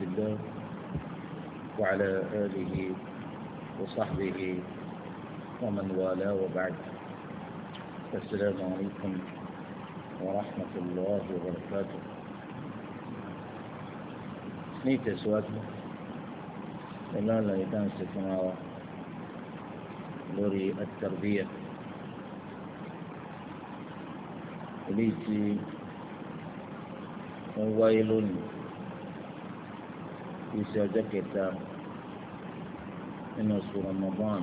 عبد الله وعلى آله وصحبه ومن والاه وبعد السلام عليكم ورحمة الله وبركاته نيت أسواتنا إلا لا يتنسى كما لوري التربية إليتي هو ìṣe ọjọ́ kẹta nínú oṣù Ramadan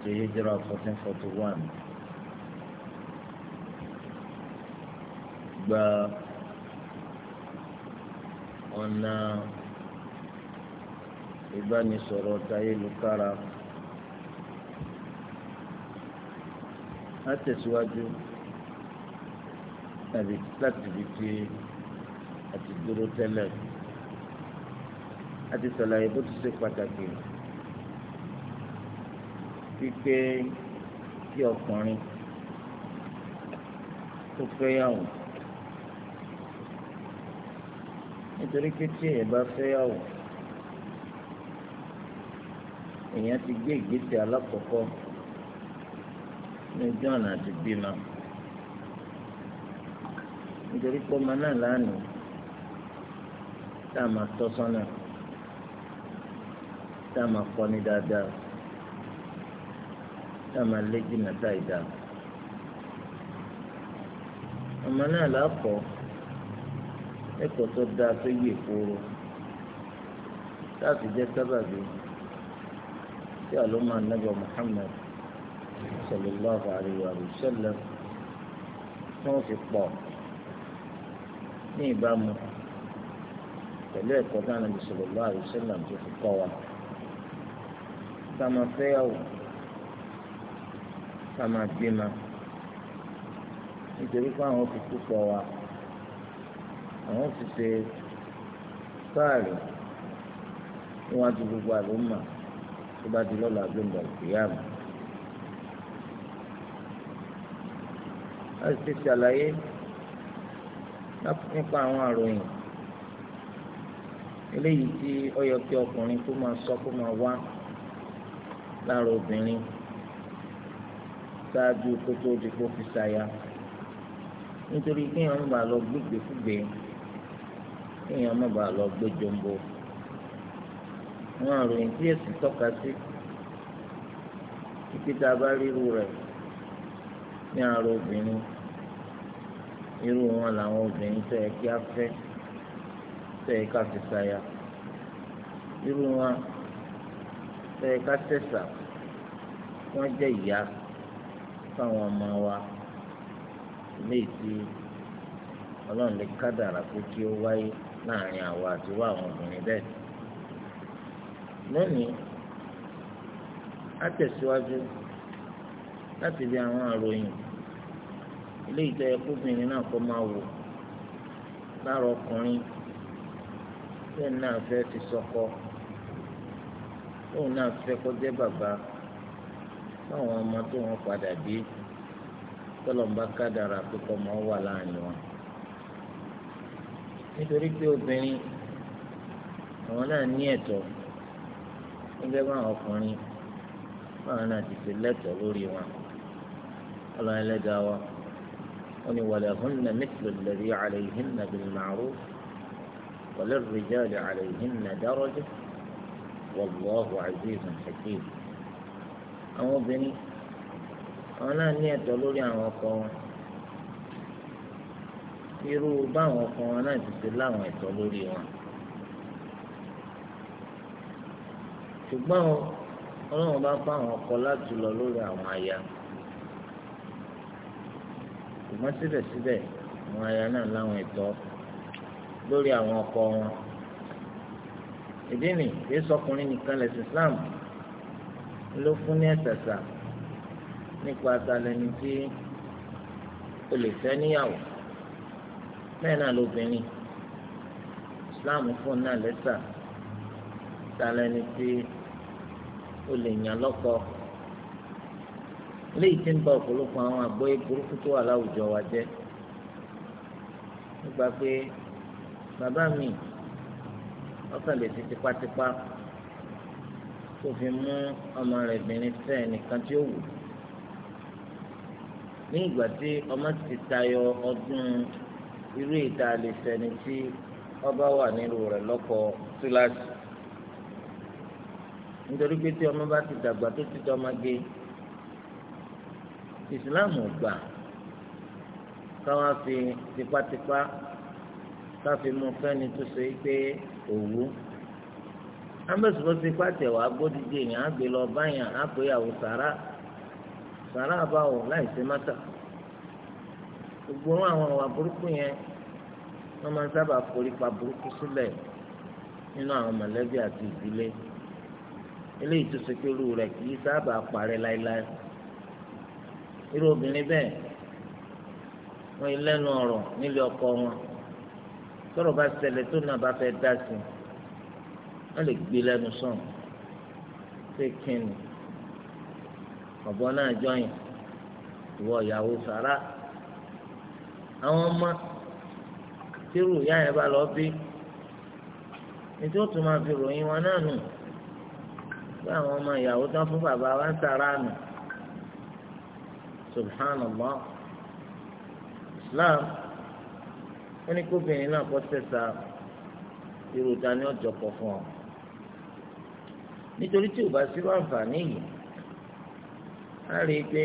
ti hijira fourteen forty one gba ọ̀nà ìbánisọ̀rọ̀ tayélukára látẹ̀síwájú tàbí láti fi ti àti dúró tẹ́lẹ̀ àti sàlàyé bó ti ṣe pàtàkì wípé kí ọkùnrin tó fẹ́yàwó nítorí pé tí èèyàn bá fẹ́yàwó èèyàn ti gbé ìgbésẹ̀ alákọ̀ọ́kọ́ ní ojú ọ̀nà àti bímọ nítorí pé ọmọ náà lánàá tá a máa tọ́ sọ́nà tá a máa kọ́ ní dáadáa tá a máa lé jìnnà táì dáa. ọmọ náà lákọ̀ọ́ ẹ̀kọ́ tó dáa tó yè kóró láti jẹ́ sábàbí tí àlọ́mọ anábọ̀ Muhammad sallallahu alayhi wa sallam tí wọ́n fi pọ̀ ní ìbámu pẹ̀lú ẹ̀kọ́ tí Ànábì sallallahu alaihi wasallam tó fi kọ́ wa ká máa fẹ́yàwó ká máa bímọ nítorí pé àwọn fi púpọ̀ wa àwọn fi ṣe sáàrì níwájú gbogbo àlùmọ̀ tó bá di lọ́la gbẹ̀ngàn ìyáàmù. a ti ṣàlàyé nípa àwọn àròyìn eléyìí tí ó yẹ kí ọkùnrin kó máa sọ kó máa wá lára obìnrin ṣáájú kó tó di kó fi ṣàyà nítorí kéèyàn má bàa lọ gbégbékúgbé kéèyàn má bàa lọ gbé jombo wọn àròyìn tí èsì tọ́ka sí títí tá a bá ríru rẹ̀ ní ara obìnrin irú wọn làwọn obìnrin tó yẹ kí a fẹ́. tẹ̀yẹ ká fi ṣàyà irú wọn ká tẹ̀sà wọ́n jẹ́ ìyá fáwọn ọmọ wa léyìí tí ọlọ́run lè kádàrà pé kí ó wáyé láàrin àwa àti wá àwọn obìnrin bẹ́ẹ̀. lónìí a tẹ̀síwájú láti bí àwọn àròyìn ilé ìjọ ẹkọ obìnrin náà máa tóun náà fẹ́ fi sọkọ tóun náà fẹ́ kó jẹ́ bàbá fáwọn ọmọ tó wọn padà bí tọ́lọ̀mbá kádàrà pípọ̀ mọ́ wà láàrin wọn. nítorí pé obìnrin àwọn náà ní ẹ̀tọ́ gẹ́gẹ́ bá àwọn ọkùnrin báwọn náà ti fi lẹ́tọ̀ọ́ lórí wọn. ọlọ́run ẹlẹ́dàá wa ó ní wàlẹ̀ hùn nà mithlu alladhi alayhinna bil ma'ruf. وللرجال عليهن درجة والله عزيز حكيم àwọn obìnrin àwọn ní ẹ̀tọ́ lórí àwọn ọkọ wọn irú báwọn ọkọ wọn náà láwọn ẹ̀tọ́ lórí wọn lórí àwọn ọkọ wọn ìdí ni kìí sọkùnrin nìkan lẹ̀sìn Islam ló fún ní ẹ̀sẹ̀sà nípa atalẹ́ni tí o lè fẹ́ níyàwó bẹ́ẹ̀ náà lóbìnrin Islam fún náà lẹ́sà atalẹ́ni tí o lè yàn lọ́kọ léyìí tí ń bà ọ̀pọ̀lọpọ̀ àwọn àgbọ́yé burúkú tó wà láwùjọ wa jẹ́ nípa pé. bàbá mi ọkàn lè ti tipátipá kó fi mú ọmọ rẹ bìnrin fẹ́ nìkan tí ó wù ní ìgbà tí ọmọ ti tayọ ọdún irú ìta lè fẹ́ni tí ọba wà nílùú rẹ lọkọ síláàsì nítorí pé tí ọmọ bá ti dàgbà tó ti dọmọge ìsìláàmù gbà káwọn fi tipátipá. Tipa káfí mú fẹ́ni tó ṣe pé òwú ambẹ́sibọ́sí pàtẹ́ wàá gbódìdì èèyàn á gbé lọ báyàn á pé àwò sàrà sàrà àbáwò láì ṣe mọ́tà gbogbo àwọn àwà burúkú yẹn wọ́n máa ń sábà forí pa burúkú sílẹ̀ nínú àwọn mọ̀lẹ́bí àti ìdílé eléyìí tó ṣe pé irú rẹ̀ kì í sábà parẹ́ láéláé irú obìnrin bẹ́ẹ̀ wọ́n ilé ẹnu ọ̀rọ̀ nílé ọkọ wọn tọrọ bá ṣẹlẹ̀ tó náà bá fẹ́ dá sí i wọn lè gbé lẹ́nu sàn ṣé kíni ọ̀bọ náà jọyìn ìwọ ìyàwó sàrà àwọn ọmọ tírù ìyá yẹn bá lọ bí nítorí ó máa fi ròyìn wọn náà nù pé àwọn ọmọ ìyàwó tán fún bàbá wa ń sàrà nù subhanallah islam wọ́n ní kóbìnrin náà kọ́ tẹ̀sà irú dání ọ̀jọ̀ pọ̀ fún ọ. nítorí tí ò bá sírò àǹfààní yìí á rí i pé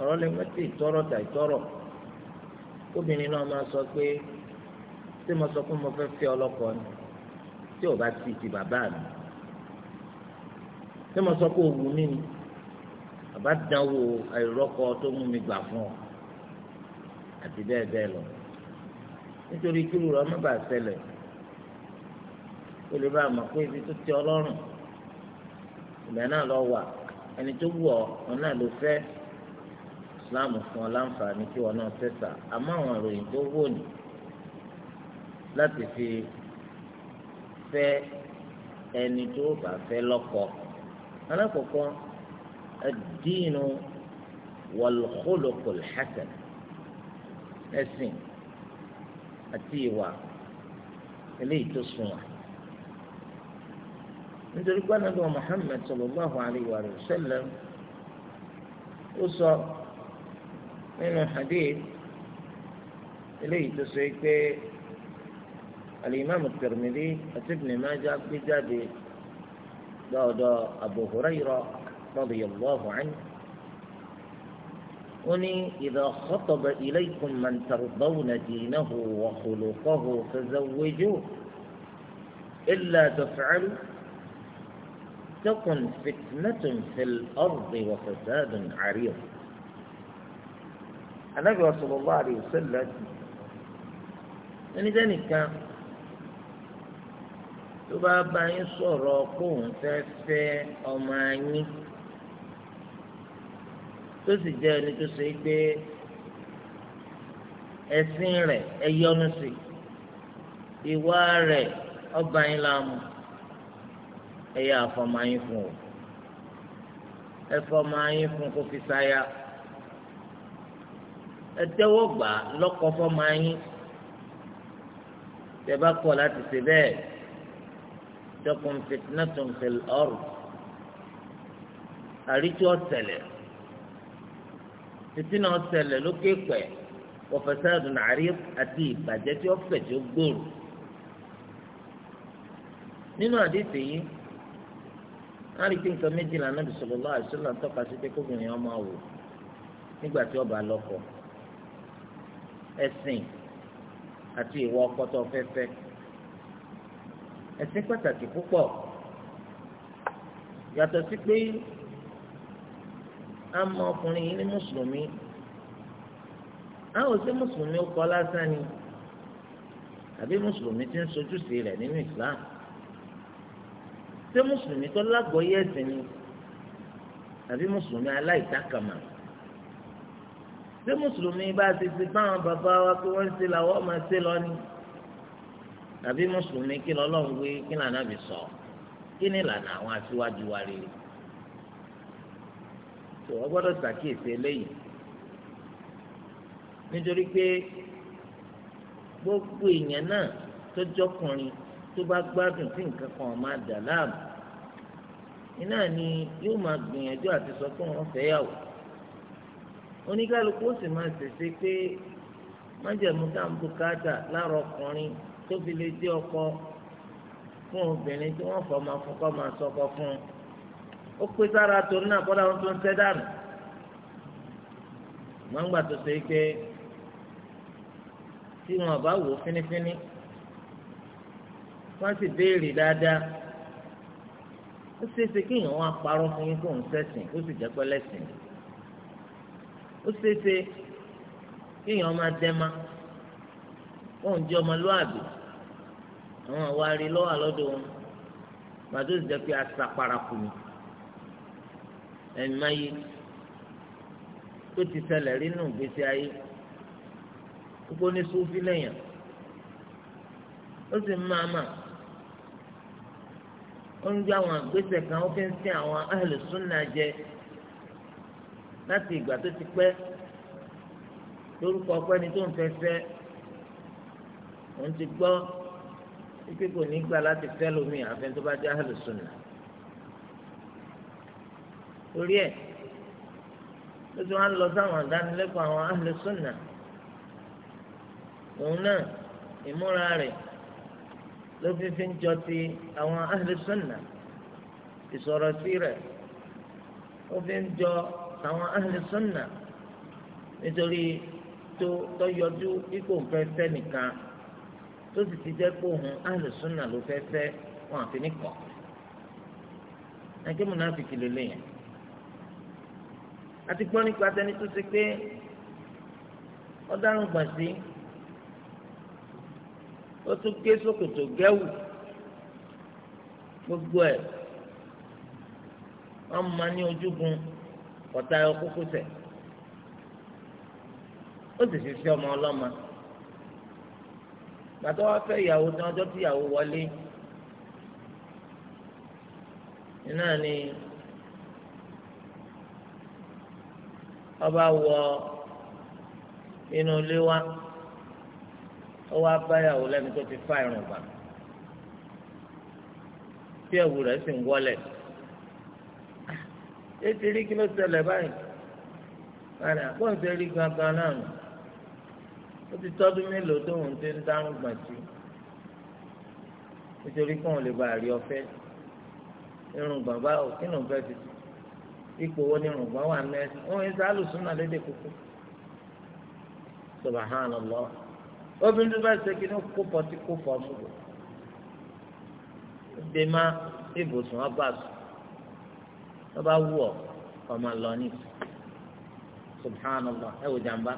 ọ̀rọ̀ lẹ́gbẹ́tì tọrọ tà ìtọrọ kóbìnrin náà máa sọ pé tí mo sọ pé mo fẹ́ fẹ́ ọlọ́kọ ni tí ò bá ti ti bàbá mi tí mo sọ pé òwú mi ni àbá dánwò àìrọ́kọ tó mú mi gbà fún ọ àti bẹ́ẹ̀ bẹ́ẹ̀ lọ nítorí kílù rẹ ọmọba ṣẹlẹ̀ ó lè bá a mọ̀ pé ibi tó ti ọlọ́run ìgbà náà lọ wà ẹni tó wù ọ́ ọ náà ló fẹ́ islam fún ọ láǹfààní kí wọn náà tẹ̀sà àmọ́ àwọn ìròyìn tó wò ní láti fi fẹ́ ẹni tó bá fẹ́ lọ́kọ alákọ̀ọ́kọ́ ad-dinu wal-khuluqul ẹ̀sìn àti ìwà eléyìí tó sunwọ̀n nítorí gbọ́dọ̀ Muhammad sallallahu alayhi wa sallam ó sọ nínú hadith eléyìí tó sọ pé alimami Tirmidhi àti Ibn Majah gbé jáde lọ́dọ̀ Abu Hurairah radiyallahu anhu. أني إذا خطب إليكم من ترضون دينه وخلقه فزوجوه إلا تفعل تكن فتنة في الأرض وفساد عريض النبي صلى الله عليه وسلم أن يعني ذلك tó bá bá yín sọ̀rọ̀ kóun tó sì jẹ́ ẹni tó ṣe é pé ẹ̀sìn rẹ̀ ẹ yọ́nú sí ìwà rẹ̀ ọba yín láàmú ẹ yá àfọmọ yín fún o ẹ fún kó fi sáyà ẹ gbà lọ́kọ fọmọ yín bá kọ̀ láti ṣe bẹ́ẹ̀ tẹkùn fìtínà tó ń fẹ́ ọrùn àríkí ọ̀tẹ̀lẹ̀. títí náà ṣẹlẹ̀ lókè pẹ̀ wọ̀fẹ̀sẹ̀dùn àárín àti ìbàjẹ́ tí ó tí ó gbòòrò. nínú àdìsí yìí wọ́n nǹkan méjìlá náà bìsọ̀rọ̀ lọ́wọ́ àìsílẹ̀ tọ́ka sí kóbìnrin ọmọ wò nígbà tí ó bá lọ́kọ àti ìwà ọkọ pàtàkì á mọ ọkùnrin yìí ní mùsùlùmí àwọn òsè mùsùlùmí ó kọ́ lásán ni àbí mùsùlùmí ti ń sojúṣe rẹ̀ nínú islam ṣé mùsùlùmí tó lágbọ́yé ẹ̀sìn ni àbí mùsùlùmí aláìtakàmà ṣé mùsùlùmí bá ti ti báwọn bàbá wa pé wọ́n ń ṣe làwọn ọmọ ṣe lọ ni àbí mùsùlùmí kí lọ́lọ́run wí kí lànà bí sọ kí ni lànà àwọn aṣíwájú wa rere tó o gbọ́dọ̀ ṣàkíyèsí eléyìí nítorí pé gbogbo èèyàn náà tó jọkùnrin tó bá gbádùn sí nǹkan kan máa dà láàmú iná ni yóò máa gbìyànjú àti sọ pé wọ́n fẹ́ yàwó oníkálukú ó sì máa ṣèṣe pé májẹ̀mú táǹbùkátà lára ọkùnrin tó fi lè dé ọkọ fún obìnrin tí wọ́n fọmọ fún kọ́ máa sọkọ fún un ó pé sára torí náà kọ́dà wọn tó ń tẹ́ dànù mọ̀ngbà tó ṣe pé tí wọn bá wò fínífíní wọn sì béèrè dáadáa ó ṣeéṣe kí èèyàn wọn parọ́ fún yín kó ń sẹ́sìn ó sì jẹ́ pẹ́lẹ́sìn ó ṣeéṣe kí èèyàn máa dẹ́ma ó ń jẹ́ ọmọlúàbí àwọn àwárí lọ́wọ́ àlọ́dọ̀ wọn màdó sì jẹ́ pé ni ẹ̀ẹ́máyé tó ti ṣẹlẹ̀ rí nù gbèsè ayé gbogbo ní sùfí lẹ́yìn ó sì máa mà ó ń gbé àwọn àgbésẹ̀ kan ó fi ń sin àwọn ahlu sunna jẹ láti ìgbà tó ti pẹ́ lórúkọ ni tó ń fẹsẹ́ òun ti gbọ́ ikú kò ní gbà láti fẹ́ lómi àfẹn tó bá jẹ́ ahlu torí ẹ̀ ó ti wọ́n lọ sáwọn ìdánilẹ́kọ̀ọ́ àwọn ahlu sunna òun náà ìmúra rẹ̀ ló fi fi ń jọ ti àwọn ahlu sunna ìsọ̀rọ̀ sí rẹ̀ ó fi ń jọ àwọn ahlu sunna nítorí tó tọ́yọjú ikú nǹkan fẹ́ nìkan tó sì ti jẹ́ pé òun ahlu ló fẹ́ fẹ́ wọn àfi ní kọ̀ ẹgbẹ́ mọ̀nàfíkì lélẹ́yìn àti gbọ́n nípa tẹni tó ṣe pé ọ̀daràn gbọ̀n sí ó tún gé sókòtò gẹ́wù gbogbo ẹ̀ wọ́n mọ ní ojúgun ọ̀tá ẹ̀ kókó sẹ̀ ó sì fi fi ọmọ ọlọ́mọ gbàtọ́ wá fẹ́ ìyàwó tí wọ́n jọ́ tí ìyàwó wọlé náà ni. ọba wọ inú ilé wa ó wá báyàwó lẹ́nu tó ti fá irun gbà tí ẹ̀wù rẹ̀ sì ń wọlẹ̀ ètí ah, rí kí ló ṣẹlẹ̀ báyìí báyìí àpọ̀ǹsẹ̀ rí gangan náà nù ó ti tọ́dún mélòó tó ń ti ń dárún gbà sí nítorí kí wọ́n lè bá àrí ọ̀fẹ́ irun bàbá ò kí ló ń fẹ́ fi ipò wo ni rògbọ́n wà mẹ́sì wọ́n ń sálù súnà lédè kúkú subhanallah obìnrin tó bá ṣe kí ni ó kó pọtí kó fọ ọmọdé dè má ibùsùn ọba sùn tó bá wù ọ ọmọ lọ ní subhanallah ẹ wò jàmbá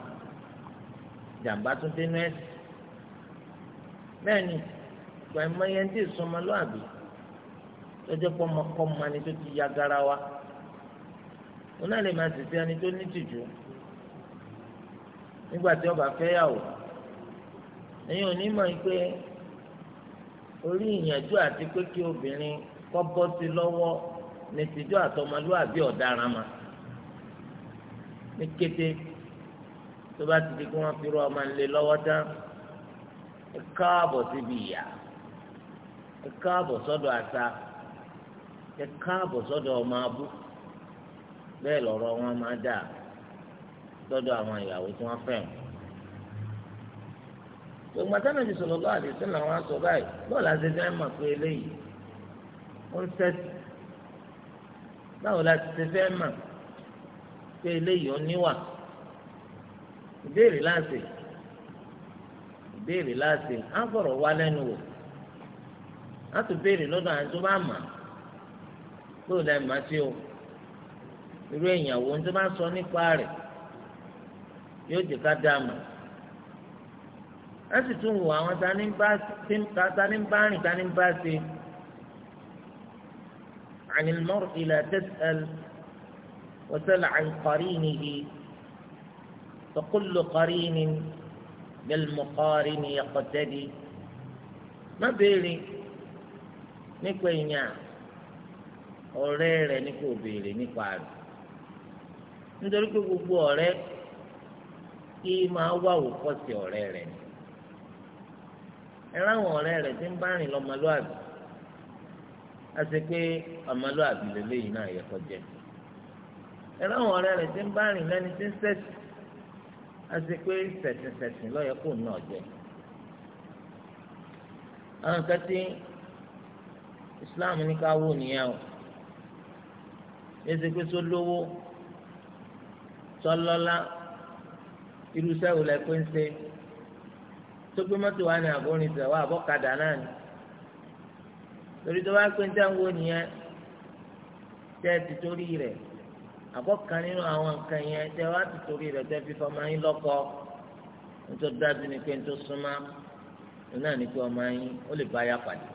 jàmbá tó dé mẹ́sì bẹ́ẹ̀ni ìgbà yẹn ti sọmọ lọ́àbí lọ́jọ́ pọ́ ọmọkọ́ mọ́ni tó ti ya gara wa wọn náà lè máa sèse ẹni tó ní tìjú nígbà tí ọba fẹ́ yàwó ẹ̀yin ò ní mọ̀ pé orí ìyànjú àti pé kí obìnrin kọ́ bọ́ sí lọ́wọ́ ní tìjú àtọmọlúwàbí ọ̀daràn máa ní kété tó bá ti di kí wọn fi rọ ọmọ nílé lọ́wọ́ tán káàbọ̀ síbi ìyá káàbọ̀ sọ́dọ̀ àṣà káàbọ̀ sọ́dọ̀ ọmọ abú bẹ́ẹ̀ lọ́rọ̀ wọn máa dà lọ́dọ̀ àwọn ìyàwó tí wọ́n fẹ́ wọn. gbogbo àtàlẹ́ ti sọ̀rọ̀ lọ́wọ́ àti sílẹ̀ wọn sọ báyìí bọ́ọ̀lù àtẹ̀tẹ̀ mọ̀ pé eléyìí ó ń tẹ̀sí báwo la ti fẹ́ mọ̀ pé eléyìí ó níwà ìbéèrè láti ìbéèrè láti á fọ̀rọ̀ wá lẹ́nu wò á tún béèrè lọ́dọ̀ àwọn tó bá mọ̀ lóòdà ìmọ̀ sí o irú èèyàn wo ní tó bá sọ nípa rẹ̀ yóò jẹ́ ká dá mọ̀ á sì tún wò àwọn tani ń bá rìn tani ń bá ṣe عن المرء لا تسأل وسل عن قرينه فكل قرين بالمقارن يقتدي má béèrè nípa èèyàn ọ̀rẹ́ rẹ̀ ní kò béèrè nípa rẹ̀. nítorí pé gbogbo ọ̀rẹ́ kí máa wá òkọ́sí ọ̀rẹ́ rẹ̀ ni ẹ̀rọ àwọn ọ̀rẹ́ rẹ̀ ti ń bá rìn lọ́mọlúàbí a ṣe pé ọmọlúàbí lélẹ́yìn náà yẹ kọjá ẹ̀rọ àwọn ọ̀rẹ́ rẹ̀ ti ń bá rìn lẹ́ni tí ń sẹ̀sìn a ṣe pé sẹ̀sìnsẹ̀sìn jẹ Islam ní ká wò tọ́lọ́lá irúṣẹ́ wò lẹ pé ń ṣe tó gbé mọ́tò wa ní àbórin tẹ̀ wá àbọ̀kadà náà ni torí tó bá pé ń dáwọ́ nìyẹn tẹ́ ti torí rẹ̀ àbọ̀kan nínú àwọn nǹkan yẹn tẹ́ wá ti torí rẹ̀ tẹ́ fi fọmọ yín lọ́kọ nítorí dájú ni pé ń tó súnmọ́ náà ni pé ọmọ yín ó lè bá yá pàdé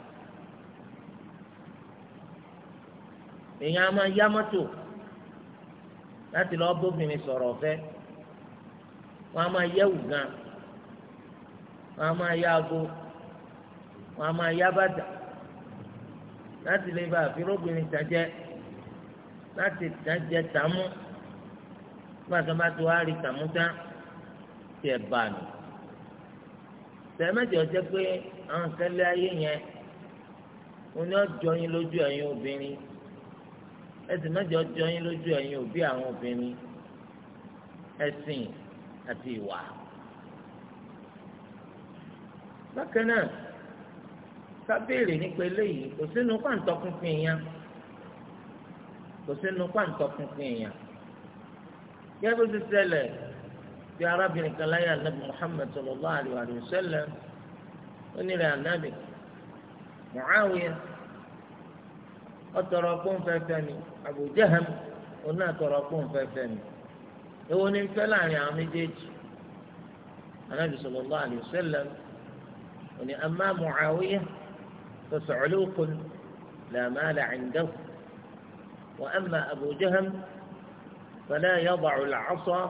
èèyàn á máa yá mọ́tò láti lọ bóbìnrin sọ̀rọ̀ ọ̀fẹ́ wọn a máa yẹ̀wù gan wọn a máa yá ago wọn a máa yá bàtà láti lè bá àfirọ́bìnrin tàjẹ́ láti tàjẹ́ tàmú gbàtà bá tó wá rí tàmú tán tiẹ̀ bà nù tẹ̀mẹ́tì ọ̀jẹ́ pé àwọn kẹlẹ́ ayé yẹn oní ọjọ́ yín lójú ẹ̀yin obìnrin ẹsìn mẹjọ jọ yín lójú ẹ̀yin òbí àwọn obìnrin ẹsìn àti ìwà bákan náà sábẹ́ẹ̀rì nípa eléyìí kò sínú pàǹtọ́kùnfin èèyàn kò sínú pàǹtọ́kùnfin èèyàn kí ẹgbẹ́ ti ṣẹlẹ̀ bí arábìnrin kan láyé anabi muhammed sallallahu alayhi wa ó nílẹ̀ anabi muawiya. ọtọrọ kún fẹfẹ ni Abu Jaham òun náà tọrọ kún fẹfẹ ni ewu ni nfẹ láàrin àwọn méjèèjì anabi sọlọ lọ àlè sallam òní amma Muawiya فصعلوق لا مال عنده وأما أبو جهم فلا يضع العصا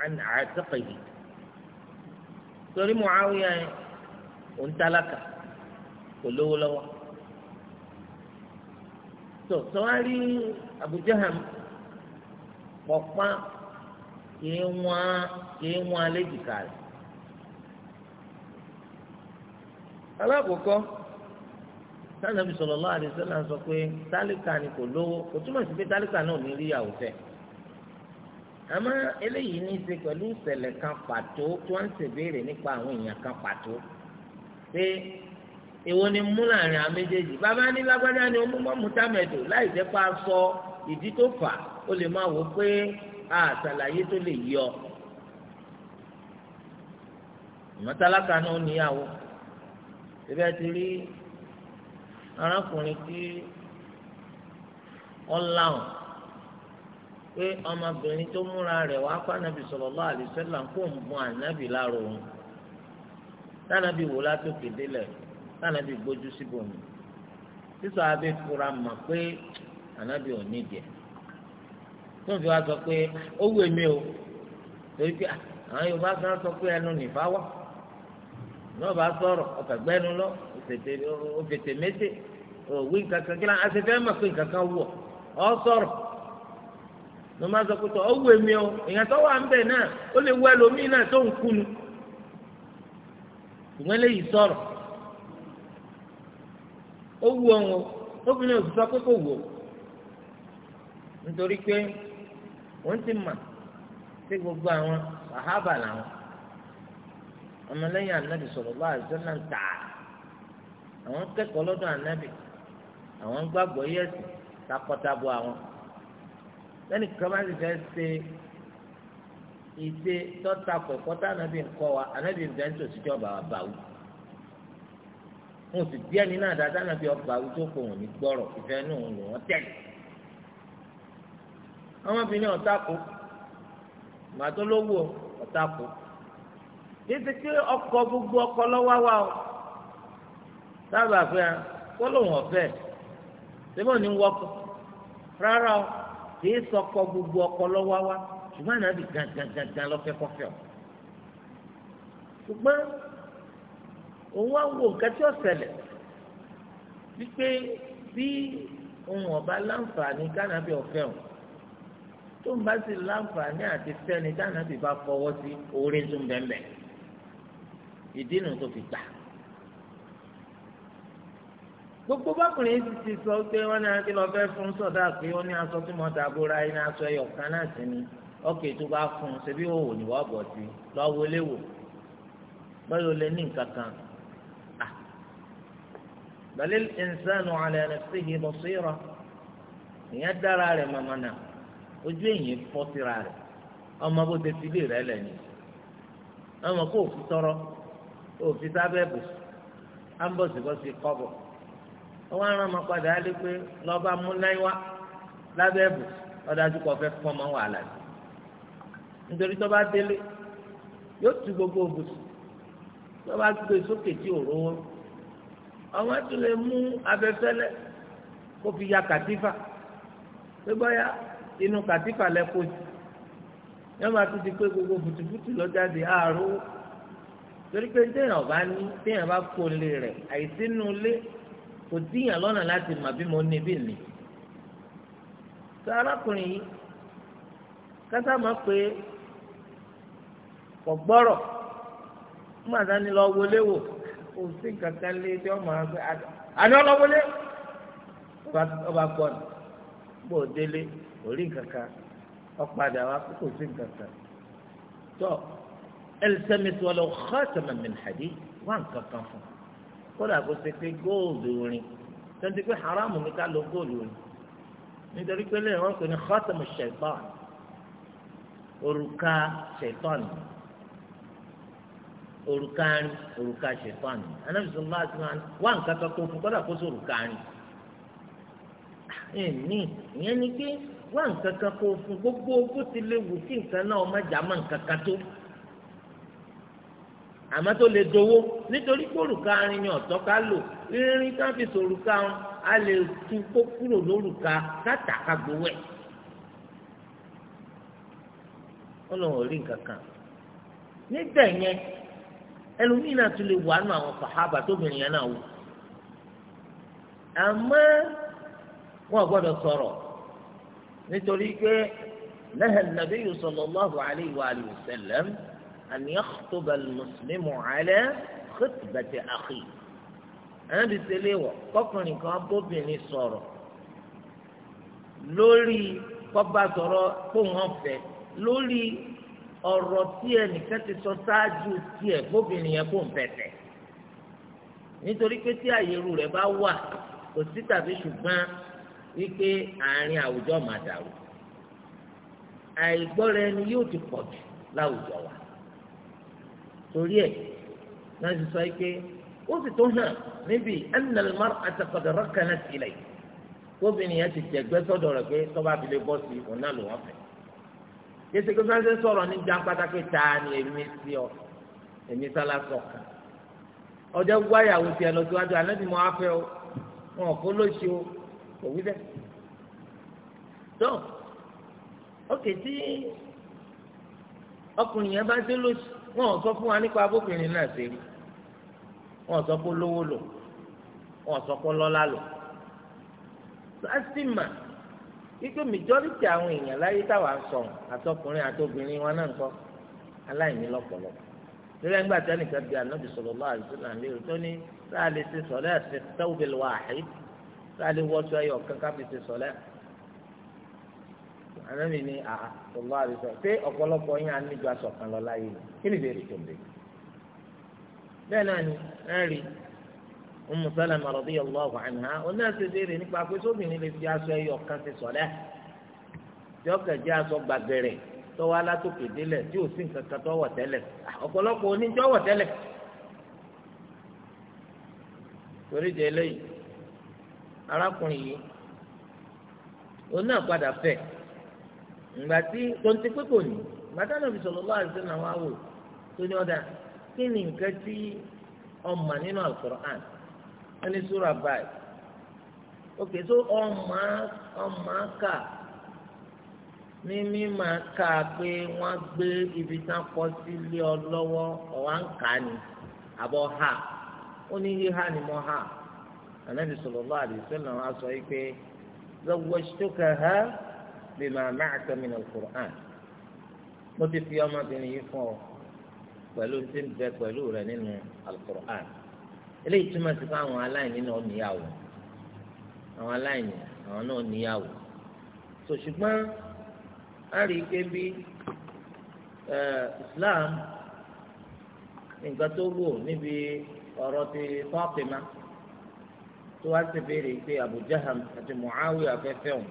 عن عاتقه torí Muawiya ń tálákà kò lówó lọ́wọ́ tó abuja ha Jaham pọ̀pá kìí wọ́n kìí wọ́n alẹ́jìká rẹ̀. alákòókò sanabi sallallahu sọ pé tálíkà ni kò lówó kò túmọ̀ sí pé tálíkà náà ní rí ìyàwó fẹ́ àmọ́ eléyìí ní í pẹ̀lú ìṣẹ̀lẹ̀ kan pàtó èwo ni mú láàrin àwọn méjèèjì bàbá ní lágbájá ni ọmú mọ́mú támẹ̀dò láì jẹ́ pa sọ ìdí tó fà ó lè máa wò pé àṣàlàyé tó lè yọ. ìmọ̀tálákà náà níyàwó ìbẹ́ ti rí arákùnrin tí wọ́n láwọn pé ọmọbìnrin tó múra rẹ̀ wá fànàbì sallallahu alaihi wasallam kó ń bọ ànábì láàrọ̀ òun tánàbì wò látòkè délẹ̀ sànàbì gbójú síbòmí sísọ abẹ fura mà pé ànábì ò ní jẹ tó ń fi wá sọ pé o torí pé ah, àwọn yorùbá kan sọ pé ẹnu nìfà wà náà bá sọ̀rọ̀ ọkà gbẹnu lọ òfètè mété òwì kankan kí lóun àṣefẹ́ mọ̀ pé kankan wù ọ sọrọ ló máa sọ pé o èèyàn tó wà ń bẹ̀ náà ó lè wọ ẹlòmíì náà tó ń O wù ọ̀hún obìnrin òsì sọ pé kò wù ó nítorí pé wọ́n ti mà sí gbogbo àwọn sàhábà làwọn ọmọlẹ́yìn ànábì sọ̀rọ̀ bá àìsàn náà àwọn kẹ́kọ̀ọ́ lọ́dọ̀ ànábì àwọn gbàgbọ́ yẹ̀sì takọ́tabo àwọn lẹ́nu kan bá fẹ́ ṣe ìṣe tọ́ta pẹ̀kọ́tà ànábì ń ń wọn sì bí ẹni náà dáadáa náà bí ọgbà àwùjọ kò wọn ní gbọ́rọ̀ ìfẹ́ náà lò wọ́n tẹ̀lé. ọmọbìnrin ọ̀tá kú màtó lówó ọ̀tá títí tí ọkọ gbogbo ọkọ lọ́wọ́ wa o sábà fẹ́ kó lòun ọ̀fẹ́ síbò ní wọ́kọ̀ rárá o sọkọ gbogbo ọkọ lọ́wọ́ wa ṣùgbọ́n àná bì gàngàngàngàn lọ́fẹ́ kọ́fẹ́ o òun wá wo nǹkan tí ó ṣẹlẹ̀ wípé bí òun ọba láǹfààní kánábì ọ̀fẹ́ òun tó ń bá sì láǹfààní àti fẹ́ni kánábì bá fọwọ́ sí orí tó ń bẹ̀m̀bẹ̀ ìdí nu tó fi gbà. gbogbo bákùnrin ti ti sọ pé wọn ní akí lọ fẹ́ fún sọ̀dá pé ó ní aṣọ tí mo dàbòra iná aṣọ ẹyọ kan náà sí ni ọkè tó bá fún un sí lọ́wọ́ léwò kan balil insanu ala nafsihi basira ìyẹn dára rẹ̀ mọ̀mọ́nà ojú èyàn fọ́ síra rẹ̀ ọmọ bó ti fi lè rẹ̀ lẹ́nu ọmọ kó fi tọrọ kó fi sábẹ́ bù ambọ̀sibọ́sì kọ́bọ̀ wọ́n aràn ọmọ padà á lé pé lọ́ba múnáíwá lábẹ́ bù ọ̀dájú kọ́ fẹ́ fún ọmọ wàhálà yìí nítorí tó bá délé yóò tu gbogbo òbùsùn tó bá gbé sókè tí ò rówó àwọn tó lè mú abẹ́fẹ́lẹ́ kó fi ya kàtífà pé báyà inú kàtífà lẹ kó sí yẹn máa tún ti pé gbogbo fùtùfùtù lọ jáde àárò torí pé téèyàn bá ní téèyàn bá kó lé rẹ̀ àìsínú lé kò tíyàn lọ́nà láti mà bí mo ní bí nì. sọ arákùnrin yìí kásá máa pé kò gbọ́rọ̀ fún àdáni lọ wọlé wò òsì kankan lé tí ọmọ àgbẹ̀ àná ọlọ́wọ́lé ọba gbọ́n gbọ́ délé orí kankan ọ̀padà wa kókò sí kankan tó ẹlẹsẹmẹsì wọlé ọ̀hán tẹmẹmẹmẹ hàdí wà nkankan fún kódà kó ṣe pé góòlù rin tẹ́ntí pé haramu ni ká lo góòlù rin nítorí pé lẹ́yìn wọn kò ní xọ́tẹ̀mù ṣẹ̀tọ́n òrùka ṣẹ̀tọ́n ni. òrùka rin òrùka ṣètọ́n anábìsọ ńlá ti máa wá nǹkan kan tó fún kọ́dà kó sọ òrùka ẹ̀mí ìyẹn ni pé wá nǹkan kan kó fún gbogbo bó ti lè wù kí nǹkan náà ọmọ ìjà máa nǹkan kan tó àmọ́ tó lè dowó nítorí ni ọ̀tọ́ ká lò ká fi sọ a lè tu kó kúrò gbowó ẹ̀ ọlọ́run ò rí nǹkan kan ẹlòmíì náà tún lè wà nù àwọn sàhábà tóbìnrin yẹn náà wò àmọ́ wọn ò gbọ́dọ̀ sọ̀rọ̀ nítorí pé naha an-nabiyyu sallallahu alayhi wa alihi wa sallam an yakhtuba al-muslimu ala khutbati akhi ànábi tẹ́lẹ̀ wọ̀ kọkùnrin kan bóbìnrin sọ̀rọ̀ lórí kọ́ba sọ̀rọ̀ kó wọ́n lórí ọ̀rọ̀ tí ẹnìkan ti sọ ṣáájú tiẹ̀ gbóbìnrin yẹn kò ń fẹ̀tẹ̀ nítorí pé tí àyèrú rẹ̀ bá wà kò sí tàbí ṣùgbọ́n wípé àárín àwùjọ máa dàrú àìgbọ́ra ẹni yóò ti pọ̀ jù láwùjọ wa torí ẹ̀ náà ti sọ pé ó sì tó hàn níbi anna al-mar'ata qad rakanat ilayhi kóbìnrin yẹn ti jẹ̀gbẹ́ sọ́dọ̀ rẹ̀ pé tọ́ba fi bọ́ sí òun náà ló wọ́n fẹ́ yẹsẹ kí wọn ṣe sọ̀rọ̀ ní jàǹpátá pé ta ni èmi sí ọ èmi sálá sọkàn ọjọ́ gbáyàwó tiẹ̀ lọ síwájú anábì mọ afẹ o wọn kó lóṣù o kò wí bẹ tó ókè tí ọkùnrin yẹn bá dé lóṣù wọn sọ fún wa nípa abókùnrin náà ṣe rí wọn sọ pé lówó lò wọn sọ pé lọ́lá lò sásìmà. So, wípé majority àwọn èèyàn láyé táwa ń sọ àtọkùnrin àtobìnrin wọn náà ń kọ aláìní lọ́pọ̀lọpọ̀ lórí ẹgbẹ́ àtẹnìkan bíi anábì sallallahu alaihi wasallam lérò tó ní sáà lè ṣe sọ̀lẹ́ àti tawbil wahid sáà lè wọ́ṣọ ẹyọ kankan fi ṣe sọ̀lẹ́ anábì ní àhà sallallahu alaihi wasallam pé ọ̀pọ̀lọpọ̀ yín aníjọ aṣọ kan lọ láyé kí ni ìbéèrè tó ń bẹ bẹ́ẹ̀ náà ni ẹ rí i Ummu Salama radiyallahu anha ọ náà ṣe béèrè nípa pé sóbìnrin lè fi aṣọ ẹyọ kan ṣe sọ̀lẹ́ jọ́kẹ̀ jẹ́ aṣọ gbàgbẹ̀rẹ̀ tọ́wọ́ alátòkè délẹ̀ tí ò sí nǹkan kan tọ́wọ̀ tẹ́lẹ̀ ọ̀pọ̀lọpọ̀ oníjọ́wọ̀ tẹ́lẹ̀ torí jẹ eléyìí arákùnrin yìí ọ náà padà mgbati tí tonti pé ní àti ọ̀dà kí ni nǹkan tí wọ́n ní súrà báyìí òkè tó ọmọ ọmọ kà ní mímọ̀ ká pé wọ́n gbé ibi tán kọ sílé ọ lọ́wọ́ ọ̀wá ń kà ní àbọ̀ ha ó ní híhá ni mo ha ànábì sallallahu alaihi wasallam á sọ yìí pé zawwajtukaha bima ma'aka min al-Qur'an mo ti fi ọmọbìnrin yìí fún ọ pẹ̀lú tí ń bẹ pẹ̀lú rẹ nínú al-Qur'an eléyìí túmọ̀ sí fún àwọn aláìní náà níyàwó àwọn aláìní àwọn náà níyàwó so ṣùgbọ́n a rí i bí Islam nǹkan tó lò níbi ọ̀rọ̀ ti Fatima tó wá sí béèrè pé Abu Jaham àti Muawiya afẹ́fẹ́ òun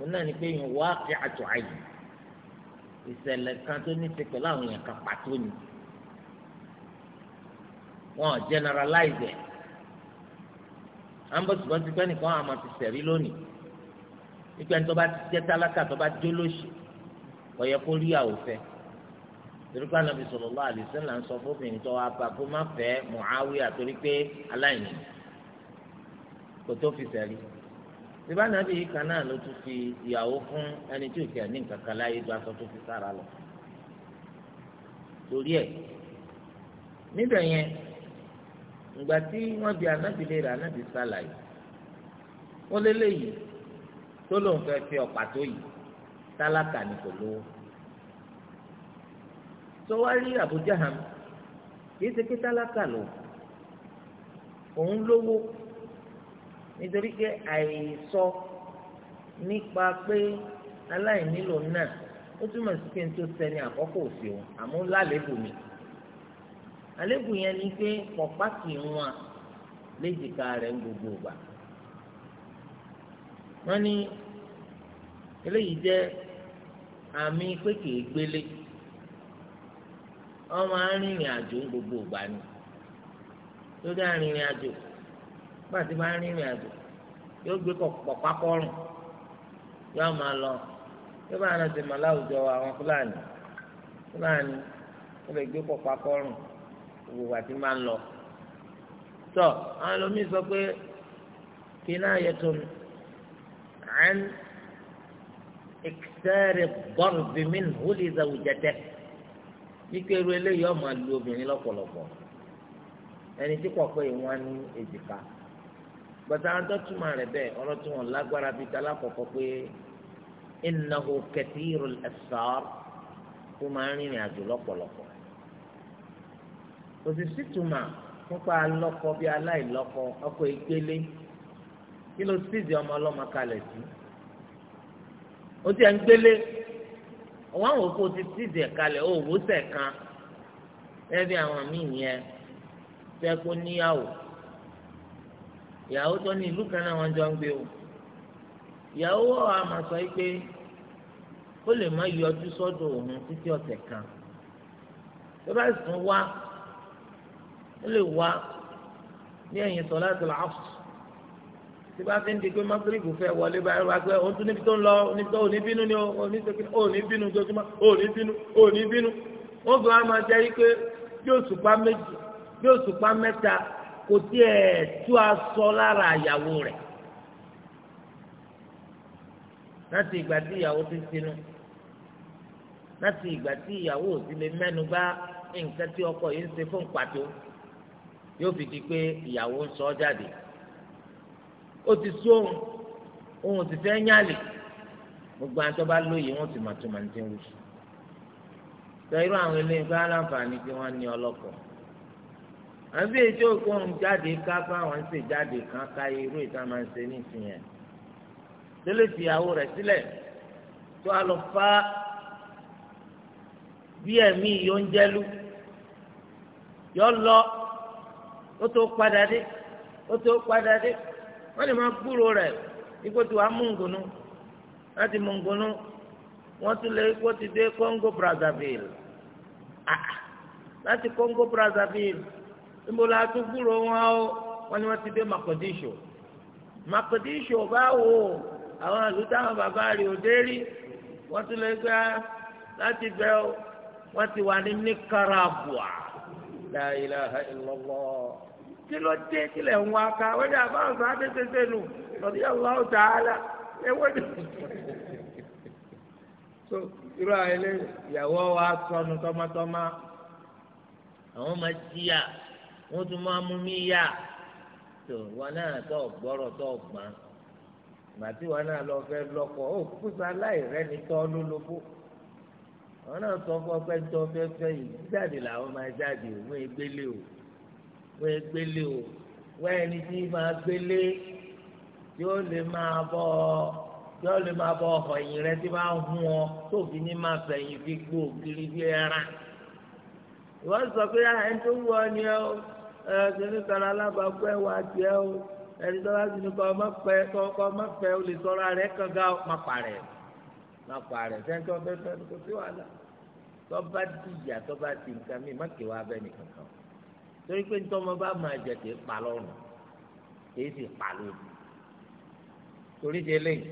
òun náà ni pé ìwà àti àtúwáyé ìṣẹ̀lẹ̀ kan tó ní ti pẹ̀lú àwọn èèyàn kan pàtó ni wọn generalize ẹ̀ ambosigbọ́n ti pẹ́ nìkan àmọ́ ti sẹ̀rí lónìí nípa ẹni tó bá ti jẹ́ tálákà tó bá jó lóṣì kò yẹ kó rí àwòfẹ́ torí pé anabi sallallahu alaihi wasallam ń sọ fóbìnrin tó wá bá kó má fẹ́ Muawiya torí pé aláìní kò tó fi sẹ̀rí ìbá nàbí yìí kan náà ló tún fi ìyàwó fún ẹni tí ò kẹ́ ní nǹkan kan láyé ju aṣọ tó fi sára lọ torí ẹ̀ níbẹ̀ yẹn ìgbà tí wọ́n bi anábì lè rà anábì sàlàyé wọ́n lélẹ́yìí tó lóun fẹ́ fi ọ̀pá tó yìí tálákà ní kò lówó sọwárí Abu Jaham kìí ṣe pé tálákà lò òun lówó nítorí pé àìsọ nípa pé aláìnílò náà ó túmọ̀ sí pé n tó sẹni àkọ́kọ́ òsì òun àmọ́ lálébù àlébù yẹn ni pé nwa wọn léjìká rẹ̀ ń gbogbo gbà wọ́n ní eléyìí jẹ́ àmì pé kìí gbélé wọ́n àjò ń gbogbo ìgbà ni lórí arìnrìn àjò nígbà tí wọ́n àjò yóò gbé pọ̀pá kọ́rùn yóò máa lọ yóò bá àná ti mọ̀ láwùjọ àwọn fúlàní gbogbo àti máa ń lọ tọ àwọn ẹlòmíì sọ pé kinayatun an ikisẹ́rì bọ́ọ̀bì min huli zawjatẹ nígbèrú eléyìí ọmọ lu obìnrin lọ́pọ̀lọpọ̀ ẹni tí kò pé ìwọ̀n ní èjìká gbọ́dọ̀ àwọn tó túmọ̀ rẹ̀ bẹ́ẹ̀ ọ̀rọ̀ tí wọ́n lágbára bíi tala kọ̀kọ́ pé innahu kathirul asar tó máa ń rìnrìn àjò lọ́pọ̀lọpọ̀ kò sì sítùmà nípa alọ́kọ bíi aláìlọ́kọ ọkọ ìgbélé kí ló sídìí ọmọ ọlọ́mọ kalẹ̀ sí ó ti ẹ̀ ń gbélé ọ̀wọ́n àwọn òkú ti sídìí ẹ̀ kalẹ̀ ó wò sẹ̀ kan ẹbí àwọn míì yẹn fẹ́ kó níyàwó ìyàwó tó ní ìlú kan náà wọ́n jọ ń gbé o ìyàwó àmọ̀ sọ pé ó lè má yọjú sọ́dọ̀ òun títí ọ̀sẹ̀ kan tó bá sùn wá ó lè wá ní ẹ̀yìn sọ̀láàtì làásù tí bá fi ń di pé mọ́tòrìkù fẹ́ wọlé báyìí wá pé òun tún níbi tó ń lọ níbi tó òní bínú ni òní tó kíni òní bínú jojúmọ́ òní bínú òní bínú ó fi wá máa jẹ́ pé bí òṣùpá méjì bí òṣùpá mẹ́ta kò tiẹ̀ tú aṣọ lára àyàwó rẹ̀ láti ìgbà tí ìyàwó ti sinú láti ìgbà tí ìyàwó ò sì lè mẹ́nu bá nǹkan tí ọkọ yìí ń ṣe fún pàtó yóò fi di pé ìyàwó ń sọ ọ́ jáde ó ti sún òun òun ti fẹ́ yálè gbogbo àwọn tó bá lóye wọn ti màtúmọ̀ ní tẹ́wọ́ sùn sọ irú àwọn eléyìí bá láǹfààní pé wọ́n ní ọlọ́kọ̀ àbí ètò òkun jáde ká bá wọn ṣe jáde kan ká irú ìta máa ń ṣe nísìnyẹn tó lè fi ìyàwó rẹ̀ sílẹ̀ tó a lọ fa bí ẹ̀mí yóò ń jẹ́lu yọ lọ ó tó padà dé ó tó padà dé wọ́n lè máa gbúrò rẹ̀ ikú tí wàá mú ngùnú láti mú ngùnú wọ́n tún lè ikú ti dé Congo Brazzaville ah, láti Congo Brazzaville níbo la tún wọn o wọ́n ní wọ́n ti dé Makodisho Makodisho báwo àwọn àlùtáwọn bàbá rẹ̀ ò dé rí wọ́n tún lè gbá láti bẹ̀ ọ́ wọ́n ti wà ní Nicaragua la ilaha illallah kí ló dé kí lẹ̀ ń wá ká wẹ́dẹ̀ àbáwọn sọ àtẹ́sẹsẹ nù lọ́dí ọlọ́wọ́ tààlà ewédè. so irú àwọn ilé ìyàwó wa sọnù tọmọtọmọ àwọn máa jìyà wọn tún máa mú mi yá tó wọn náà tó gbọ́rọ̀ tó gbọ́n gbàtí wọn náà lọ fẹ́ lọ́kọ ó kúta láì rẹ́ni tọ́ lólobó wọn náà sọ fún ọpẹ́ tó fẹ́ fẹ́ yìí jáde làwọn máa jáde òun ẹgbẹ́lẹ́ o wọ́n ẹ gbélé o wọ́n ẹni tí máa gbélé yóò lè máa bọ́ ọ yóò lè máa bọ́ ọkọ̀ ẹ̀yìn rẹ tí máa ń hún ọ tó fi ní máa fẹ̀yìn fi gbó ògiri bí ẹran ìwọ́n sọ pé ah, ẹni tó wù ọ ni ẹ o ẹ kìíní kan alábàápẹ́ wà tiẹ́ o ẹni tó bá ti ní kọ́ ọmọ pẹ́ kọ́ ọmọ pẹ́ o lè sọ̀rọ̀ ara ẹ̀ kàn gá má parẹ́ má parẹ́ sẹ́ńtọ́ fẹ́fẹ́ kò sí wàhálà tọ́ba ti yà tọ́ba ti nǹkan mi má kéwàá bẹ́ẹ̀ nìkan kan torí pé ntọ́mọ bá máa jẹ kì í pa lọ́rùn kì í sì pa lójú torí di eléyìí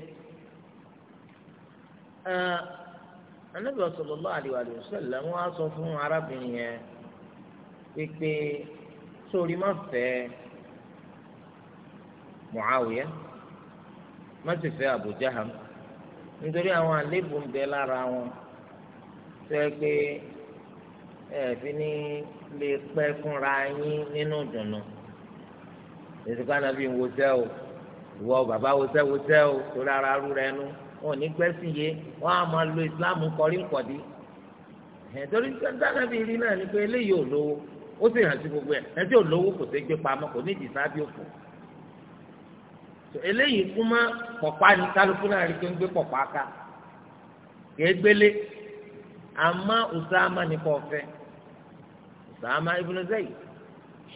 anabi sallallahu alaihi wa sallam wọn á sọ fún arábìnrin yẹn pípé sórí má fẹ́ Muawiya má sì fẹ́ Abu Jaham nítorí àwọn àléébù ń bẹ lára wọn sọ pé ẹ̀ẹ́dì ní lè pẹ́ fúnra yín nínú ìdùnnú èsìkò ànábì ń wosẹ́ o ìwọ bàbá wosẹ́ wosẹ́ o torí ara rú rẹ nu wọn ò ní gbẹ́sìn yé wọn á máa lo ìsìláàmù kọrí nkọ̀dí ẹ̀ẹ́dọ́rí dánábì rí náà ni pé eléyìí ò lówó ó sì hàn sí gbogbo ẹ̀ ẹ̀ẹ́dì ò lówó kò sí gbé pamọ́ kò ní ìdí sábì òfò eléyìí kú mọ́ pọ̀pá ni kálukú náà rí pé ń gbé pọ̀pá ká kéé gbélé àmọ́ òsàmà ní سامة ابن زيد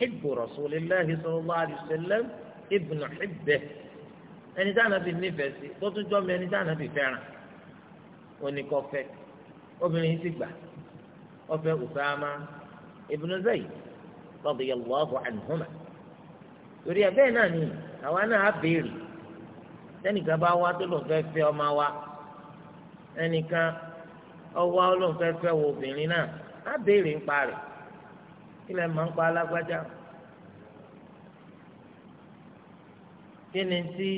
حب رسول الله صلى الله عليه وسلم ابن حبه ẹni tí ànábì nífẹ̀ẹ́ sí tó tún jọ́ mi ẹni tí ànábì fẹ́ràn oníkọ́fẹ́ obìnrin yìí ti gbà ọfẹ́ Usama ibn Zayd radiyallahu anhuma torí ẹ bẹ́ẹ̀ náà ni àwa náà á béèrè tẹnìkan bá wá tó lóun fẹ́ fẹ́ ọmọ wa ẹnìkan ọwọ́ lóun fẹ́ fẹ́ wo obìnrin náà á béèrè ń parẹ́ kí lẹ máa ń pa alágbájá kí ni tí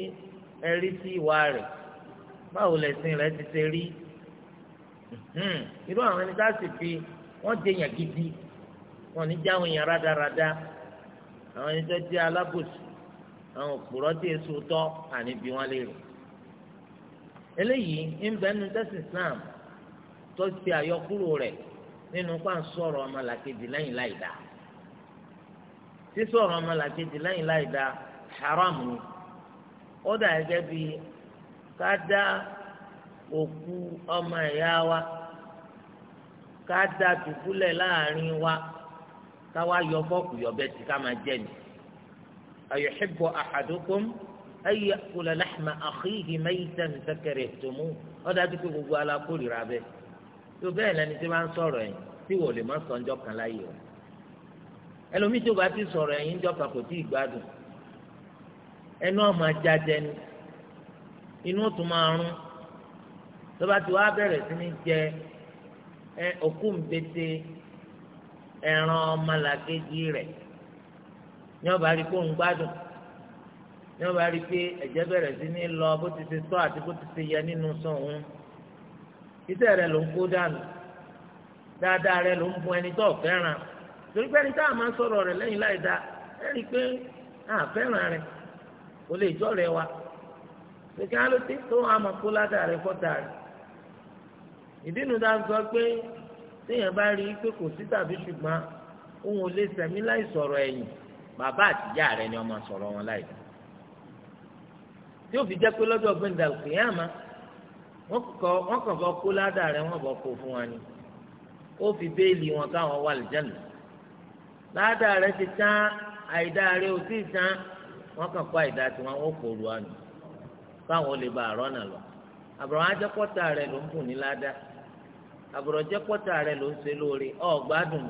ẹ rí sí ìwà rẹ̀ báwo lẹ̀sìn rẹ̀ ti ṣe rí hmm. irú àwọn ẹni tá a sì fi wọ́n jẹ yàn gidi wọ́n ní jáwọn èèyàn rádaràda àwọn ẹni tó jẹ́ alábòsí àwọn òpùrọ́ tí èso tọ́ àní bí wọ́n lè rò eléyìí ń bẹ́ẹ̀ nu tẹ́sí Islam tó ti àyọkúrò rẹ̀ nínú pa ń sọ̀rọ̀ ọmọlàkejì lẹ́yìn láì dáa sísọ̀rọ̀ ọmọlàkejì lẹ́yìn láì dáa haram ni ó dà gẹ́gẹ́ bí ká dá òkú ọmọ ẹ̀yà wa ká dá dùbúlẹ̀ láàrin wa ká wá yọ fọ́ọ̀kù yọ̀bẹ tí ká máa jẹ́ mi ayuhibbu ahadukum an ya'kula lahma akhihi maytan fakarihtumu ó dájú pé gbogbo alákòrìrà bẹ́ẹ̀ tó bẹ́ẹ̀ lẹni tí máa ń sọ̀rọ̀ ẹ̀yìn tí wò lè má sọ ńjọ́ kan láyé o ẹlòmíì tó bá ti sọ̀rọ̀ ẹ̀yìn ńjọ́ kan kò tí ì gbádùn ẹnu ọmọ ajajẹ ni inú tún máa rún tó bá ti wá bẹ̀rẹ̀ sí ní jẹ ẹ òkú mbete ẹran ọmọlàkejì rẹ̀ ní ọba rí kó ń gbádùn ní ọba rí pé ẹ̀jẹ̀ bẹ̀rẹ̀ sí ní lọ bó ti ṣe tọ́ àti bó ti ṣe yẹ nínú sọ̀hún. So iṣẹ́ rẹ ló ń kó dànù dáadáa rẹ ló ń bu ẹni tó fẹ́ràn torí pé ẹni tá a máa sọ̀rọ̀ rẹ lẹ́yìn láì dáa ẹ pé a fẹ́ràn rẹ kò lè jọ́ rẹ wa pèkè alóté tó a máa kó ọrịa rẹ fọ́tà rẹ ìdínú dáa sọ pé téèyàn bá rí i pé kò sí tàbí ṣùgbọ́n òun ò lè sẹ̀mí láì sọ̀rọ̀ ẹ̀yìn bàbá àtìyá ni wọ́n sọ̀rọ̀ wọn láì dáa tí fi jẹ́ pé lọ́jọ́ gbẹ̀ndàlùkì yẹn àmọ́ wọ́n kàn fọ́ kó ládàá rẹ̀ wọ́n bọ̀ kó fún wa ni ó fi béèlì wọn káwọn wà lìjẹ́nu ládàá rẹ̀ ti tán àìdá rẹ̀ ò tí tán wọ́n kàn kó àìdá tí wọ́n ó kóru wa ni káwọn lè ba àrọ́nà lọ àbùrọ̀ ajẹ́kọ́ta rẹ̀ ló ń bùn ní ládàá àbùrọ̀ jẹ́kọ́ta rẹ̀ ló ń ṣe lóore ọ̀gbádùn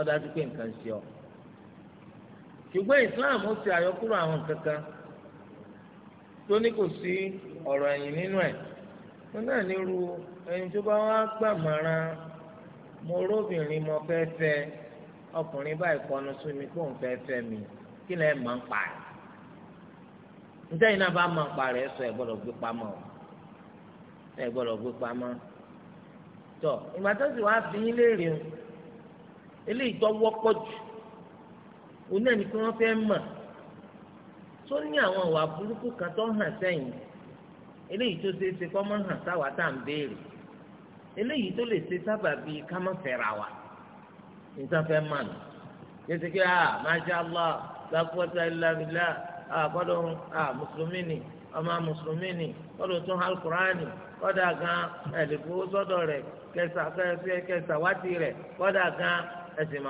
ọ̀dà tó pé nǹkan ṣe ọ ṣùgbọ́n Islam ó ṣe àyọkúrò àwọn kankan tó ní kò sí ọ̀rọ̀ ẹ̀yìn nínú ẹ̀ wọn náà nírú ẹni tó bá wá gbàmọ̀ràn mo róbìnrin mo fẹ́ fẹ́ ọkùnrin báyìí kọnu sí mi kó n fẹ́ fẹ́ mi kí lẹ́ẹ̀ máa ń pa rẹ̀ nítorí náà bá máa ń pa rẹ̀ sọ ẹ̀ gbọ́dọ̀ gbé pamọ́ ẹ̀ gbọ́dọ̀ gbé pamọ́ tọ ìgbà tó sì wá fi yín léèrè o eléyìí tó wọ́pọ̀ jù òun náà ni kí wọ́n fẹ́ mọ̀ tó ní àwọn ìwà burúkú kan tó hàn sẹ́yìn eléyìí tó ṣe é ṣe kọ́mọ́ hàn sáwà tá à ń béèrè eléyìí tó lè ṣe sábà bíi ká má wa fẹ́ nù a Allah ìlàmìlà àkọ́dọ̀ mùsùlùmí ni ọmọ mùsùlùmí ni kọ́dọ̀ tún alukurani kọ́dà gan ẹ̀dẹ̀gbọ́ sọ́dọ̀ rẹ̀ kẹsà kẹsà rẹ̀ kọ́dà gan ẹ̀sìn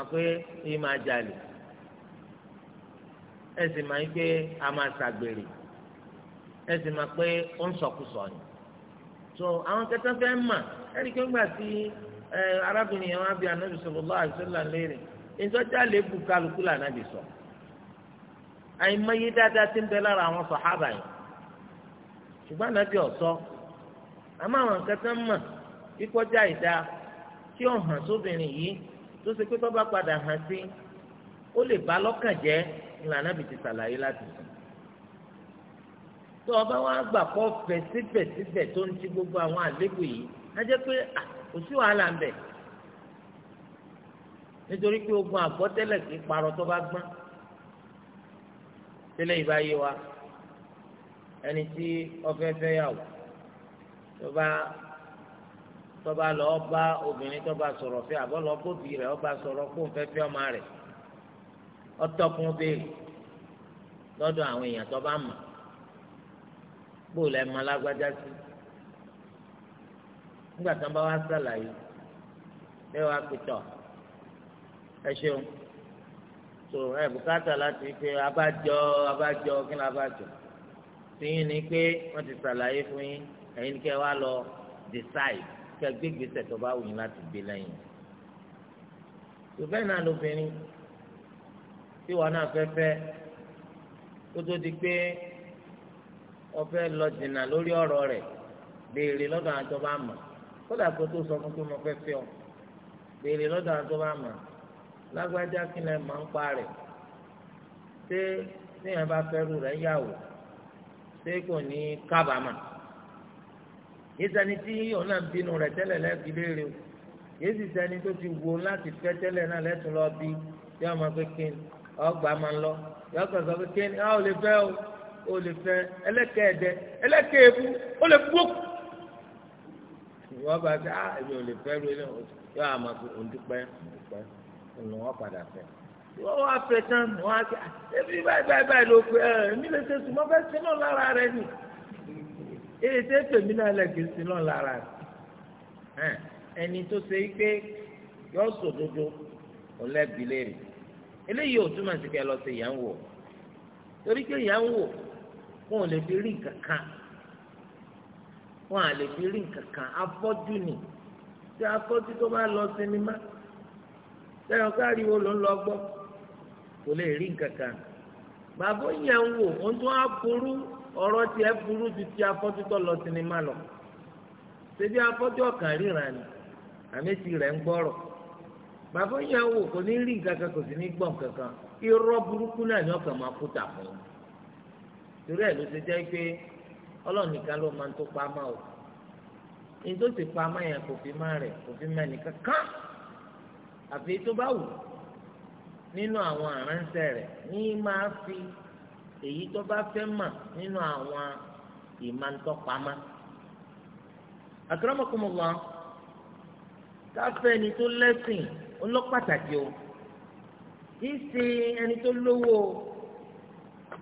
pé ẹ sì máa pé ó ń sọkúsọ ni so àwọn kẹtẹ fẹ́ mà ẹnì kan gbà sí arábìnrin yẹn wọn bí anabi sallallahu alaihi wasallam léèrè ìtọ́jà lẹ́bù kálukú là nàbì sọ àìmọye dáadáa ti ń bẹ lára àwọn sàhábà yẹn ṣùgbọ́n anabi ọ̀sọ́ àmọ́ àwọn kẹtẹ mà kíkọjá ìdá tí ó hàn sóbìnrin yìí tó ṣe pé tó bá padà hàn sí ó lè bá lọ́kàn jẹ́ tó ọba wa gbà pọ̀ fẹ̀ síbẹ̀síbẹ̀ tó ń ti gbogbo àwọn àléébù yìí á jẹ́ pé kò sí wàhálà ń bẹ̀ nítorí pé ogun àgbọ́tẹ́lẹ̀ kì í parọ́ tó bá gbọ́n tẹ́lẹ̀ ìbá yé wa ẹni tí ọfẹ́ fẹ́ yà wò tó bá tó bá lọ bá obìnrin tó bá sọ̀rọ̀ fẹ́ àbọ̀ lọ bóbi ọba sọ̀rọ̀ kó fẹ́ fẹ́ ọmọ rẹ̀ ọtọkùn béèrè lọ́dọ̀ àwọn èèyàn tó bá mọ̀ bóòlù ẹ̀ mọ alágbájá sí nígbà tí wọ́n bá wá sàlàyé ẹ wá pìtọ́ ẹ ṣeun tó ẹ bùkátà láti pé abájọ abájọ kí ni abájọ tìyín ni pé wọ́n ti sàlàyé fún yín ẹ̀yin ni kẹ́ wá lọ decide kẹ́ gbégbèsè tó bá wù yín láti gbé lẹ́yìn tòbẹ́ náà lóbìnrin tí wọn náà fẹ́ fẹ́ kó di pé ọfẹ lọ jìnnà lórí ọ̀rọ̀ rẹ̀ béèrè lọ́dọ̀ àwọn tó bá mọ̀ kódà kó tó sọ fún pé mo fẹ́ fẹ́ ọ béèrè lọ́dọ̀ àwọn tó bá mọ̀ lágbájá kí lẹ mọ̀ ń pa rẹ̀ ṣé téèyàn bá fẹ́rù rẹ̀ yàwó ṣé kò ní kábàámà yìí sani tí òun náà bínú rẹ̀ tẹ́lẹ̀ lẹ́ẹ̀kí léèrè o yìí sì sani tó ti wo láti fẹ́ tẹ́lẹ̀ náà lẹ́tùn lọ bí yọ ọmọ pé kí ọgbà máa ń lọ yọ ọkọ̀ pé kí ọ lè fẹ́ o le ó lè fẹ́ ẹlẹ́kẹ̀ẹ́dẹ ẹlẹ́kẹ̀ẹ́bú ó le gbó. ìwọ́n bá ṣe ah èmi ò lè fẹ́ ru ilé yóò àmọ́ pé òǹdúpẹ́ òǹdúpẹ́ òǹdùn wọn padà fẹ́. ìwọ́n wá fẹ́ tán wọ́n á ṣe ẹbí ah, báyìí báyìí báyìí ló pé ẹ eh, èmi lè ṣe sùn mọ́ fẹ́ sí náà lára rẹ nì. èyí tẹ́ tèmi náà lẹ̀ kì í sí náà lára rẹ. ẹni tó ṣe é pé yọ sòdodo ọlẹ́bi léèrè eléyìí ò túmọ̀ sí kẹ́ lọ sí ìyàwó torí pé ìyàwó wọn ò lè fi rí nǹkan kan wọn à lè fi rí nǹkan kan ni tí afọ́jú tó bá lọ sinimá sẹ́yìn káàríwo ló ń lọ gbọ́ kò lè rí nǹkan kan bàbá yẹn ń wò ó tún á burú ti afọ́jú tó lọ sinimá lọ ṣebí afọ́jú ọ̀kan ríran ni àmì ti rẹ̀ ń gbọ́rọ̀ bàbá yẹn ń wò kò ní rí nǹkan kan kò ní irọ́ torí ẹ̀ ló ṣe jẹ́ pé ọlọ́run nìkan ló máa ń tó pamọ́ o èyí tó ti pamọ́ yẹn kò fi má rẹ̀ kò fi má nìkan kán àfi tó bá wù nínú àwọn àránṣẹ́ rẹ̀ ní máa fi èyí tó bá fẹ́ mà nínú àwọn ìmọ̀ntọ́pamọ́ àkàràmọ́kùnmọ́wá káfẹ́ ni tó lẹ́sìn olópàtàkì o kì í ṣe ẹni tó lówó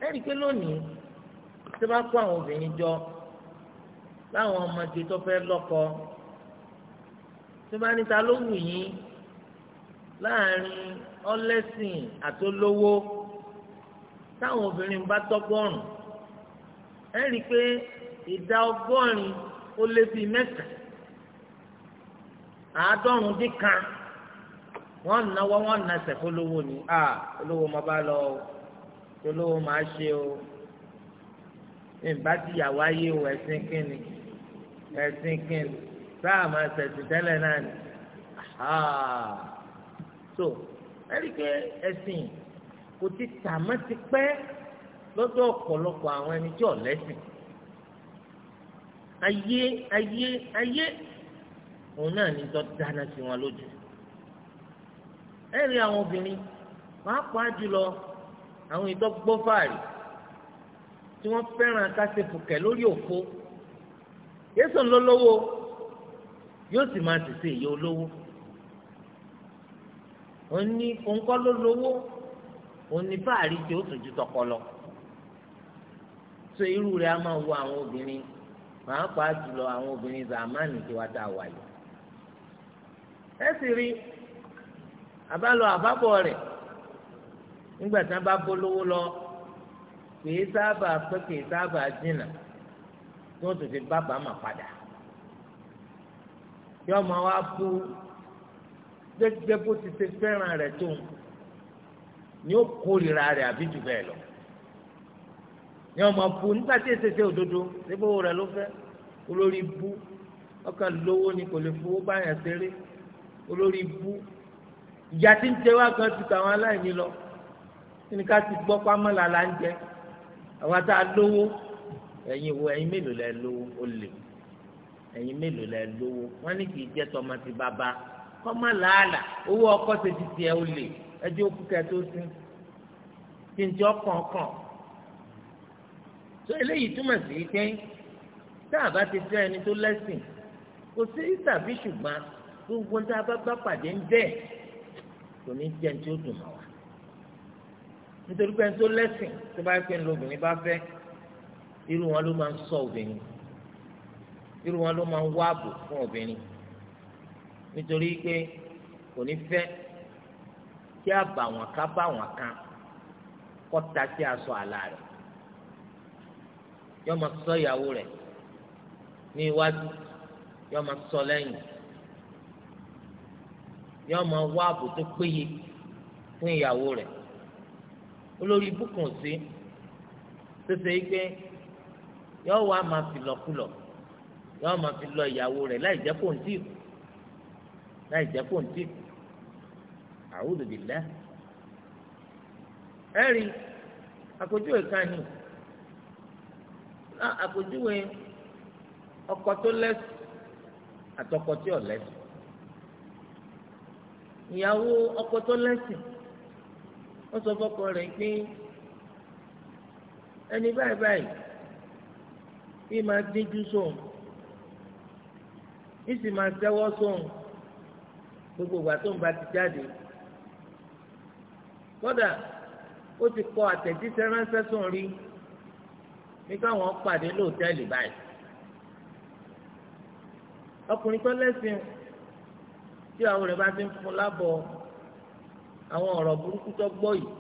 ẹ̀rí lónìí tí wọ́n bá kó àwọn obìnrin jọ láwọn ọmọdé tó fẹ́ lọ́kọ tí wọ́n bá níta ló wù yín láàrin ọlẹ́sìn àtolówó táwọn obìnrin bá tọ́gọ́rùn ẹ rí i pé ìdá ọgọ́rin ó lé bíi mẹ́ta àádọ́rùn dín kan wọ́n náwó wọ́n nà sẹ̀fọ́ lówó ni olówó máa bá lọ olówó máa ṣe o ìbá ti yà wáyé o ẹ̀sìn kínni ẹ̀sìn kínni sáà máa ṣẹ̀sìn tẹ́lẹ̀ náà ni so ẹ̀ríkẹ́ ẹ̀sìn kò ti tà mọ́ ti pẹ́ lọ́dọ̀ ọ̀pọ̀lọpọ̀ àwọn ẹni tí ò lẹ́sìn ayé ayé ayé òun náà ní tó dáná sí wọn lójú ẹ̀rí àwọn obìnrin pàápàá jùlọ àwọn ìtọ́ gbọ́ fàárì tí wọ́n fẹ́ràn akásẹ̀fùkẹ̀ lórí òfo yéésù ń lólówó yóò sì máa tètè yé olówó òun ní òǹkọ́ ló lówó òun ní fáàrí tí ó tún ju tọkọ lọ so irú rẹ̀ a máa wo àwọn obìnrin màá pa jùlọ àwọn obìnrin zamani tí wàá dá wáyé ẹ sì rí àbálọ àbábọ̀ rẹ̀ nígbà tí wọ́n bá bó lówó lọ kìí sábà pé kìí sábà jìnnà tí wọ́n tún fi bábà mà padà yọ ọmọ wa bú gbẹgbẹ bó ti ṣe fẹ́ràn rẹ̀ tó ni ó kórìíra rẹ̀ àbí jù bẹ́ẹ̀ lọ ni ọmọ bú nígbà tí èsì ṣe òdodo síbò rẹ̀ ló fẹ́ olórí bú ọkàn lówó ni kò lè fowó báyàn ṣeré olórí bú ìyá tí ń jẹ wá gan ju tàwọn aláìní lọ kí ni ká ti gbọ́ pamọ́ làlá ń àwọn tá a lówó ẹ̀yin wo ẹ̀yin mélòó lẹ lówó ó lè ẹ̀yin mélòó lẹ lówó wọ́n ní kì í jẹ́ tọmọ ti bàbá kọ́mọ làálà owó ọkọ ṣe ti tiẹ̀ ó lè ẹjọ́ òkú kẹ tó sí kí n jọ kọ̀ọ̀kan tó eléyìí túmọ̀ sí pé tá a bá ti fẹ́ ẹni tó lẹ́sìn kò sí tàbí ṣùgbọ́n gbogbo tá a bá bá pàdé ń bẹ́ẹ̀ kò ní jẹ́ tí ó dùn mọ́ wa nítorí pé tó lẹ́sìn tó bá pè ní obìnrin bá fẹ́ irú wọn ló máa ń ṣọ́ obìnrin irú wọn ló máa ń wá ààbò fún obìnrin nítorí pé kò ní fẹ́ kí àbàwọ̀n ká bàwọ̀n kan kọ́ ta sí aṣọ àlà rẹ̀ yọ máa ṣọ́ ìyàwó rẹ̀ ní iwájú yọ máa ṣọ́ lẹ́yìn yọ máa wá ààbò tó péye fún ìyàwó rẹ̀ olórí ibùkún sí tó ṣe pé yọ wá máa fi lọkulọ yọ máa fi lọ ìyàwó rẹ̀ láì jẹ́ kó ń tì kù láì jẹ́ kó ń tì kù a'udhu billah ẹ̀rí àpèjúwe kan ní ah, àpèjúwe ọkọ tó lẹ́sùn àtọkọ tí ò lẹ́sùn ìyàwó ọkọ tó lẹ́sìn ó sọ fọ́kọ rẹ̀ pé ẹni báyìí báyìí bí máa díjú sóun bí sì máa sẹ́wọ́ sóun gbogbo ìgbà tó ń bá ti jáde kódà ó ti kọ àtẹ̀jíṣẹ́ ránṣẹ́ sóun rí ní káwọn pàdé lóòtẹ́ẹ̀lì báyìí ọkùnrin tó lẹ́sìn tí àwọn rẹ̀ bá ti ń fún lábọ̀ ọ́. àwọn ọ̀rọ̀ burúkú tó gbọ́ yìí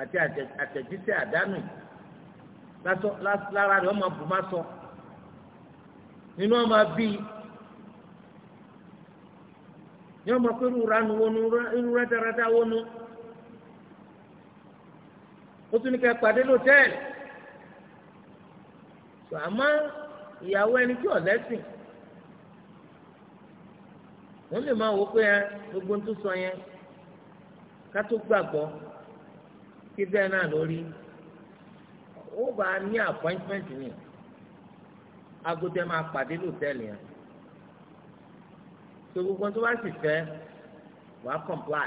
àti àtẹ̀jíṣẹ́ àdánù yìí lára rẹ̀ wọ́n máa ma sọ nínú ọ ma bi, ní ọ ma pé irú ranu wọnú irú wọnú ó tún ní ká pàdé lọ́tẹ́ẹ̀lì sọ ìyàwó ẹni tí lè sọ yẹn kátó gbàgbọ́ kí bẹ́ẹ̀ náà lórí ó bá ní appointment ni agotẹ máa pàdé lòtẹ́ẹ̀lì yẹn tó gbogbo tó bá sì fẹ́ wàá comply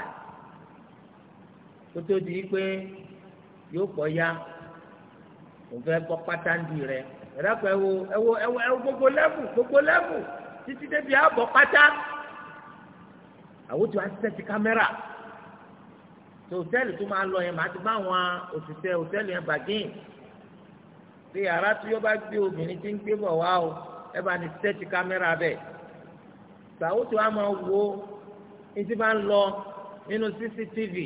kótó di pé yóò pọ̀ ya òun fẹ́ gbọ́ pátáǹdì rẹ ẹ̀dàpọ̀ ẹ̀wò ẹ̀wò ẹ̀wò ẹ̀wò gbogbo lẹ́bù gbogbo lẹ́bù títí débi àbọ̀ pátá àwọn tó wá sẹ́ẹ̀tì kámẹ́rà tó hòtẹ́ẹ̀lì tó máa lọ yẹn màá ti bá àwọn òṣìṣẹ́ hòtẹ́ẹ̀lì yẹn bàgẹ́yìn pé yàrá tí yóò bá gbé obìnrin tí ń gbé bọ̀ wá o ẹ bá ní sẹ́ẹ̀tì kámẹ́rà bẹ́ẹ̀ sàwùtò á máa wo ní ti máa ń lọ nínú cctv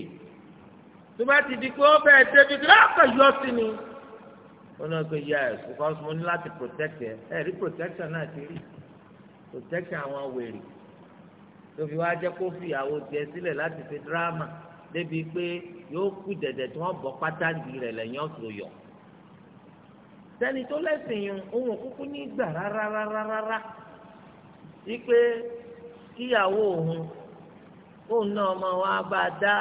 tó bá ti di pé ó bẹ̀ẹ́ débi kí lóòkè yọ sí ni ó náà pé yes because mo ní láti protect ẹ ẹ rí protection náà ti rí protection àwọn wèrè tó fi wá jẹ́ kó fìyàwó jẹ sílẹ̀ láti ṣe drama débi pé yóò kú dẹ̀dẹ̀ tí wọ́n bọ́ pátá rẹ̀ lẹ́yìn ọ̀sùn yọ̀ sẹ́ni tó lẹ́sìn yìí òun kúkú ní gbà rárárárá wípé kíyàwó òun òun náà ọmọ wa bá a dá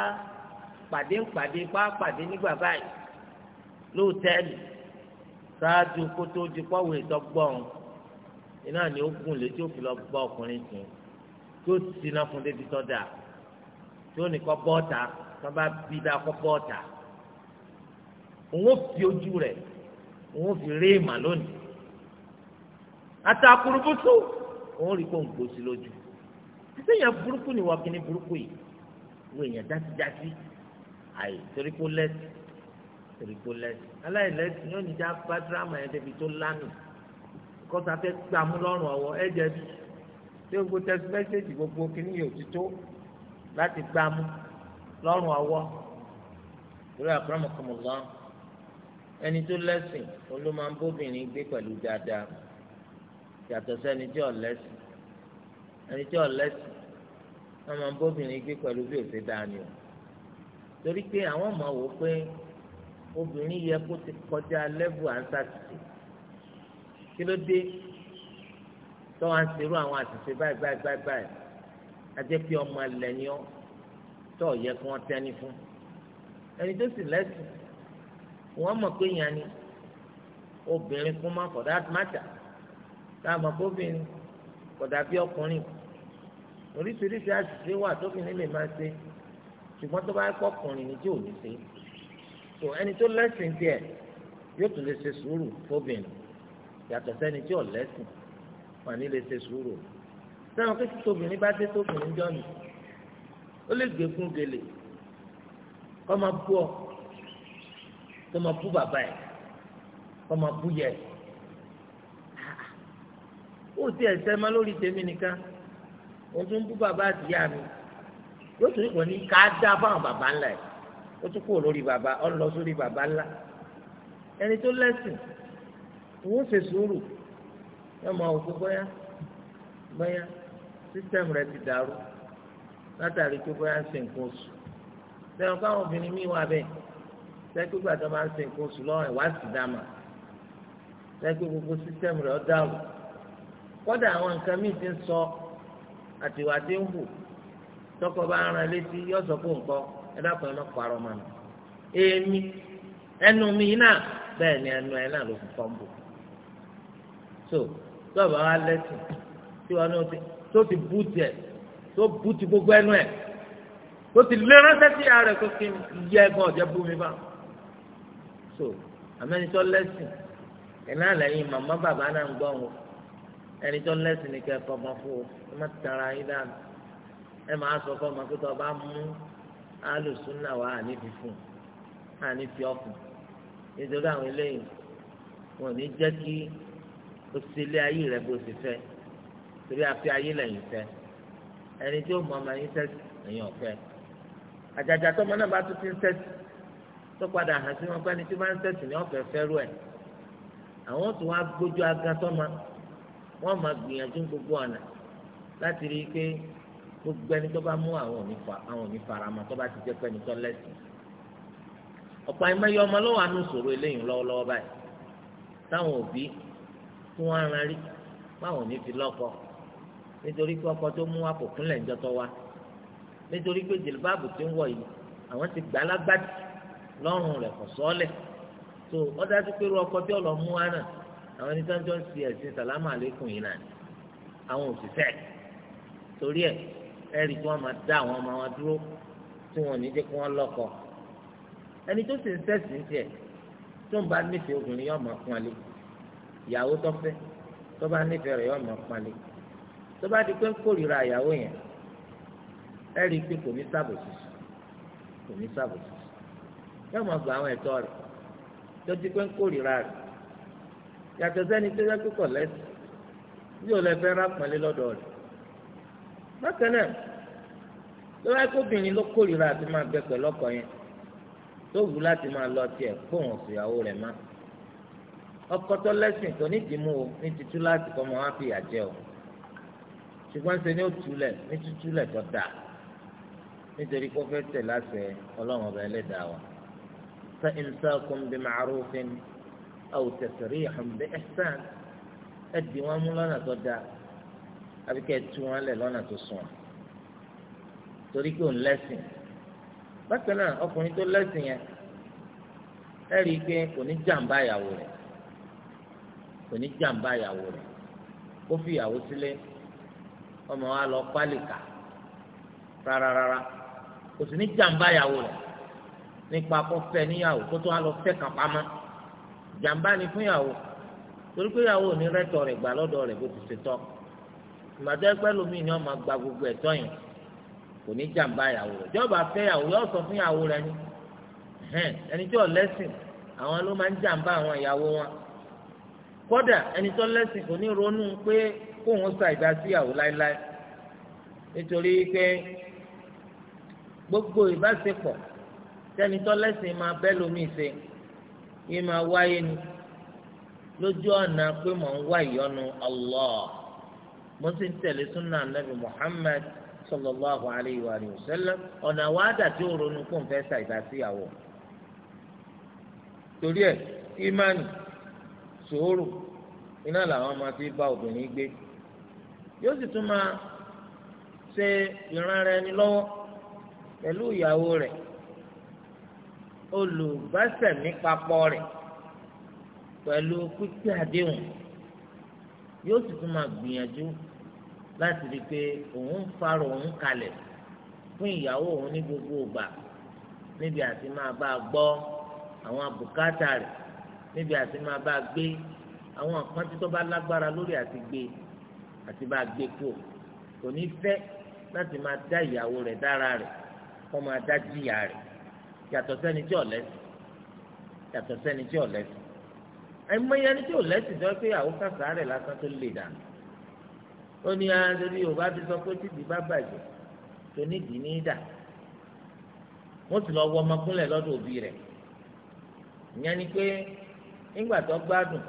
pàdé ńpàdé pàápàdé nígbà báyìí lóòtẹ́ẹ̀lì ṣáájú kó tó di pọ́wé ìtọ́gbọ́n iná ni ó gùn létí òfin lọ gbọ́ ọkùnrin tún tó sì ná fún débi tọ́ dáa tí ó nìkan bọ́ọ̀tà tí wọ́n bá bí dáa kọ́ bọ́ọ̀tà òun ó fi ojú rẹ̀ òun ó fi rí ìmà lónìí àtàkùrùbùsù òun rí pòun gbòòsì lójú sísèyàn burúkú ni wọ́n kíní burúkú yìí wọ́n èèyàn dásídásí àyè torí kó lẹ́sìn torí kó lẹ́sìn aláìlẹ́sìn yóò ní já bá dírámà yẹn débi tó lánàá kọ́sà fẹ́ ọ̀wọ́ ẹ̀jẹ̀ tí ó gbó tẹ́sí mẹ́sẹ̀jì gbogbo kíní yóò ti tó láti gbámú lọ́rùn ọwọ́ lórí àkọ́rọ́mọkọ́mọ́lá ẹni tó lẹ́sìn olómọ́bóbìnrin gbé pẹ̀lú dáadáa yàtọ̀ sẹ́ni tí ò lẹ́sìn ẹni tí ò lẹ́sìn ọmọbóbìnrin gbé pẹ̀lú bí òfin dání o torí pé àwọn ọmọ wò pé obìnrin yẹ kó ti kọjá lẹ́bù àǹsàtìtì kí ló dé tó wá ń serú àwọn àṣìṣe báyìí báyìí báyìí báyìí ajẹ́ pé ọmọ ẹlẹ́ni ọ́ tó yẹ kí wọ́n tẹ́ni fún ẹni tó sì lẹ́sìn wọ́n mọ̀ pé yẹn ni obìnrin kún mọ́ for that matter táà mọ̀ pé obìnrin kò dàbí ọkùnrin oríṣiríṣi àṣìṣe wà tóbìnrin lè máa ṣe ṣùgbọ́n tó bá kọ́ ọkùnrin ni tí ò ní ṣe so ẹni tó lẹ́sìn tiẹ̀ yóò tún lè ṣe sùúrù fóbìnrin yàtọ̀ sẹ́ni tí ò lẹ́sìn wà ní lè ṣe sùúrù o sẹ́wọ̀n kí tóbìnrin bá dé tóbìnrin jọ nù ó lè gbé fún gèlè kọ́ máa bú ọ kọ́ máa bú bàbá ẹ̀ kọ́ máa bú yẹ ó ti ẹ̀sẹ̀ má lórí tèmi nìkan òun tún bú bàbá àtìyá mi yóò tún ìpò ní ká dá fáwọn bàbá ńlá ẹ̀ ó tún kúrò lórí bàbá ọ lọ sórí bàbá ńlá ẹni tó lẹ́sìn òun ṣe sùúrù ẹ máa wò pé bóyá bóyá sísẹ̀mù rẹ ti dàrú látàrí pé bóyá ń ṣe nǹkan oṣù sẹ́wọ̀n káwọn obìnrin míì wà bẹ́ẹ̀ sẹ́kú gbàdá máa ń ṣe nǹkan oṣù lọ́wọ́ ẹ̀wá sì dáàmà sẹ́kú gbogbo sísẹ̀mù rẹ dàrú kọ́dà àwọn nǹkan míì ti ń sọ àtiwà ti ń hù tọkọ bá ń ran létí yọ sọ fún nǹkan ẹ dákun ẹ má parọ́ mọ́ mi èmi ẹnu mi náà bẹ́ẹ̀ ni ẹnu ẹ náà ló fi kọ́ ń bò so tọ́ọ̀bù àwọn alẹ́sìn tí wọn ní tó ti bú tiẹ̀ tó bú ti gbogbo ẹnu ẹ̀ tó ti lé ránṣẹ́ sí ara rẹ̀ tó ti yẹ ẹ̀gbọ́n ọ̀jẹ̀ bú mi bá so àmẹ́nitọ́ lẹ́sìn ẹ̀nà àlẹ́yìn màmá bàbá náà ń gbọ́ wọn ẹni tó lẹ́sìn ní kẹ́ fọmọ fún o ẹ má tara yín dànù ẹ máa sọ fọmọ pé tó o bá mú alùsùnà wà á ní fífún á ní fi ọkùn nítorí àwọn eléyìí wọn ò ní jẹ́ kí o ṣe ilé ayé rẹ bó ṣe fẹ́ torí àfi ayé lẹ́yìn fẹ́ ẹni tí ó mọ ọmọ yín sẹ́sì ẹ̀yìn ọ̀fẹ́ àjàjà tọmọ náà bá tún ti ń sẹ́sì tó padà hàn sí wọn pé ẹni tí bá ń sẹ́sì ní ọ̀fẹ́ fẹ́rù ẹ̀ àwọn tó wá gbójú agan tọmọ wọn máa gbìyànjú gbogbo ọ̀nà láti rí i pé gbogbo ẹni tó bá mú àwọn òní faramọ́ tó bá ti jẹ́ pé ẹni tó lẹ́sìn ọ̀pọ̀ ẹ̀mọ́ yọ ọmọ lọ́wọ́ àánú sòrò eléyìí lọ́wọ́lọ́wọ́ báyìí táwọn òbí tí wọ́n á ran rí báwọn ò fi lọ́kọ̀ọ́ nítorí pé ọkọ tó mú wa kò kúnlẹ̀ ń jọtọ̀ wa nítorí pé jìlbáàbù tí ń wọ̀ yìí àwọn ti gbà lágbàdì lọ́rùn rẹ̀ kò sọ́ọ́lẹ̀ tó ó dájú pé irú ọkọ tí ó lọ mú wa náà àwọn ẹni tó ń jọ ń ṣe ẹ̀sìn sàlámù àlékún yìí náà àwọn òṣìṣẹ́ torí ẹ̀ ẹ̀rí tí wọ́n máa dá àwọn ọmọ wọn dúró tí wọ́n ní jẹ́ kí wọ́n lọ́kọ ẹni tó sì ń sẹ́sìn tiẹ̀ tó ń bá nífẹ̀ẹ́ obìnrin yóò pọ́nlé ìyàwó tó fẹ́ tó bá nífẹ̀ẹ́ rẹ̀ yóò máa pọ́nlé tó bá di pé ń kórìíra ìyàwó yẹn ẹ rí i pé kò ní sábòsí kò ní sábòsí yóò máa gba àwọn ẹ̀tọ́ rẹ̀ tó di pé ń kórìíra rẹ̀ yàtọ̀ sẹ́ni tó yẹ kíkọ̀ lẹ́sìn yóò lẹ fẹ́ rápọ̀nlé lọ́dọ̀ rẹ̀ bákan náà tó bá kóbìnrin ló kórìíra àti máa bẹ pẹ̀lú ọkọ yẹn tó wù láti máa lọ tiẹ̀ kó wọn fìyàwó rẹ̀ má ọkọ tó lẹ́sìn tó ní dìímú o ní titun láti kọ́ ọmọ wa fìyà jẹ o ṣùgbọ́n ṣe ni ó túlẹ̀ ní tútúlẹ̀ tó dáa nítorí kó fẹ́ tẹ̀ láṣẹ ọlọ́run ọba ẹlẹ́dàá wa fa imsakun bi ma'rufin aw tasrihun bi ihsan ẹ dì wọ́n mú lọ́nà tó dáa àbí kẹ́ ẹ tú wọn lẹ̀ lọ́nà tó sunwọ̀n torí pé òun lẹ́sìn bákan náà ọkùnrin tó lẹ́sìn yẹn ẹ rí i pé kò ní jàǹbá ìyàwó rẹ̀ kò ní jàǹbá ìyàwó rẹ̀ kó fi ìyàwó sílẹ̀ ọmọ wa lọ pálíkà rárára kò sì ní jàǹbá ìyàwó rẹ̀ nípa kó fẹ́ níyàwó kó tó wá lọ fẹ́ kàn pamọ́ jàǹbá ni fún ìyàwó torí pé ìyàwó ò ní rẹ́tọ̀ rẹ̀ gbà lọ́dọ̀ rẹ̀ bó ti ṣe tọ́ ìgbàdá ẹgbẹ́ lomi ni ọmọ gba gbogbo ẹ̀tọ́ yẹn kò ní jàǹbá ìyàwó rẹ̀ jọba fẹ́ ìyàwó yóò sọ fún ìyàwó rẹ̀ ni ẹni tí o lẹ́sìn àwọn ló máa ń jàǹbá àwọn ìyàwó wọn kódà ẹni tó lẹ́sìn kò ní ronú pé kóun sa ìdá síyàwó láéláé nítorí pé gbogbo ìbáṣepọ̀ sẹ́ni tọ́lẹ́sìn máa bẹ́ lómi ṣe yìí máa wáyé ni lójú ọ̀nà pé mò ń wá ìyọ́nú Allah mo sì ń tẹ̀lé súnà nàbì Muhammad sallallahu alayhi wa sallam ọ̀nà wa dà tí ronú kó fẹ́ sa ìdá síyàwó torí ẹ̀ ìmánì sòórò iná làwọn máa fi bá obìnrin gbé yóò sì tún máa ṣe ìran rẹ̀ ni lọ́wọ́ pẹ̀lú ìyàwó rẹ̀ olùbásẹ̀mí papọ̀ rẹ̀ pẹ̀lú pípé àdéhùn yóò sì tún máa gbìyànjú láti rí i pé òun ń farò òun kalẹ̀ fún ìyàwó òun ní gbogbo ìgbà níbi àti máa bá a gbọ́ àwọn àbùkátà rẹ̀ níbi àti máa bá a gbé àwọn àkántí tó bá lágbára lórí àti gbé e àti bá a gbé kú kò ní fẹ́ láti máa dá ìyàwó rẹ̀ dára rẹ̀ kó máa dá jìyà rẹ̀ yàtọ̀ sẹ́ni tí ò lẹ́sìn yàtọ̀ sẹ́ni tí ò lẹ́sìn ẹ̀mọ́yé ẹni tí ò lẹ́sìn tó pé àwọn kàkà rẹ̀ lásán tó lè dànù ó ní adébí ah, yorùbá ti sọ pé títí bá bàjẹ́ tó ní dì ní dà wọ́n sì lọ wọ ọmọkúnlẹ̀ lọ́dọ̀ òbí rẹ̀ ìyẹn ni pé nígbà tó gbádùn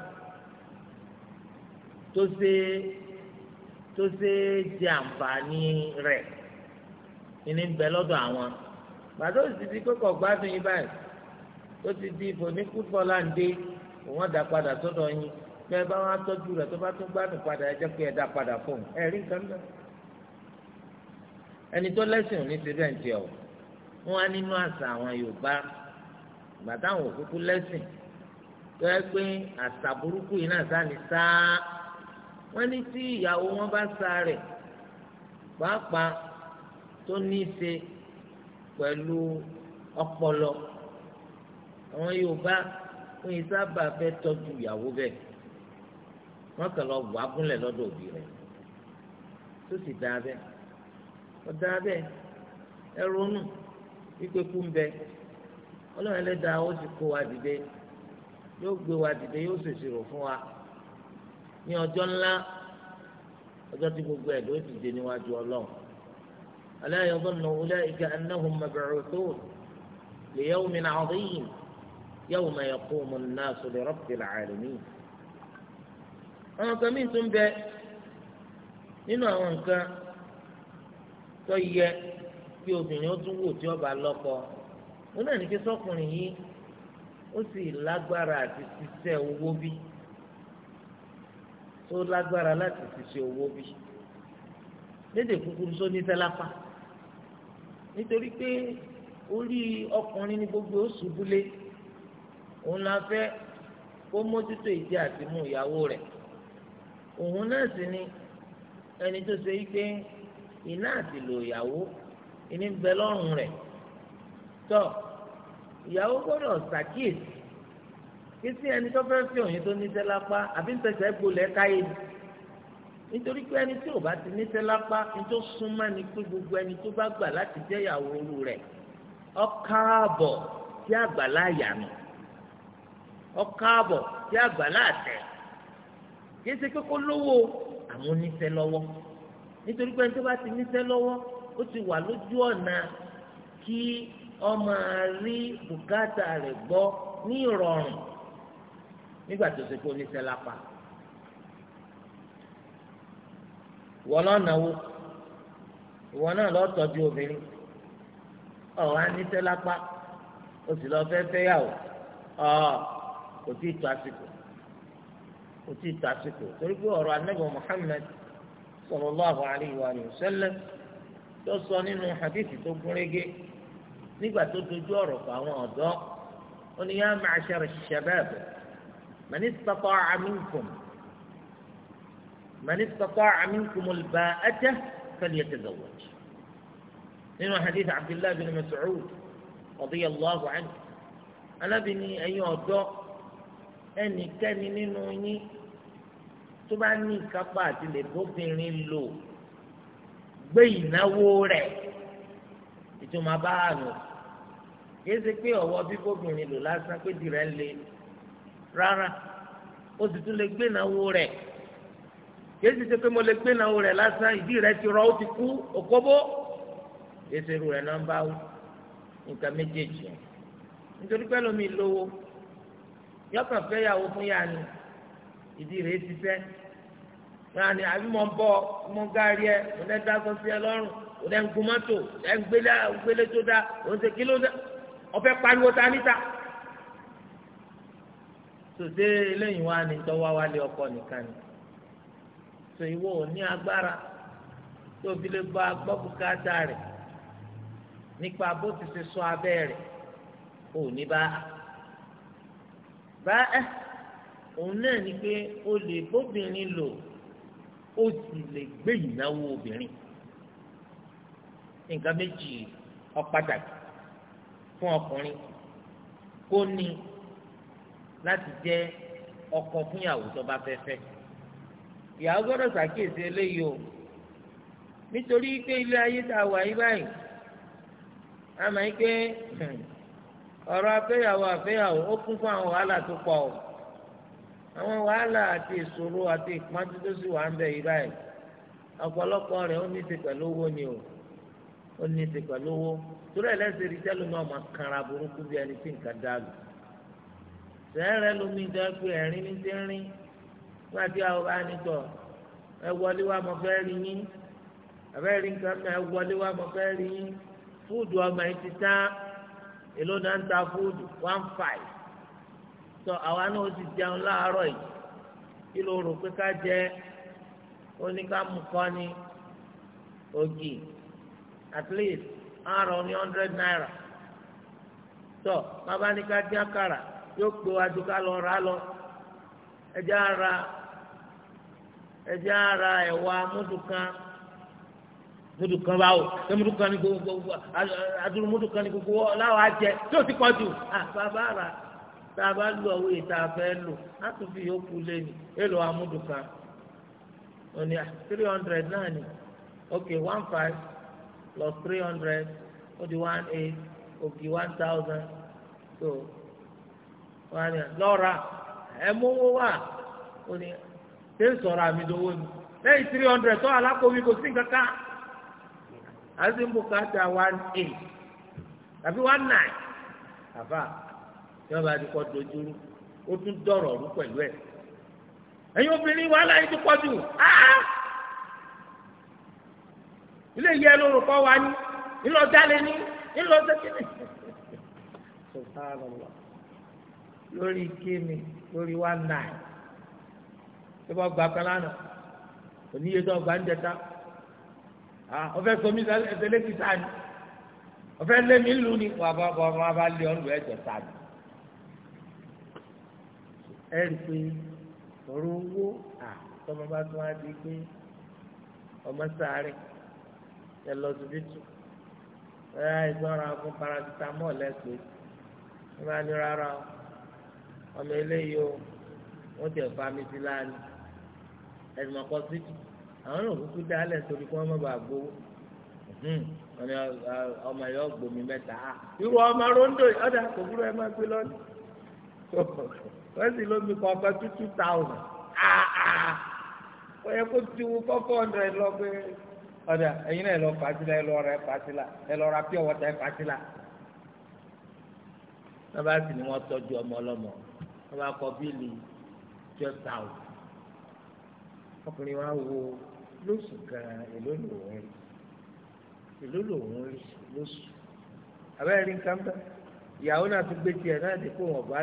tó ṣe tó ṣe é jẹ àǹfààní rẹ̀ ìní ń bẹ lọ́dọ̀ àwọn gbàdó sì ti kókò gbádùn yín báyìí tó ti di ìbò ní fútbọ́lá ń dé òun dà padà sọ́dọ̀ yín bẹ́ẹ̀ bá wọn tọ́jú rẹ̀ tó bá tún gbádùn padà ẹ pé ẹ dá padà fún un ẹ rí nǹkan náà ẹni tó lẹ́sìn òní ti bẹ́ẹ̀ ń tiẹ̀ o wọ́n á nínú àṣà àwọn Yorùbá gbàtà àwọn òkúkú lẹ́sìn tó yẹ pé àṣà burúkú yìí náà sáà ní sáà wọ́n ní tí ìyàwó wọn bá sa rẹ̀ pàápàá tó ní í ṣe pẹ̀lú ọpọlọ àwọn Yorùbá wọn yìí sábà fẹ́ tọ́jú ìyàwó bẹ́ẹ̀ wọ́n kàn lọ wà á gúnlẹ̀ lọ́dọ̀ òbí rẹ̀ tó sì dáa bẹ́ẹ̀ ó dáa bẹ́ẹ̀ ẹ ronú wípé kú ń bẹ Ọlọ́run ẹlẹ́dàá ó sì kó wa dìde yóò gbé wa dìde yóò ṣèṣirò fún wa ní ọjọ́ ńlá ọjọ́ tí gbogbo ẹ̀ ló dìde níwájú ọlọ́run ala yadhunnu ulaika annahum mab'uthun li yawmin 'azim yawma yaqumu an-nasu li rabbil 'alamin. àwọn kan mìíràn tún bẹ nínú àwọn nǹkan tó yẹ kí obìnrin ó tún wò tí ó lọ́kọ ó náà ní kí sọ́kùnrin yìí ó sì lágbára àti ṣiṣẹ́ owó bíi tó lágbára láti fi ṣe owó bí lédè kúkúrú só ní tẹlápá nítorí pé orí ọkùnrin ní gbogbo oṣù búlé òun la fẹ́ kó mójútó ìdí àti mú ìyàwó rẹ̀ òun náà sì ni ẹni tó ṣe yí pé iná àti lò ìyàwó ìní bẹ lọ́rùn rẹ̀ tọ́ ìyàwó gbọ́dọ̀ ṣàkíyèsí kí sí ẹni tó fẹ́ fi òyìn tó níṣẹ́ lápá àbí ń tẹ̀sẹ̀ gbolẹ̀ káyé ni nítorí pé ẹni tí ò bá ti níṣẹ́ ní tó súnmọ́ ni pé gbogbo ẹni tó bá gbà láti jẹ́ ìyàwó orú rẹ̀ ọkààbọ̀ tí àgbàlá àgbàlá àtẹ̀ ṣe lówó àwọn oníṣẹ́ lọ́wọ́ nítorí pé ẹni tó bá ti níṣẹ́ lọ́wọ́ ó ti wà lójú nígbà tó ṣe kó oníṣẹ́ lápá ìwọ náà náwó ìwọ náà lọ tọ́jú obìnrin ọ̀hún aníṣẹ́ lápá o sì lọ fẹ́ fẹ́yàwó ọ̀ kò tí ì tó àsìkò kò tí ì tó àsìkò torí pé ọ̀rọ̀ anábọ̀ Muhammad sallallahu alayhi wa sallam tó sọ nínú hadithi tó gúnrégé nígbà tó dojú ọ̀rọ̀ fún àwọn ọ̀dọ́ ó ní yá ma'ashara shabab man istata'a minkum man istata'a minkum al-ba'ata falyatazawwaj nínú hadith abdullahi bin mas'ud radiyallahu anhu alábìíní ẹ̀yin ọ̀dọ́ ẹnikẹ́ni nínú yín tó bá ní ìkápá àti lè bóbìnrin lò gbé ìnáwó rẹ̀ ìtumọ̀ bá àná kìí ṣe pé ọ̀wọ́ bíbóbìnrin lò lásán pé dìrẹ́ ń le rárá ó sì tún lè gbé ìnáwó rẹ̀ kìí sì ṣe pé mo lè gbé ìnáwó rẹ̀ lásán ìdí rẹ̀ ti rọ ó ti kú òkóbó kìí ṣe irú náà ń bá wí nǹkan méjèèjì nítorí pẹ́ lómi lówó yọkàn fẹ́ yàwó fún yàrá ni ìdí rẹ̀ ti fẹ́ yàrá ni àbí mo ń bọ̀ mo ń gárí ẹ mo lẹ́ dákọ́ sòdé eléyìí wá ní tọ́wá wálé ọkọ nìkan ni sọ ìwọ ò ní agbára tó fi lè gba gbọ́bùkátà rẹ̀ nípa bó ti ṣe sọ abẹ́ rẹ̀ ò ní bá a bá ẹ òun náà ni pé o lè bóbìnrin lò o sì lè gbé ìnáwó obìnrin nǹkan méjì ó pàtàkì fún ọkùnrin kó ní láti jẹ́ ọkọ fún tó bá fẹ́ ìyàwó gbọ́dọ̀ ṣàkíyèsí eléyìí o nítorí pé ilé ayé tá a wà yí báyìí a máa ń pé hmm, ọ̀rọ̀ afẹ́yàwó afẹ́yàwó ó kún fún àwọn wàhálà tó pọ̀ o àwọn wàhálà àti ìṣòro àti ìpọ́njú tó sì wà ń bẹ yí báyìí ọ̀pọ̀lọpọ̀ rẹ̀ ó ní ti pẹ̀lú owó ni o ó ní ti pẹ̀lú owó torí ẹ̀ lẹ́sìn rí tẹ́lu náà máa kanra burúkú bí ẹni tí nǹkan dá lù sẹ́ẹ̀rẹ́ lómi ìjọ pé ẹ̀rín ní ti rín nígbà tí àwọn bá ní tọ̀ ẹ wọlé wá mo fẹ́ rí yín àbẹ́ rí nǹkan mẹ́ ẹ wọlé wá mo fẹ́ rí yín fúdù ọmọ yìí ti tán èló náà ń ta fúdù one five tọ àwa náà ti jẹun láàárọ̀ yìí kí ló rò pé ká jẹ oníkàmù kọ́ ògì at least àrùn ní hundred naira tọ bàbá ní ká dín àkàrà yóò gbó wájú ká lọ rà lọ ẹjẹ ara ẹjẹ ara ẹwà múdùkan múdùkan báwo ṣé múdùkan ni gbogbo adúlù múdùkan ni gbogbo láwọn àjẹ tí ò ti pọ̀ jù bàbá rà tá a bá lu àwọn èyí tá a fẹ́ lò á tún fi yòókù lé ní èlò amúdùkan òní three hundred náà ni ok one five plus three hundred ó di one eight òkè one thousand so. wọ́n á ní lọ́ra ẹ mówó wá ó ní ni lẹ́yìn three hundred tó alákòó mi kò sí nǹkan ká àti ń bùkátà one eight tàbí one nine àbá yóò bá ti kọ́ dojúrú ó tún dọ̀rọ̀ ọ̀rú pẹ̀lú ẹ̀ ẹ̀yin obìnrin wàhálà yìí ti pọ̀ jù ilé yẹ lóru kọ́ wa ní ńlọ jálẹ̀ ní ńlọ sẹ́kìnì. lórí kíni lórí one nine tí wọ́n gbà kan lánàá oníye tó gbà ń jẹta ọ̀fẹ́ sọmi ẹsẹlẹsì sáni ọ̀fẹ́ lẹmi ńlu ni wà bá bọ ọmọ abá lé ọlù ẹjọ sáni ẹ rí i pé ọ̀rọ̀ owó à tọmọ bá tún á di pé ọmọ sáré ẹ lọ síbi tù ẹ ìgbọràn fún paracetamol ẹ pé ẹ máa ní rárá o ọmọ eléyìí o wọ́n ti ẹ̀fọ́ amísí láàánú ẹ̀sìn ọkọ síbi àwọn náà kúkú dá alẹ̀ torí kí wọ́n má bàa gbowó hmm. ah, ah, ọmọ yọ gbomi mẹ́ta ah, irú ọmọ rondo ọ̀dà kò búrò ẹ má gbé lọ́nà wọ́n sì lómi kọ́ ọba two two thousand ó yẹ kó tiwu kọ́ four hundred lọ pé ọ̀dà ẹ̀yin náà ẹ lọ fàásìlà ẹ lọ rà ẹ fàásìlà ẹ lọ rà pure water ẹ fàásìlà. sábà sì ni wọ́n tọ́jú ọmọ ọlọ́mọ wọ́n bá kọ bíìlì twelve thousand ọkùnrin wa wo lóṣù gan èló lòun rí èló lòun rí lóṣù abẹ́rẹ́ rí nǹkan bẹ́ẹ̀ ìyàwó náà tún gbé tiẹ̀ náà dé kó wọn bá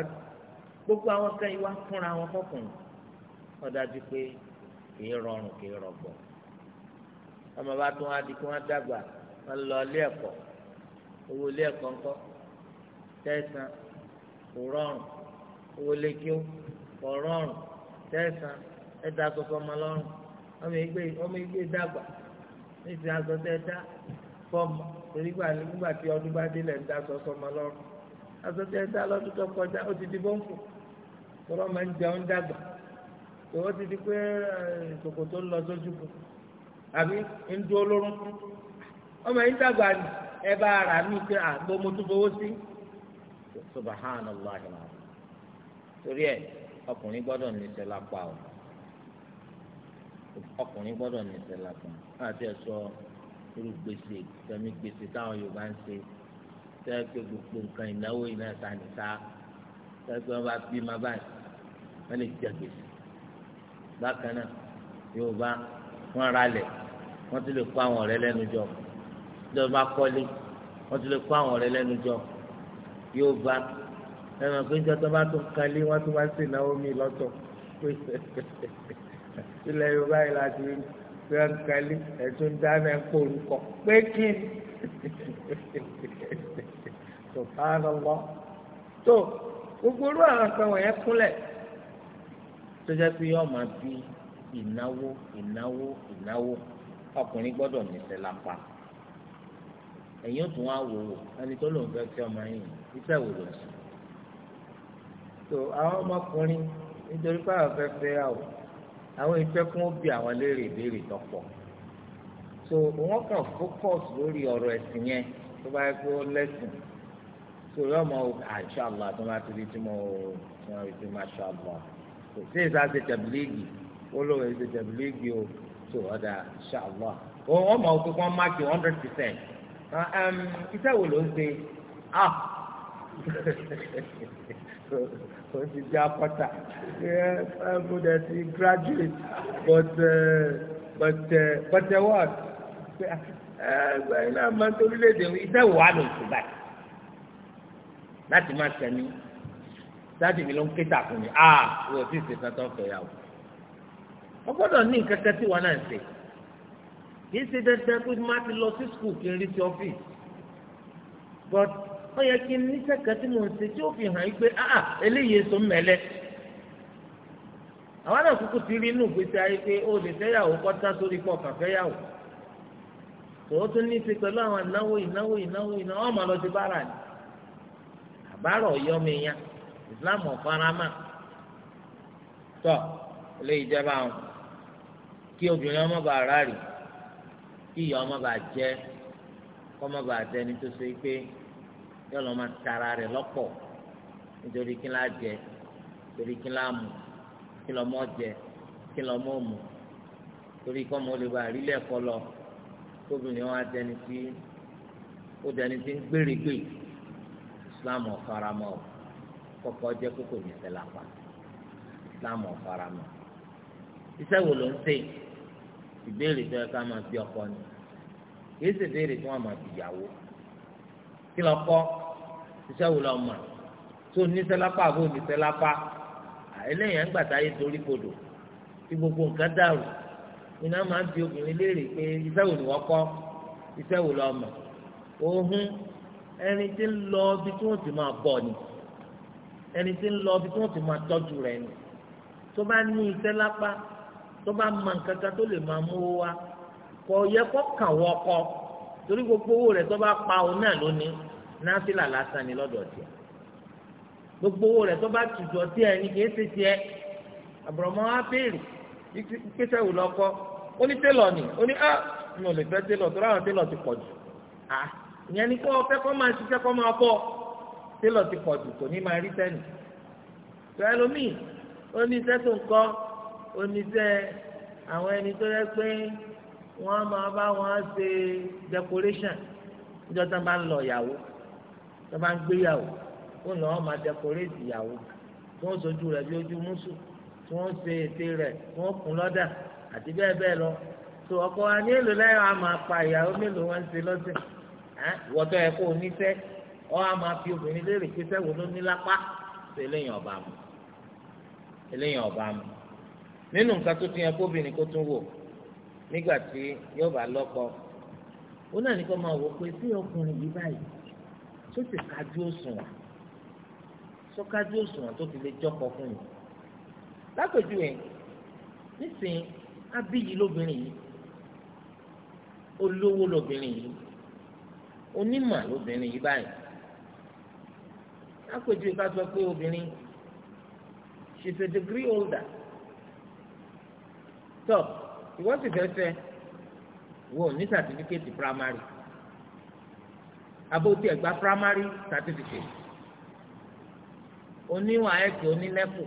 gbogbo àwọn kan ìwà fúnra wọn fọkùnrin wọ́n dájú pé kì í rọrùn kì í rọgbọ̀ ọmọ bá tún wá di kí wọ́n dàgbà wọ́n lọ ilé ẹ̀kọ́ owó ilé ẹ̀kọ́ ńkọ́ tẹ̀sán kò rọrùn owó lékiw ọ̀rọ̀rùn tẹ̀sán ẹ̀dá sọ̀tọ̀ ọmọ ọmọ ìgbé ọmọ ìgbé dàgbà níbi aṣọ tẹ̀ nígbà tí ọdún bá tó kọjá ó ti di bọ́ǹkù tọ́lọ́ máa ń jẹun dàgbà tòwó ti di ara mi pé àgbo mo tún fowó sí torí ẹ ọkùnrin gbọ́dọ̀ níṣẹ́ lápá o ọkùnrin gbọ́dọ̀ níṣẹ́ lápá àti ẹsọ irú gbèsè tẹmí gbèsè táwọn Yorùbá ń ṣe tẹ pé gbogbo nǹkan ìnáwó iná sanita tẹ pé wọn bá bí má báyìí wọn lè jẹ gbèsè bákan náà Yorùbá wọn ralẹ̀ wọn ti lè kó àwọn ọ̀rẹ́ lẹ́nu jọ ìjọba kọ́lé wọn ti lè kó àwọn ọ̀rẹ́ lẹ́nu jọ Yorùbá ẹnu àpéjọ tó bá tó kalé wọn tó bá sì náwó mi lọ́tọ̀ ilẹ̀ yorùbá yìí láti rí pé wọn kalé ẹ̀tún dáná ẹ̀kọ́ orúkọ pé kí tó bá lọ lọ tó gbogbo orú àwọn kan wọ̀nyẹn kúnlẹ̀ tó jẹ́ pé yọ́ọ̀ máa bí ìnáwó ìnáwó ìnáwó ọkùnrin gbọ́dọ̀ níṣẹ́ lápá ẹ̀yin ò tún wá wò ó ẹni tó lòun fẹ́ fi ọmọ yìí iṣẹ́ wò lòun sí tó àwọn ọmọkùnrin nítorí báwọn fẹ́ fẹ́ yà wò àwọn ìfẹ́kùn bí àwọn léèrè ìbéèrè tọ̀pọ̀ so wọ́n kàn fókọ̀sì lórí ọ̀rọ̀ ẹ̀sìn yẹn tó bá yẹ kó lẹ́sìn so yóò mọ àṣàlọ́ àti wọn àti tí mo tí wọn rí sí màṣàlọ́ kò sí èsì àti tẹ̀bílíìgì ó lóun èsì tẹ̀bílíìgì o tó ọ̀dà ṣàlọ́ wọ́n mọ̀ pé wọ́n máàkì one hundred percent iṣẹ́ wo ló ń ṣe ah o ti di akọta ẹ mo dẹ ti graduate but uh, but uh, but uh, what ah, ẹ gbẹ̀yìn náà máa ń torí léde iṣẹ́ wàá lò sí báyìí láti máa tẹ̀mí dáàdì mi ló ń ké tàkùn mi a ah, wò ó sì ṣe tọ́tọ́ fẹ̀yàwó. wọ́n gbọ́dọ̀ ní nǹkan kan tí wọ́n náà ń ṣe. kì í ṣe dandan pé má ti lọ sí skul kí n rí sí ọ́fíìsì. but ó yẹ kí n níṣẹ́ kan tí ń ṣe tí ó fi hàn yín pé áà ah, ah, eléyìí èso mẹ́lẹ́ àwọn náà kúkú ti rí inú gbèsè ayé pé ó lè fẹ́yàwó kọ́tà sórí pọ̀ kà fẹ́yàwó tún ní pẹ̀lú àwọn ìnáwó ìnáwó ìnáwó ìnáwó ọmọ lọ sí ni àbárò Islam ọ̀farama tọ́ kí obìnrin ọmọ bá kí ìyá yóò lọ máa tara rẹ̀ lọ́pọ̀ nítorí kí n láà jẹ torí kí n láà mú kí n lọ mọ jẹ kí n lọ mọ mú torí kọ́ mọ́ lè àrílẹ̀ kọ́ lọ tóbìnrin wọn adẹni tí ó dẹni tí ń gbèrègbè Islam ọ̀faramọ́ o kọ́kọ́ jẹ́ kókò ní ìfẹ́ lápá Islam ọ̀faramọ́ iṣẹ́ wo ló ń ṣe ìbéèrè tó yẹ ká máa bí ọkọ ni kì í sì béèrè tí wọ́n máa bìyàwó kí lọ kọ́ iṣẹ́ wò lọ mọ̀ tó níṣẹ́ lápá àbò níṣẹ́ lápá eléyàn gbàtà yé dorí kodò tí gbogbo nǹkan dàrú iná máa ń bi obìnrin léèrè pé iṣẹ́ wò ni wọ́n kọ́ iṣẹ́ wò lọ mọ̀ òhun ẹni tí ń lọ ibi tí wọ́n ti máa bọ̀ ni ẹni tí ń lọ ibi tí wọ́n ti máa tọ́jú rẹ̀ ni tó bá ní iṣẹ́ lápá tó bá mọ nǹkan kan tó lè máa mú wa kò yẹ kó kàn wọ́n kọ́ torí gbogbo owó rẹ̀ tó bá pa òun náà lónìí náfìlà lásán ni lọ́dọ̀ tiẹ̀ gbogbo owó rẹ̀ tó bá tùjọ tiẹ̀ ni kì í ṣe tiẹ̀ àbùrọ̀mọ́ á béèrè pípẹ́sẹ̀ wò lọ́kọ́ ó ní télọ̀ ni ó ní ah mi ò lè fẹ́ télọ̀ tó ráwọn télọ̀ ti pọ̀ jù ah ìyẹn ni kó o fẹ́ kó máa ṣiṣẹ́ kó máa bọ̀ télọ̀ ti pọ̀ jù kò ní máa rí sẹ́ni tó ẹlòmíì ó ní iṣẹ́ tó ń kọ́ ó ní iṣẹ́ àwọn ẹni tó yẹ pé wọ́n máa bá wọn ṣe decoration níjọ́ tí wọ́n bá ń lọ ìyàwó tí wọ́n bá ń gbéyàwó wọ́n lọ́ọ́ máa decorate ìyàwó tí wọ́n sojú rẹ̀ bí ojú mùsù tí wọ́n ṣe ète rẹ̀ tí wọ́n kùn lọ́dà àti bẹ́ẹ̀ bẹ́ẹ̀ lọ tó ọkọ wa ní èlò lẹ́yìn a máa pa ìyàwó mélòó wọn ṣe lọ́sẹ̀ wọ́tọ̀ ẹ̀ kó oníṣẹ́ ọ a máa fi obìnrin léèrè pé sẹ́wọ́ ló ní lápá ṣe eléyìn ọ̀bà mu eléyìn ọ̀bà mu nínú nǹkan tó ti yẹ kóbìnrin kó tún wò nígbà tí yóò bá lọ́kọ ó náà ní kó máa wò pé tí ọkùnrin yìí báyìí tó ti kájú òṣùwọ̀n tó kájú òṣùwọ̀n tó ti lè jọ́kọ fún mi lápèjúwe nísìnyí abíyí lóbìnrin yìí olówó lóbìnrin yìí onímọ̀ lóbìnrin yìí báyìí lápèjúwe ká sọ pé obìnrin she is a degree holder tó. So, ìwọ sì fẹ́ fẹ́ wò ní sàtífíkẹ́tì primary abóòtú ẹ̀gbá primary certificate oníwà ẹ̀kẹ́ onílẹ́pù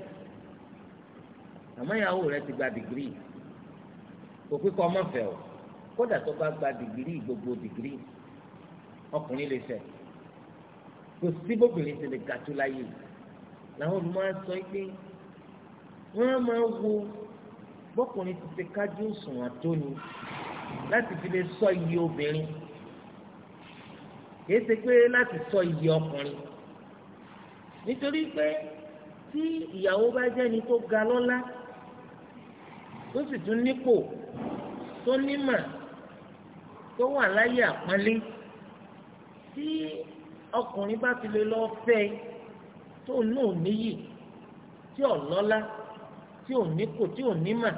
àmọ́ ìyàwó rẹ ti gba dìgírì kò pípọ̀ ọmọfẹ́ o kódà tó bá gba dìgírì gbogbo dìgírì ọkùnrin lè fẹ́ kò sí bóbìnrin ti lè gàtú láyé làwọn olùmọ̀ sọ pé wọ́n máa ń wo bọ́kùnrin ti ṣe kájú òṣùwọ̀n tó ni láti fi lè sọ iye obìnrin kìí ṣe pé láti sọ iye ọkùnrin nítorí pé tí ìyàwó bá jẹ́ni tó ga lọ́lá tó sì tún nípò tó nímà tó wà láyé àpọ́nlé tí ọkùnrin bá fi lè lọ́ọ́ fẹ́ tó náà níyì tí ọ̀lọ́lá. tí ò ní kò tí ò ní mà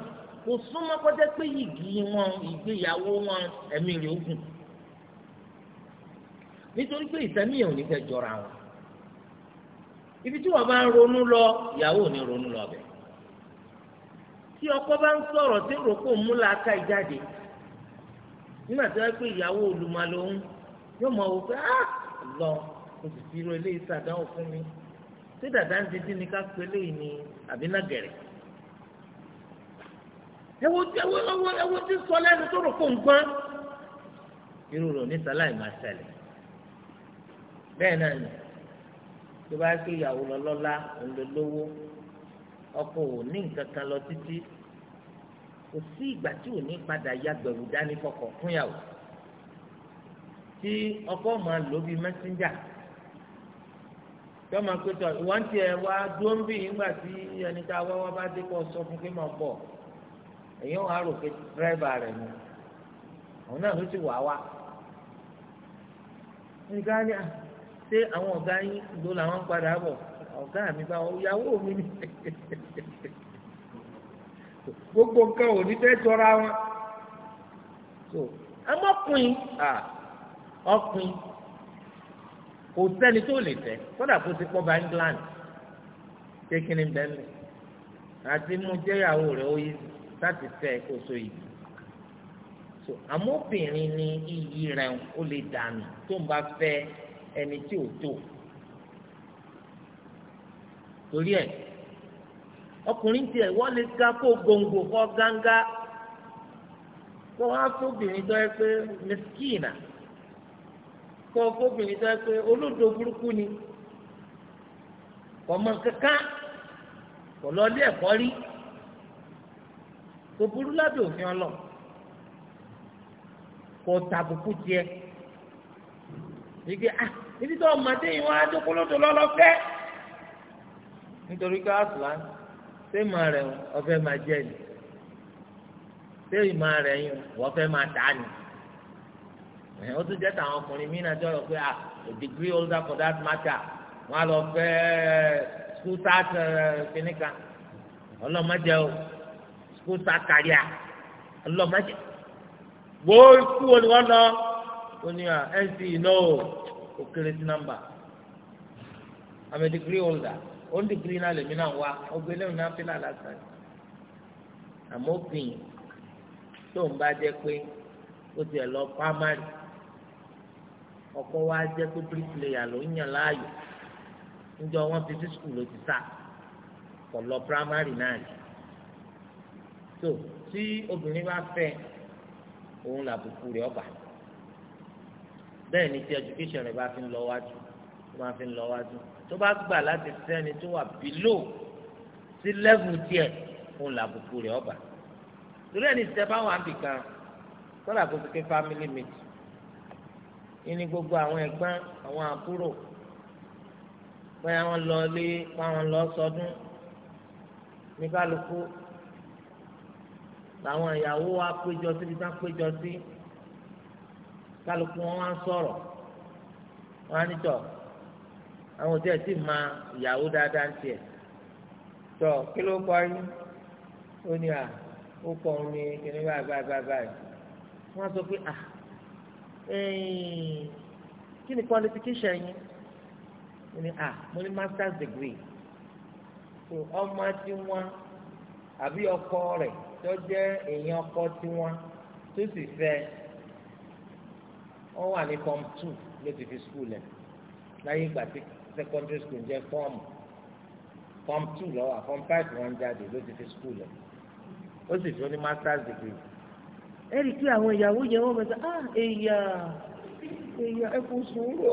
kò súnmọ́ kọjá pé wọn ìgbéyàwó wọn ẹ̀mí rẹ̀ ogun nítorí pé ò ní jọra wọn ibi tí wọ́n bá ń ronú lọ ìyàwó ò ní ronú lọ bẹ̀ ọkọ bá ń sọ̀rọ̀ tí mú làákà nígbà tí wọ́n pé ìyàwó ah, yóò lọ fi ro eléyìí fún mi tí dàda ń ká pé ẹwọ ẹwọ ẹwọ ẹwọ ti sọ lẹ́nu tó rò fún nǹkan irú rò ní sáláì máa ṣẹlẹ̀ bẹ́ẹ̀ náà ni tó bá ké ìyàwó lọlọlá ńlọlọwọ ọkọ ò ní nǹkan kan lọ títí kò sí ìgbà tí ò ní padà ya gbẹ̀rù dání fọkọ fún yàwó tí ọkọ máa lò bíi mẹsíńjà tọ́ máa pé tọ́ ìwọ́n ti ẹ̀ wá dúró ń bì nígbà tí ẹni tá a wá wá bá dé kọ́ sọ fún pé máa bọ̀ èyàn wà á rò pé dírẹ́bà rẹ̀ ni òun náà ló ti wà wá. nǹkan á ṣe àwọn ọ̀gá yín ló làwọn padà bọ̀ ọ̀gá mi bá ìyàwó mi ni gbogbo nǹkan ò ní fẹ́ jọra wọn. so ọmọkùnrin ọkùnrin kò sẹ́ni tó lè fẹ́ kódà kó ti pọ́ bá England ṣé kí ni bẹ́ẹ̀ mi àti mú jẹ́yàwó rẹ̀ ó yé sí láti fẹ́ kó so yìí so àmọ́bìnrin ni iyì rẹ̀ ó lè dànù tó ń bá fẹ́ ẹni tí ò tó torí ẹ̀ ọkùnrin tiẹ̀ wọ́n lè ga kó gbòǹgbò kọ́ gángá kó wá fóbìnrin tó yẹ pé mẹsìkìnà kó fóbìnrin tó yẹ pé olódò burúkú ni kọ̀ọ̀mọ̀ kankan kọ̀ lọ ilé rí kò burú lábẹ́ òfin ọlọ kò tàbùkù tiẹ̀ ike ah ibi tó ọmọdé yìí wọn adókòlódò lọlọfẹ nítorí ká àtúlá ṣé ìmọ̀ rẹ̀ ọ̀fẹ́ máa jẹ́ ni ṣé ìmọ̀ rẹ̀ yìí wọ́n fẹ́ máa ni ó tún jẹ́ tàwọn ọkùnrin mí náà jọ̀rọ̀ pé ah a degree holder for that matter wọ́n á lọ fẹ́ school start eh, kìnnìkan ọlọ́mọdé o kó sa kàríà ọlọ́mọdé wo ikú wo ni wọ́n lọ ó ní ah, nc e, no ó kéré sí nọ́mbà àmì dìgírí holder ó ń dìgírí náà lèmi náà wá ọgbẹ́ lẹ́yìn náà fi náà lásán àmọ́ òfin tó ń bá jẹ́ pé ó tiẹ̀ lọ pámárì ọkọ wa jẹ́ pé bíríkìlẹ̀yà ló ń yàn láàyò níjọ wọn fi sí skul ló ti sá kọ̀ lọ pámárì náà rí so tí obìnrin bá fẹ́ òun làbùkù rẹ̀ ọ̀bà bẹ́ẹ̀ ni tí education rẹ̀ bá fi ń lọ wájú tó bá fi ń lọ wájú tó bá gbà láti sẹ́ni tó wà bílò sí lẹ́vù tiẹ̀ òun làbùkù rẹ̀ ọ̀bà torí ẹni tẹ bá wà níbì kan kọ́lá kó ti ké family meet ìní gbogbo àwọn ẹ̀gbọ́n àwọn àbúrò bóyá wọ́n lọ lé wọ́n lọ sọdún ní kálukú làwọn ìyàwó wa péjọ síbi tá péjọ sí kálukú wọn wá ń sọ̀rọ̀ wọn á nítọ àwọn òtí ẹ sì máa ìyàwó dáadáa ń tiẹ̀ tọ kí ló kọ yín ó ní à ó kọ òun ní kíní báyìí báyìí báyìí báyìí sọ pé à kí ni qualification yín ó ní à mo ní masters degree so ọmọ tí wọn àbí ọkọ rẹ̀ tó jẹ́ èèyàn ọkọ tiwọn tó sì fẹ́ wọ́n wà ní form two ló ti fi skul ẹ̀ láyé ìgbà tí secondary school jẹ́ form form two lọ́wọ́ form five wọ́n jáde ló ti fi skul ẹ̀ ó sì fi ó ní masters degree ẹ̀rí kí àwọn ìyàwó yẹn wọ́n mẹ́ta ah èyà èyà ẹ kú sùúrù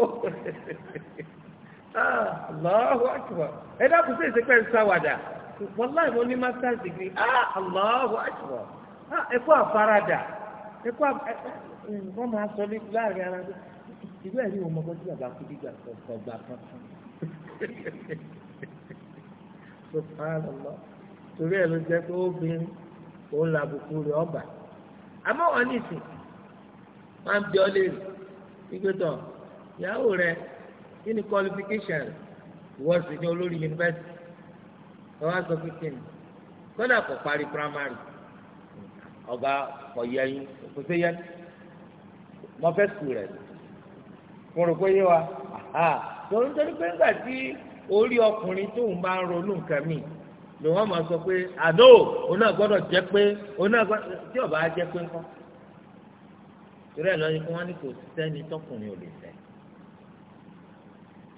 ah lọ́wọ́ ẹ dákun sí ìsepẹ́ ń sáwàdà wàláì mo ní masters degree ah Allahu akbar ah ẹ̀kọ́ àfaradà ẹ̀kọ́ wọ́n máa sọ ní láàrin ara rẹ̀ ìlú ẹ̀rí wọn mọ́kọ́ sí bàbá kú dígbà ọ̀gbà kan fún subhanallah torí ẹ̀ ló jẹ́ pé obìnrin òun làbùkù rẹ̀ ọ̀bà àmọ́ wọn ní ìsìn máa ń bí ọ léèrè ìgbẹ́tọ̀ ìyàwó rẹ̀ kí ni qualification wọ́n sì ní olórí yunifásitì. wọ́n wá sọ pé kíni kódà kò parí primary ọ̀gá kò yẹ yín kò sí yẹn mo fẹ́ sùn yé wa tòun tó tí orí ọkùnrin bá ń ronú nǹkan ni máa sọ pé àdó òun ọba á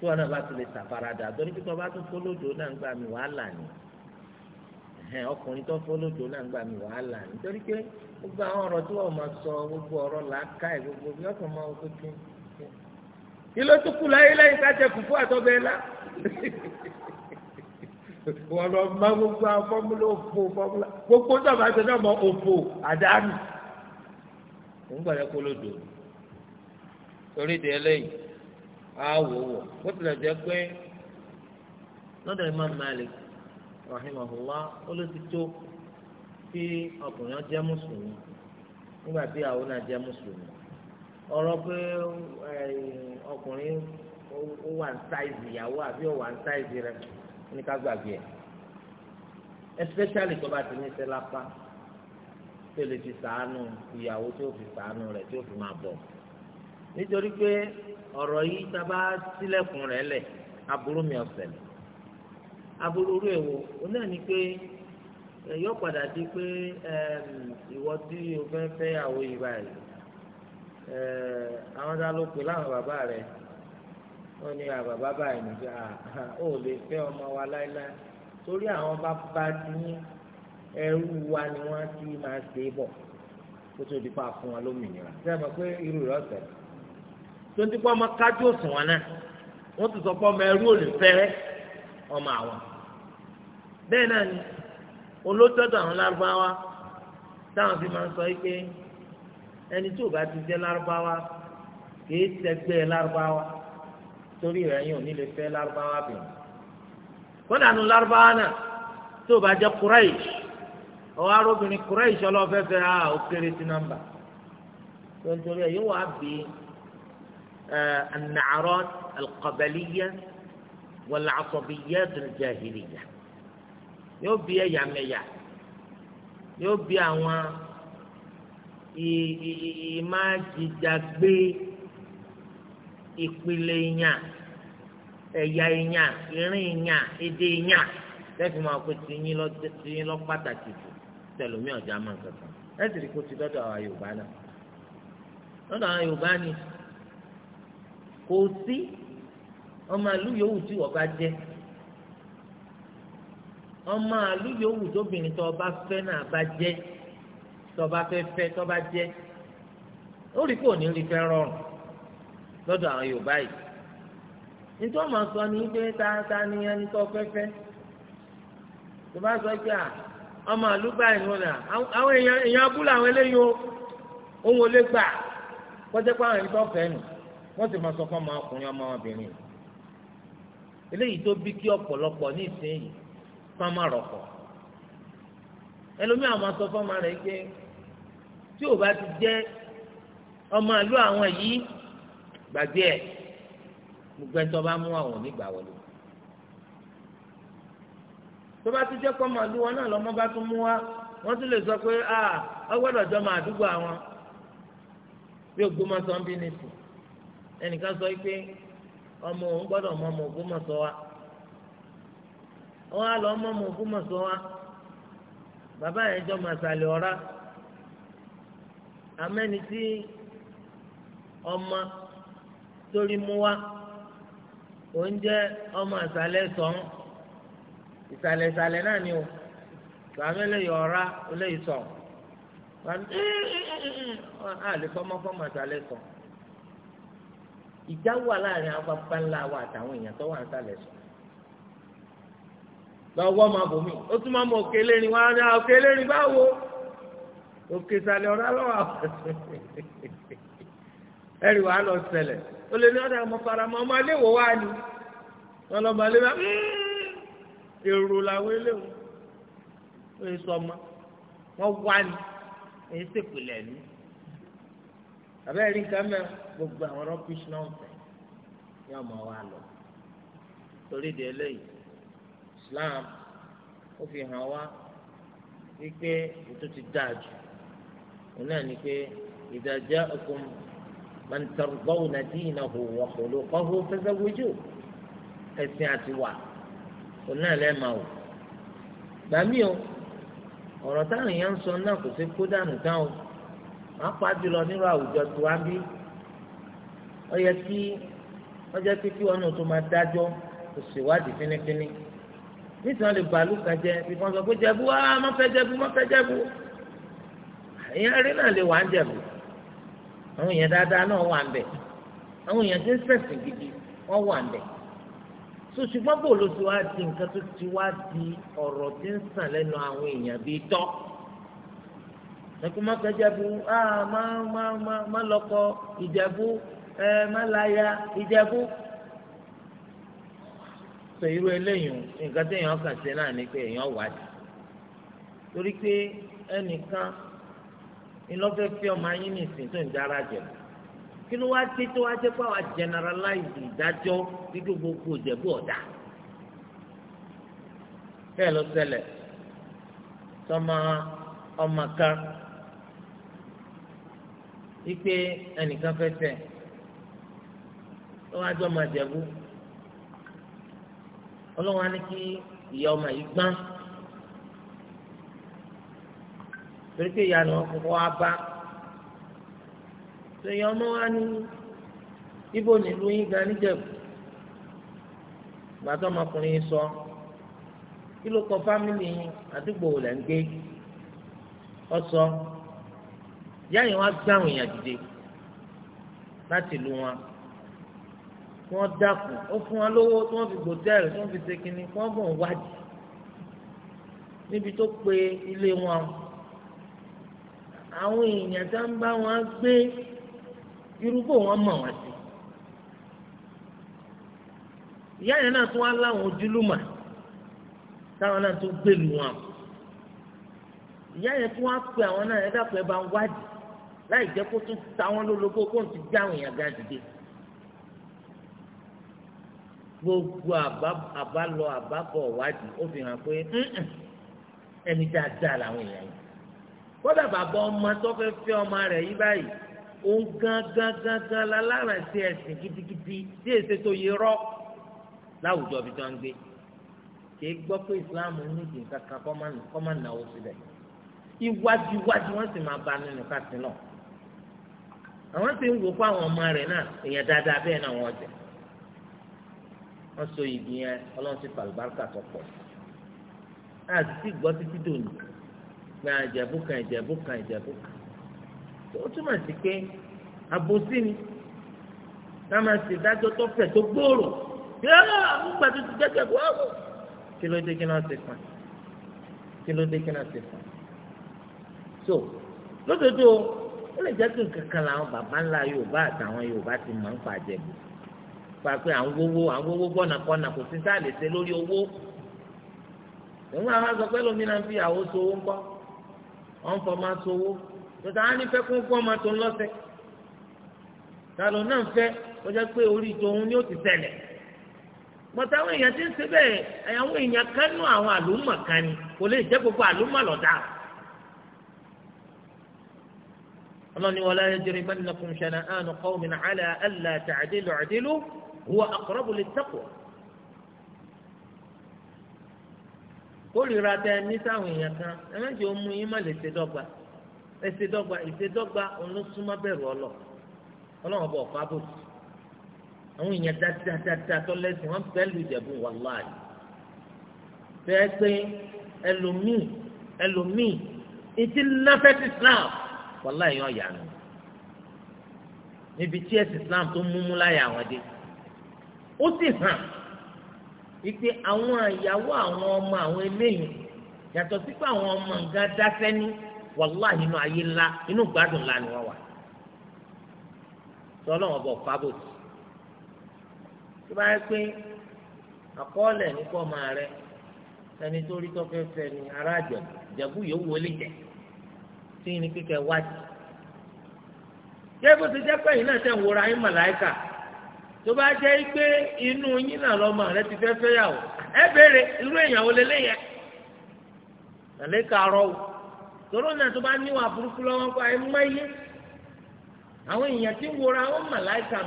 tí wọn náà bá ti lè ṣàfaradà torí pé tí wọn bá tún fọlọ́dọ̀ náà ń gbà mí wàhálà ni ẹ̀hẹ́n ọkùnrin tó fọlọ́dọ̀ náà ń gbà mí wàhálà ni torí pé gbogbo àwọn ọ̀rọ̀ tí wọ́n máa sọ gbogbo ọ̀rọ̀ làákàyè gbogbo bí ọkàn máa wọ́n tuntun kí ló tún kù láyé lẹ́yìn kájẹ kùkú àtọ́bẹ̀ ńlá wọn lọ máa gbogbo àwọn fọ́múlà òfò fọ́múlà gbogbo tó àbá ṣe náà mọ òfò àdánù ń gbọ́dọ̀ kólódò torí di eléyìí àwòwò bó tilẹ̀ jẹ́ pé lọ́dọ̀ Imam Malik rahimahullah ó ló ti tó tí ọkùnrin jẹ́ mùsùlùmí nígbà tí àwọn náà jẹ́ mùsùlùmí ọ̀rọ̀ pé eh, ọkùnrin ó wà ní sáìzì ìyàwó àbí ó wà ní sáìzì rẹ̀ ní ká gbàgbé especially tó bá ti ní sẹ́lápá tó lè fi sàánú ìyàwó tó fi sàánú rẹ̀ tó fi máa bọ̀ nítorí pé ọ̀rọ̀ yìí sábà sílẹ̀kùn rẹ̀ lẹ̀ aburú mi ọ̀sẹ̀ lẹ̀ aburú rẹ̀ wò ó náà ni pé yóò padà di pé ìwọ tí o fẹ́ fẹ́ yìí báyìí àwọn dá ló pè láwọn bàbá rẹ̀ wọ́n ní àbàbá báyìí nígbà ó lè fẹ́ ọmọ wa láéláé torí àwọn bàbá ti ní ẹrú wa ni wọ́n ti máa ṣe é bọ̀ kó tó di pa fún wa lómìnira. sẹ́yìn mọ̀ pé irú rẹ̀ ọ̀sẹ̀ lọ tó ń tipọ́ ọmọ kájú òṣùwọ̀n náà wọ́n ti sọ pé ọmọ ẹrú olùfẹ́rẹ́ ọmọ àwọn bẹ́ẹ̀ náà ni olótọ́dọ̀ àwọn lárúbáwá táwọn fi máa ń sọ pé ẹni tí ò bá ti jẹ́ lárúbáwá kìí tẹgbẹ́ lárúbáwá torí rẹ̀ yín ò ní lè fẹ́ lárúbáwá bìnrin kódà nu lárúbáwá náà tí ò bá jẹ́ kúrẹ́ẹ̀ṣ ọwọ́ arúbìnrin kúrẹ́ẹ̀ṣ ọlọ́fẹ́fẹ́ ha ah, ó kéré sí nọ́mbà tó ń yóò wá bìí. النعرات القبلية والعصبيات الجاهلية yóò يا ميا، mẹ́yà yóò bí àwọn ìmájìjàgbé ìpìlẹ̀ ìyàn ẹ̀yà ìyàn ìrìn ìyàn èdè ìyàn lẹ́fì máa kó tiyín lọ pàtàkì jù tẹlomi ọ̀jà máa ń kankan ẹ̀ sì rí kó ti lọ́dọ̀ àwọn Yorùbá náà lọ́dọ̀ àwọn Yorùbá ni. kò sí ọmọ ìlú yòówù tí wọ́n bá jẹ́ ọmọ ìlú yòówù tóbìnrin tó bá fẹ́ náà bá jẹ́ tó bá fẹ́ fẹ́ tó bá jẹ́ ó rí kò ní rí fẹ́ rọrùn lọ́dọ̀ àwọn Yorùbá yìí nítorí ọmọ sọ ní pé táńtá ni ẹni tó fẹ́ fẹ́ tó bá sọ pé ọmọ ìlú báyìí wọn là àwọn èèyàn abúlé àwọn eléyìí o òun ò gbà kọjá pé àwọn ẹni tó fẹ́ nù. wọ́n sì máa sọ fún ọmọ ọkùnrin ọmọ obìnrin eléyìí tó bí kí ọ̀pọ̀lọpọ̀ ní ìsinyìí fún ọmọ rọ̀kọ̀ ẹlòmíràn máa sọ fún ọmọ rẹ̀ pé tí ò bá ti jẹ́ ọmọ ìlú àwọn yìí gbàgbé ẹ̀ gbogbo ẹ̀ tó bá mú àwọn onígbà wọlé tó bá ti jẹ́ kọ́ ọmọ ìlú wọn náà lọ́mọ bá tún mú wá wọ́n tún lè sọ pé ọgbọ́dọ̀ ah, jọ máa dúgbò àwọn bí ògbómọ̀ṣọ́ ń bí nìsín ẹnìkan sọ pé ọmọ òun gbọdọ mọ ọmọ Ògbómọ̀ṣọ́ wa wọn á lọ mọ ọmọ wa bàbá yẹn jọ màsàlẹ ọ̀rá amẹni tí ọmọ torí mú wa òun jẹ ọmọ àsàlẹ sọ̀n ìsàlẹ̀ ìsàlẹ̀ náà ni o bàbá fọmọfọmọ àsàlẹ ìjà wà láàrin àwọn bàbá ńlá wa àtàwọn èèyàn tó wà ń sálẹ̀ sọ lọ́wọ́ máa bò mí ó tún máa mọ òkè lẹ́rìn wá ní òkè lẹ́rìn báwo òkè sàlẹ̀ ọ̀rá lọ́wọ́ ẹ̀rì wàá lọ sẹlẹ̀ ó lè ní ọ̀dà ọmọ faramọ́ ọmọ alẹ́ wò wá ni wọn lọ́mọ alẹ́ bá èrò làwọn eléwò ó yẹ sọ ọmọ wọn wá ni èyí sèpìlẹ̀ ni abẹ́rẹ́ rí nǹkan mẹ́rin gbogbo àwọn rọ́bìṣì náà ń fẹ́ yóò mọ̀ wá lọ. torí de eléyìí Islam ó fi hàn wá wípé ètò ti dáa jù òun náà ni pé idha ja'akum man tardawna dinahu wa khuluqahu fazawwijuhu ẹ̀sìn àti wà òun náà lẹ́ẹ̀ máa gbàmí o ọ̀rọ̀ táwọn èèyàn ń sọ náà kò sí kó dànù táwọn wọn pa jùlọ nírú àwùjọ tó wá bí ó yẹ kí wọn jẹ pé kí wọn náà tó máa dájọ́ kò ṣèwádìí fínífíní nítorí wọn lè bàálù kan jẹ bí wọn sọ pé jẹbu á má fẹ́ jẹbu má fẹ́ jẹbu èèyàn rí náà lè wà ń jẹbu àwọn èèyàn dáadáa náà wà ń bẹ àwọn èèyàn tí ń ṣẹ̀sìn gidi wọn wà ń so ṣùgbọ́n bò ló ti wá di nǹkan tó ti wá di ọ̀rọ̀ tí ń sàn lẹ́nu àwọn èèyàn bíi tọ́ ẹkú má fẹ́ jẹ́bu ah má má má má lọ́kọ ìjẹ́bu ẹ má láya ìjẹ́bu. sọ irú eléyìí nǹkan tí èèyàn kàn ṣe náà ni pé èèyàn wádìí torí pé ẹnìkan ìlọ́fẹ́ fi ọmọ ayé nìsín tó ń dára jẹ kí ló wá dé tó wá jẹ́ pé àwa generalize ìdájọ́ dídú gbogbo ìjẹ́bú ọ̀dà bẹ́ẹ̀ ló ṣẹlẹ̀ sọmọ ọmọ kan. wípé ẹnìkan fẹ́ ṣe lọ́wọ́ ma máa jẹ̀bú ọlọ́wọ́ á kí ìyá ọmọ yìí gbọ́n torí pé ìyá ni wa ni ibo n'ilu yín ga níjẹ̀bú gbàtọ́ ọmọkùnrin yìí sọ kí ló kọ fámìlì yín ìyá yẹn wá gbé àwọn èèyàn dìde láti lu wọn wọ́n dákun ó fún wọn lówó tí wọ́n fi gbòtẹ́ẹ̀lì tí wọ́n fi ṣe kínní tí wọ́n bọ̀ ń wádìí níbi tó pe ilé wọn àwọn èèyàn tá ń bá wọn gbé irúgbó wọn mọ̀ wọn sí ìyá yẹn náà tún wá láwọn ojúlùmọ̀ táwọn náà tún gbèlú wọn ìyá yẹn tún wá pe àwọn náà ẹ dákun ẹ bá ń wádìí láì jẹ́ kó tún ta wọ́n lólobó kó tún já àwọn èèyàn gan dìde. gbogbo àbálọ àbábọ̀ wádìí ó fi hàn pé ẹni dáadáa làwọn èèyàn yìí. kódà bàbá ọmọ tó fẹ́ fẹ́ ọmọ rẹ̀ yí báyìí òun gan gan gan gan lálára ṣe ẹ̀sìn kitikiti tí èsè tó yẹ rọ́ láwùjọ ibi tó ń gbé kìí gbọ́ pé ìsìláàmù nídìí kankan kọ́ máa náwó síbẹ̀ iwájú iwájú wọ́n sì máa ba nínú káàsì náà àwọn sì ń wò fún àwọn ọmọ rẹ̀ náà èèyàn dáadáa bẹ́ẹ̀ náà wọ́n jẹ wọ́n so igi yẹn ọlọ́run ti fàlùbáríkà tó pọ̀ láti sì gbọ́ títí dòní gba ìjẹ̀bú kan ìjẹ̀bú kan ìjẹ̀bú kan ó túmọ̀ sí pé àbòsí ni ká máa ṣe dájọ́ tó fẹ̀ tó gbòòrò yóò àwọn gbàdúrà ti gbẹ́gbẹ́ bọ́ kí ló dé kí náà ṣe fún kí ló dé kí náà ṣe fún so lódodo ó lè jẹ́ pé nǹkan kan làwọn bàbá ńlá yorùbá àtàwọn yorùbá ti máa ń pa àjẹbù pa pé à ń wówó à ń wówó gbọ́nàkọ́nà kò sí tá a lè ṣe lórí owó ìwọ́n àwọn sọ pé lómìnira ń fi àwo sowó ńkọ́ wọ́n ń fọmá sowó tòtò àwọn nífẹ̀ẹ́ kún fún ọmọ tó ń lọ́sẹ̀ tàló náà fẹ́ ó jẹ́ pé orí tòun ni ó ti ṣẹlẹ̀ bọ́tà àwọn èèyàn ti ń ṣe bẹ́ẹ̀ àwọn èèyàn kan àwọn àlùmọ̀ kan ni kò lè jẹ́ gbogbo àlùmọ̀ lọ́dà ọlọ́ni wala yajrimannakum shana'anu qawmin ala alla ta'dilu i'dilu huwa aqrabu lit-taqwa. kórìíra tẹ ní sáwọn èèyàn kan ẹ méjì ó mú yín má lè ṣe dọ́gba ẹ ṣe dọ́gba ìṣedọ́gba òun ló súnmọ́ bẹ̀rù ọlọ ọlọ́run bọ̀ fábò àwọn èèyàn dáadáa tọ́lẹ́sìn wọn fẹ́ lu ìjẹ̀bù wàláì fẹ́ẹ́ pé ẹlòmíì ẹlòmíì wàhálà èèyàn yànnà níbi tí ẹ̀sìn Islam tó múmú láyà àwọn dé ó sì hàn wípé àwọn àyàwó àwọn ọmọ àwọn eléyìí yàtọ̀ sí pé àwọn ọmọ nǹkan dáṣẹ́ ní wàhálà nínú ayé ńlá inú gbádùn ńlá ni wọ́n wà tọ́lọ́wọ́n bọ̀ fábòtì tó bá yẹ pé àkọọ́lẹ̀ nípa ọmọ rẹ ẹni tó rí tọ́fẹ́fẹ́ ni ará àjẹ̀bù yòówó lè jẹ́ tí ní kíkẹ́ wájú. jẹ́ bó ti jẹ́ pé yìí náà tẹ̀ ń wòra yín màláìkà tó bá jẹ́ pé inú yín náà lọ́mọ rẹ ti fẹ́ fẹ́yàwó ẹ béèrè irú rọ o náà tó bá níwà burúkú lọ́wọ́ àwọn èèyàn ń màláìkà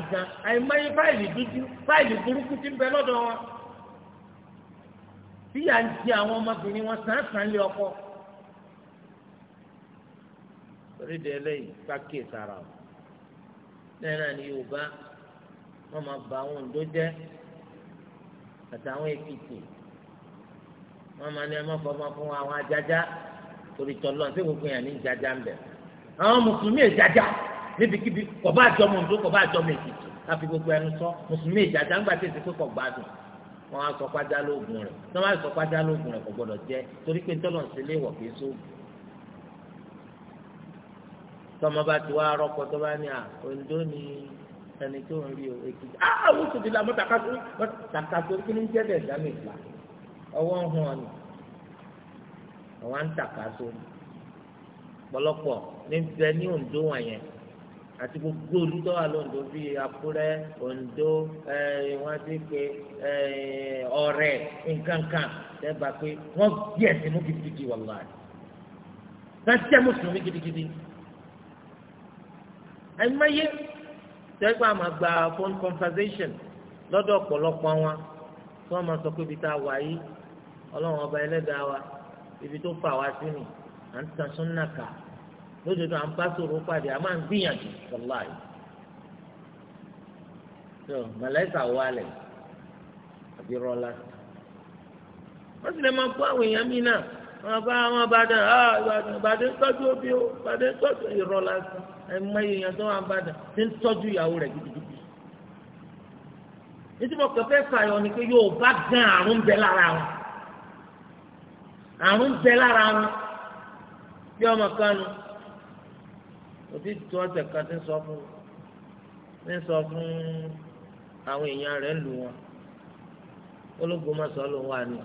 fáìlì dúdú fáìlì burúkú ti ń bẹ lọ́dọ̀ wọn. ń di àwọn ọmọbìnrin torí de eléyìí kákìí sára o bẹ́ẹ̀ náà ni Yorùbá wọ́n máa ba àwọn Oǹdó jẹ́ àtàwọn Èkìtì wọ́n máa ní ẹmọ́ fọmọ fún àwọn ajájá torí tọ́lọ́ ṣé gbogbo yẹn ní jájá ń bẹ̀ àwọn mùsùlùmí èjájá níbikíbi kò bá àjọmọ̀ Oǹdó kò bá àjọmọ̀ Èkìtì káfi gbogbo ẹnu sọ mùsùlùmí èjájá ńgbà tètè pé kò gbádùn wọn á sọ pàjá lóògùn rẹ̀ tí á sọ pàjá lóògùn rẹ̀ kò gbọdọ̀ jẹ torí pé tọ́lọ̀ ń tọmọ bá ti wá rọpò tó bá ní à Oǹdó ni ẹni tó ń rí o Èkìtì ah àwọn oṣù bìlà mọ tàkàtò mọ tàkàtò kí ni jẹ́ dẹ̀dá mi gbà ọwọ́ ń hàn ni àwọn ń tàkàtò pọ̀lọpọ̀ ní bẹ ní Oǹdó wọn yẹn àti gbogbo olùtọ́ wa lóńdó bíi Àkúrẹ́ Oǹdó wọ́n ti pe ọ̀rẹ́ nkankan tẹ́gbà pé wọ́n bí ẹ̀sìn mú gidigidi wàlúwàlú wọ́n jẹ́ mùsùlùmí gidigidi àìmọye tẹ́gbà máa gba phone conversation lọ́dọ̀ ọ̀pọ̀lọpọ̀ wọn tí wọ́n máa sọ pé ibi tá a wà yìí ọlọ́run ọba ẹlẹ́dàá wa ibi tó fà wá sí ni à ń tan súnà kà lójoojúmọ́ à ń bá sòrò pàdé à máa ń gbìyànjú sọlá yìí. tó màláìsà wà lẹ̀ àbí rọ́lá. wọ́n sì lè máa kó àwọn èèyàn mí náà wọn bá wọn bá dẹ ọ ìbàdàn ń tọ́jú òbí o ìbàdàn ń tọ́jú ìrọ̀ lásán ẹ̀mọ èèyàn tó wà ń bàdàn ti ń tọ́jú ìyàwó rẹ̀ gidigidi. nítorí mo kàn fẹ́ fàyọ ni pé yóò bá gan àrùn bẹ lára wọn àrùn bẹ lára wọn bí ọmọ kan nu òtí tó ọ̀sẹ̀ kan ti sọ fún ti sọ fún àwọn èèyàn rẹ̀ lù wọn ológun mọ̀sán ló wà nìyí.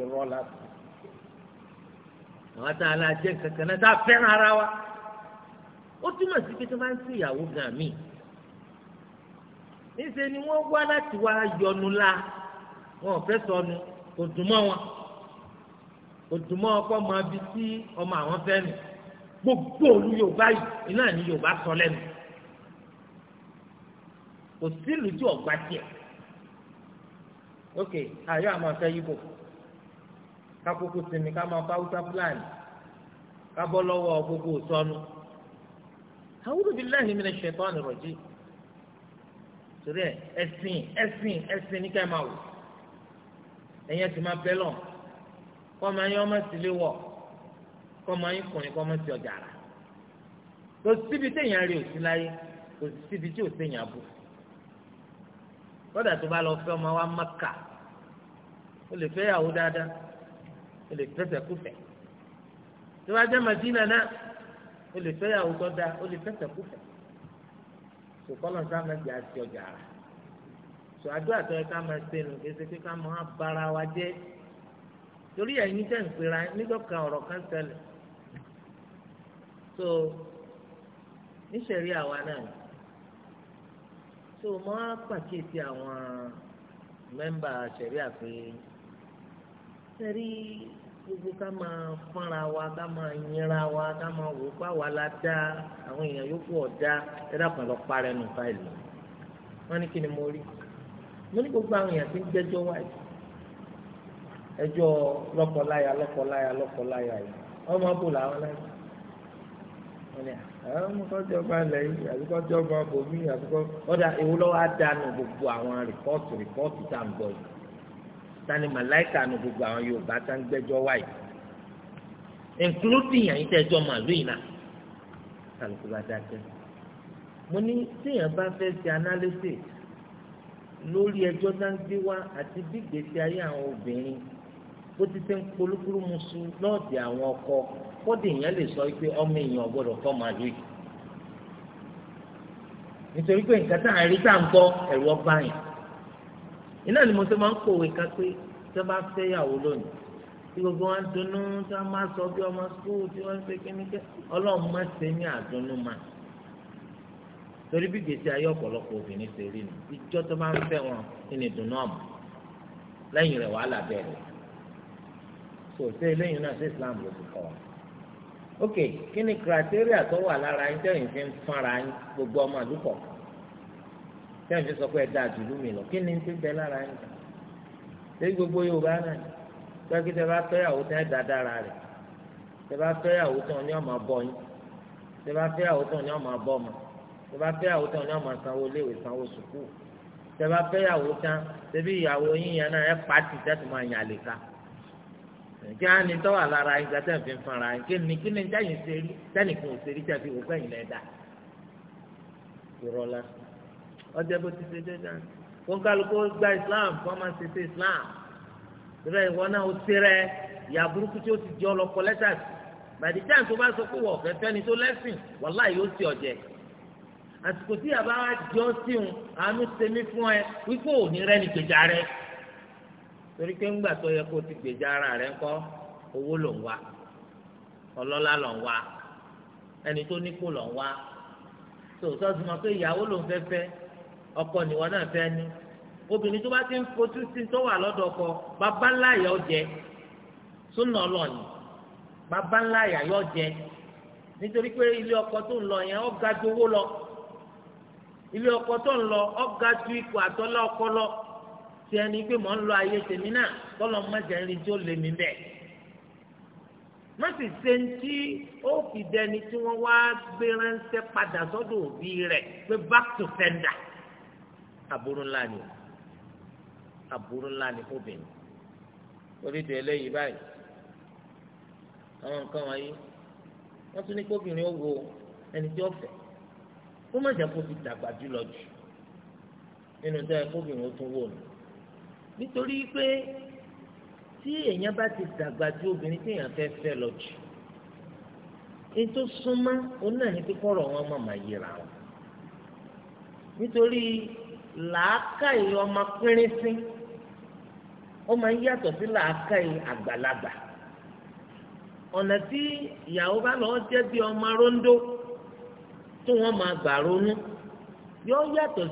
irọ́ lásán àwọn tá a la jẹ́ kankan náà tá a fẹ́ràn ara wa ó túmọ̀ sí pé tó máa ń sí ìyàwó gan mi níṣẹ́ ni wọ́n wá láti wá yọnu la wọn ò fẹ́ sọnù kò dùn mọ́ wọn kò dùn mọ́ ọkọ ọmọ abi tí ọmọ àwọn fẹ́ nù gbogbo olú yorùbá yìí iná ní yorùbá sọ lẹ́nu kò sílùú tí ọgbà tiẹ̀ ok àyọ àmọ́ ọ̀fẹ́ yìí bò kakoko sinmi kama máa plan, hausa fulani kábọ́ lọ́wọ́ gbogbo sọnù a'udhu billahi minash shaitani rajim torí ẹ ẹsìn ẹsìn ẹsìn ní ká máa wò ẹ̀yin ẹsìn máa bẹ́ lọ kọ́ máa yín ọmọ sílé wọ̀ kọ́ máa yín kùnrin kọ́ máa ti ọjà rà kò síbi téèyàn rí òsì láyé kò síbi tí òsèèyàn bù tó bá lọ fẹ́ ọmọ wa Mẹ́kà ó lè fẹ́ yàwó dáadáa o lè tẹsẹ̀ kúfẹ̀ tó bá jẹ́ Madina náà o lè fẹ́ yàwó tó dáa o lè tẹsẹ̀ kúfẹ̀ tó kọ́lọ̀ sáfẹ́ di àti ọjà rà tó àdúrà tó yẹ ká máa sẹ́nu kése pé ká máa bára wa jẹ́ torí ẹ̀yin tẹ̀ ń pera nígbà ọ̀rọ̀ kan ṣẹlẹ̀ tó níṣẹ̀rí àwa náà tó mọ́ pàkíyèsí àwọn mẹ́mbà ṣẹ̀rí àpè ṣẹ̀rí gbogbo ká máa fúnra wa ká máa yínra wa ká máa wò pa wà la dá àwọn èèyàn yòókù ọ̀dá ẹ̀dá kan lọ parẹ́ nù fáìlì wọn ní kí ni mo rí mo ní gbogbo àwọn èèyàn tí ń gbẹ́jọ́ wáyé ẹjọ́ lọ́kọláya lọ́kọláya lọ́kọláya yìí ọmọ abò làwọn náà wọn ni àwọn ọmọ kọjọ bá lẹ̀ yìí àti kọjọ bá bòmí àti kọ ọdà èwo lọ́wọ́ á dànù gbogbo àwọn rìpọ́ọ̀tù rìpọ́ọ̀tù tá à ń gbọ́ yìí tani màláìkà nu gbogbo àwọn Yorùbá tá ń gbẹ́jọ́ wáyé including àyín tẹ́jọ́ màlúù yìí náà kálukú bá dákẹ́ mo ní téèyàn bá fẹ́ ṣe analysis lórí ẹjọ́ tá ń gbé wá àti bí gbèsè ayé àwọn obìnrin bó ti ṣe ń polúkúrú musu lọ́ọ̀dì àwọn ọkọ kódì èèyàn lè sọ pé ọmọ èèyàn gbọ́dọ̀ fọ́ màlúù yìí nítorí pé nǹkan tá à ń rí tá à ń gbọ́ ẹ̀rù ọba yìí iná ni mo ṣe máa ń kọ̀wé ká pé tí wọ́n bá fẹ́ yàwó lónìí tí gbogbo wọn dunnú tí wọ́n máa sọ bí ọmọ skul tí wọ́n ń ṣe kíníkẹ́ ọlọ́run má ṣe ní àdúnnú máa torí bí gbèsè ayé ọ̀pọ̀lọpọ̀ obìnrin ṣe rí nu ìjọ tó máa ń fẹ́ wọn ní ìdùnnú ọ̀mù lẹ́yìn rẹ̀ wàhálà bẹ̀rẹ̀ so ṣé eléyìí náà ṣe Islam ló ti kọ́ wa. ok kí ni kìrìtẹ́ríà tó wà lára yín tẹ́yìn fi ń fúnra yín gbogbo ọmọ àdúgbò tí wọn fi sọ pé ẹ dáa jùlú mi lọ kí ni ti bẹ lára yín kan lórí gbogbo yorùbá náà pé kí tẹ bá fẹ́yàwó tán ẹ dáa dára rẹ tẹ bá fẹ́yàwó tán ni ọmọ bọ yín tẹ bá fẹ́yàwó tán ni ọmọ bọ ọmọ tẹ bá fẹ́yàwó tán ni ọmọ sanwó léwé sanwó sùkúù tẹ bá fẹ́yàwó tán tẹbi ìyàwó yín yẹn náà ẹ pàtì tẹtù máa yàn lè ka kí á ní tọ́wà lára yín gbàtẹ́ fi ń fara yín kí ni kí ni jáyìn ṣe rí tẹ́nìkan ò ṣe rí tẹ́fi ọjọ́ bó ti ṣe jẹ́ jáde kó kálukó gba islam kó má ṣe ṣe islam rẹ ìwọ náà ó ṣe rẹ ìyá burúkú tí ó ti jẹ ọlọpọ lẹ́tà sí bàdí jáàn tó bá sọ pé wọ́n fẹ́ fẹ́ni tó lẹ́sìn wàhálà yóò ṣe ọ̀jẹ̀ àsìkò tí yàrá wa jọ sí òun àánú sẹmí fún ẹ wípé òní rẹ ní gbèjà rẹ torí pé ńgbà tó yẹ kó ti gbèjà ara rẹ ńkọ́ owó ló ń wá ọlọ́lá ló ń wá ẹni tó ní kó ló ń wá tó sọ́sùn mọ́ pé ìyàwó ló ń fẹ́ fẹ́ ọkọ nìwọ náà fẹ́ ní obìnrin tó bá ti ń fojú sí tó wà lọ́dọ̀ ọkọ bàbá ńlá jẹ súnà ọlọ́ọ̀ni bàbá ńlá yọ jẹ nítorí pé ilé ọkọ tó ń lọ yẹn ó owó lọ ilé ọkọ tó ń lọ ó ọkọ lọ ẹni pé ń lọ ayé tèmi náà tó lè mí má sì ṣe ń tí ó fi dẹni tí wá aburú ńlá ni aburú ńlá ni fóbìnrin torí tó eléyìí báyìí àwọn nǹkan wọ̀nyí wọ́n tún ní kóbìnrin ó wo ẹni tí ó fẹ́ kó má jẹ́ kó fi dàgbà jùlọ jù nínú tó yẹ kóbìnrin ó tún wò nù nítorí pé tí èèyàn bá ti dàgbà ju obìnrin tí èèyàn fẹ́ fẹ́ lọ jù ní tó súnmọ́ òun náà ní kíkọ́rọ̀ wọn mọ̀ máa yẹra wọn nítorí làákàyè ọmọ pínrínsín ó máa ń yàtọ̀ sí làákàyè àgbàlagbà ọ̀nà tí ìyàwó bá lọ́ọ́ jẹ́ bí ọmọ róńdó tí wọ́n máa gbà ronú yóò yàtọ̀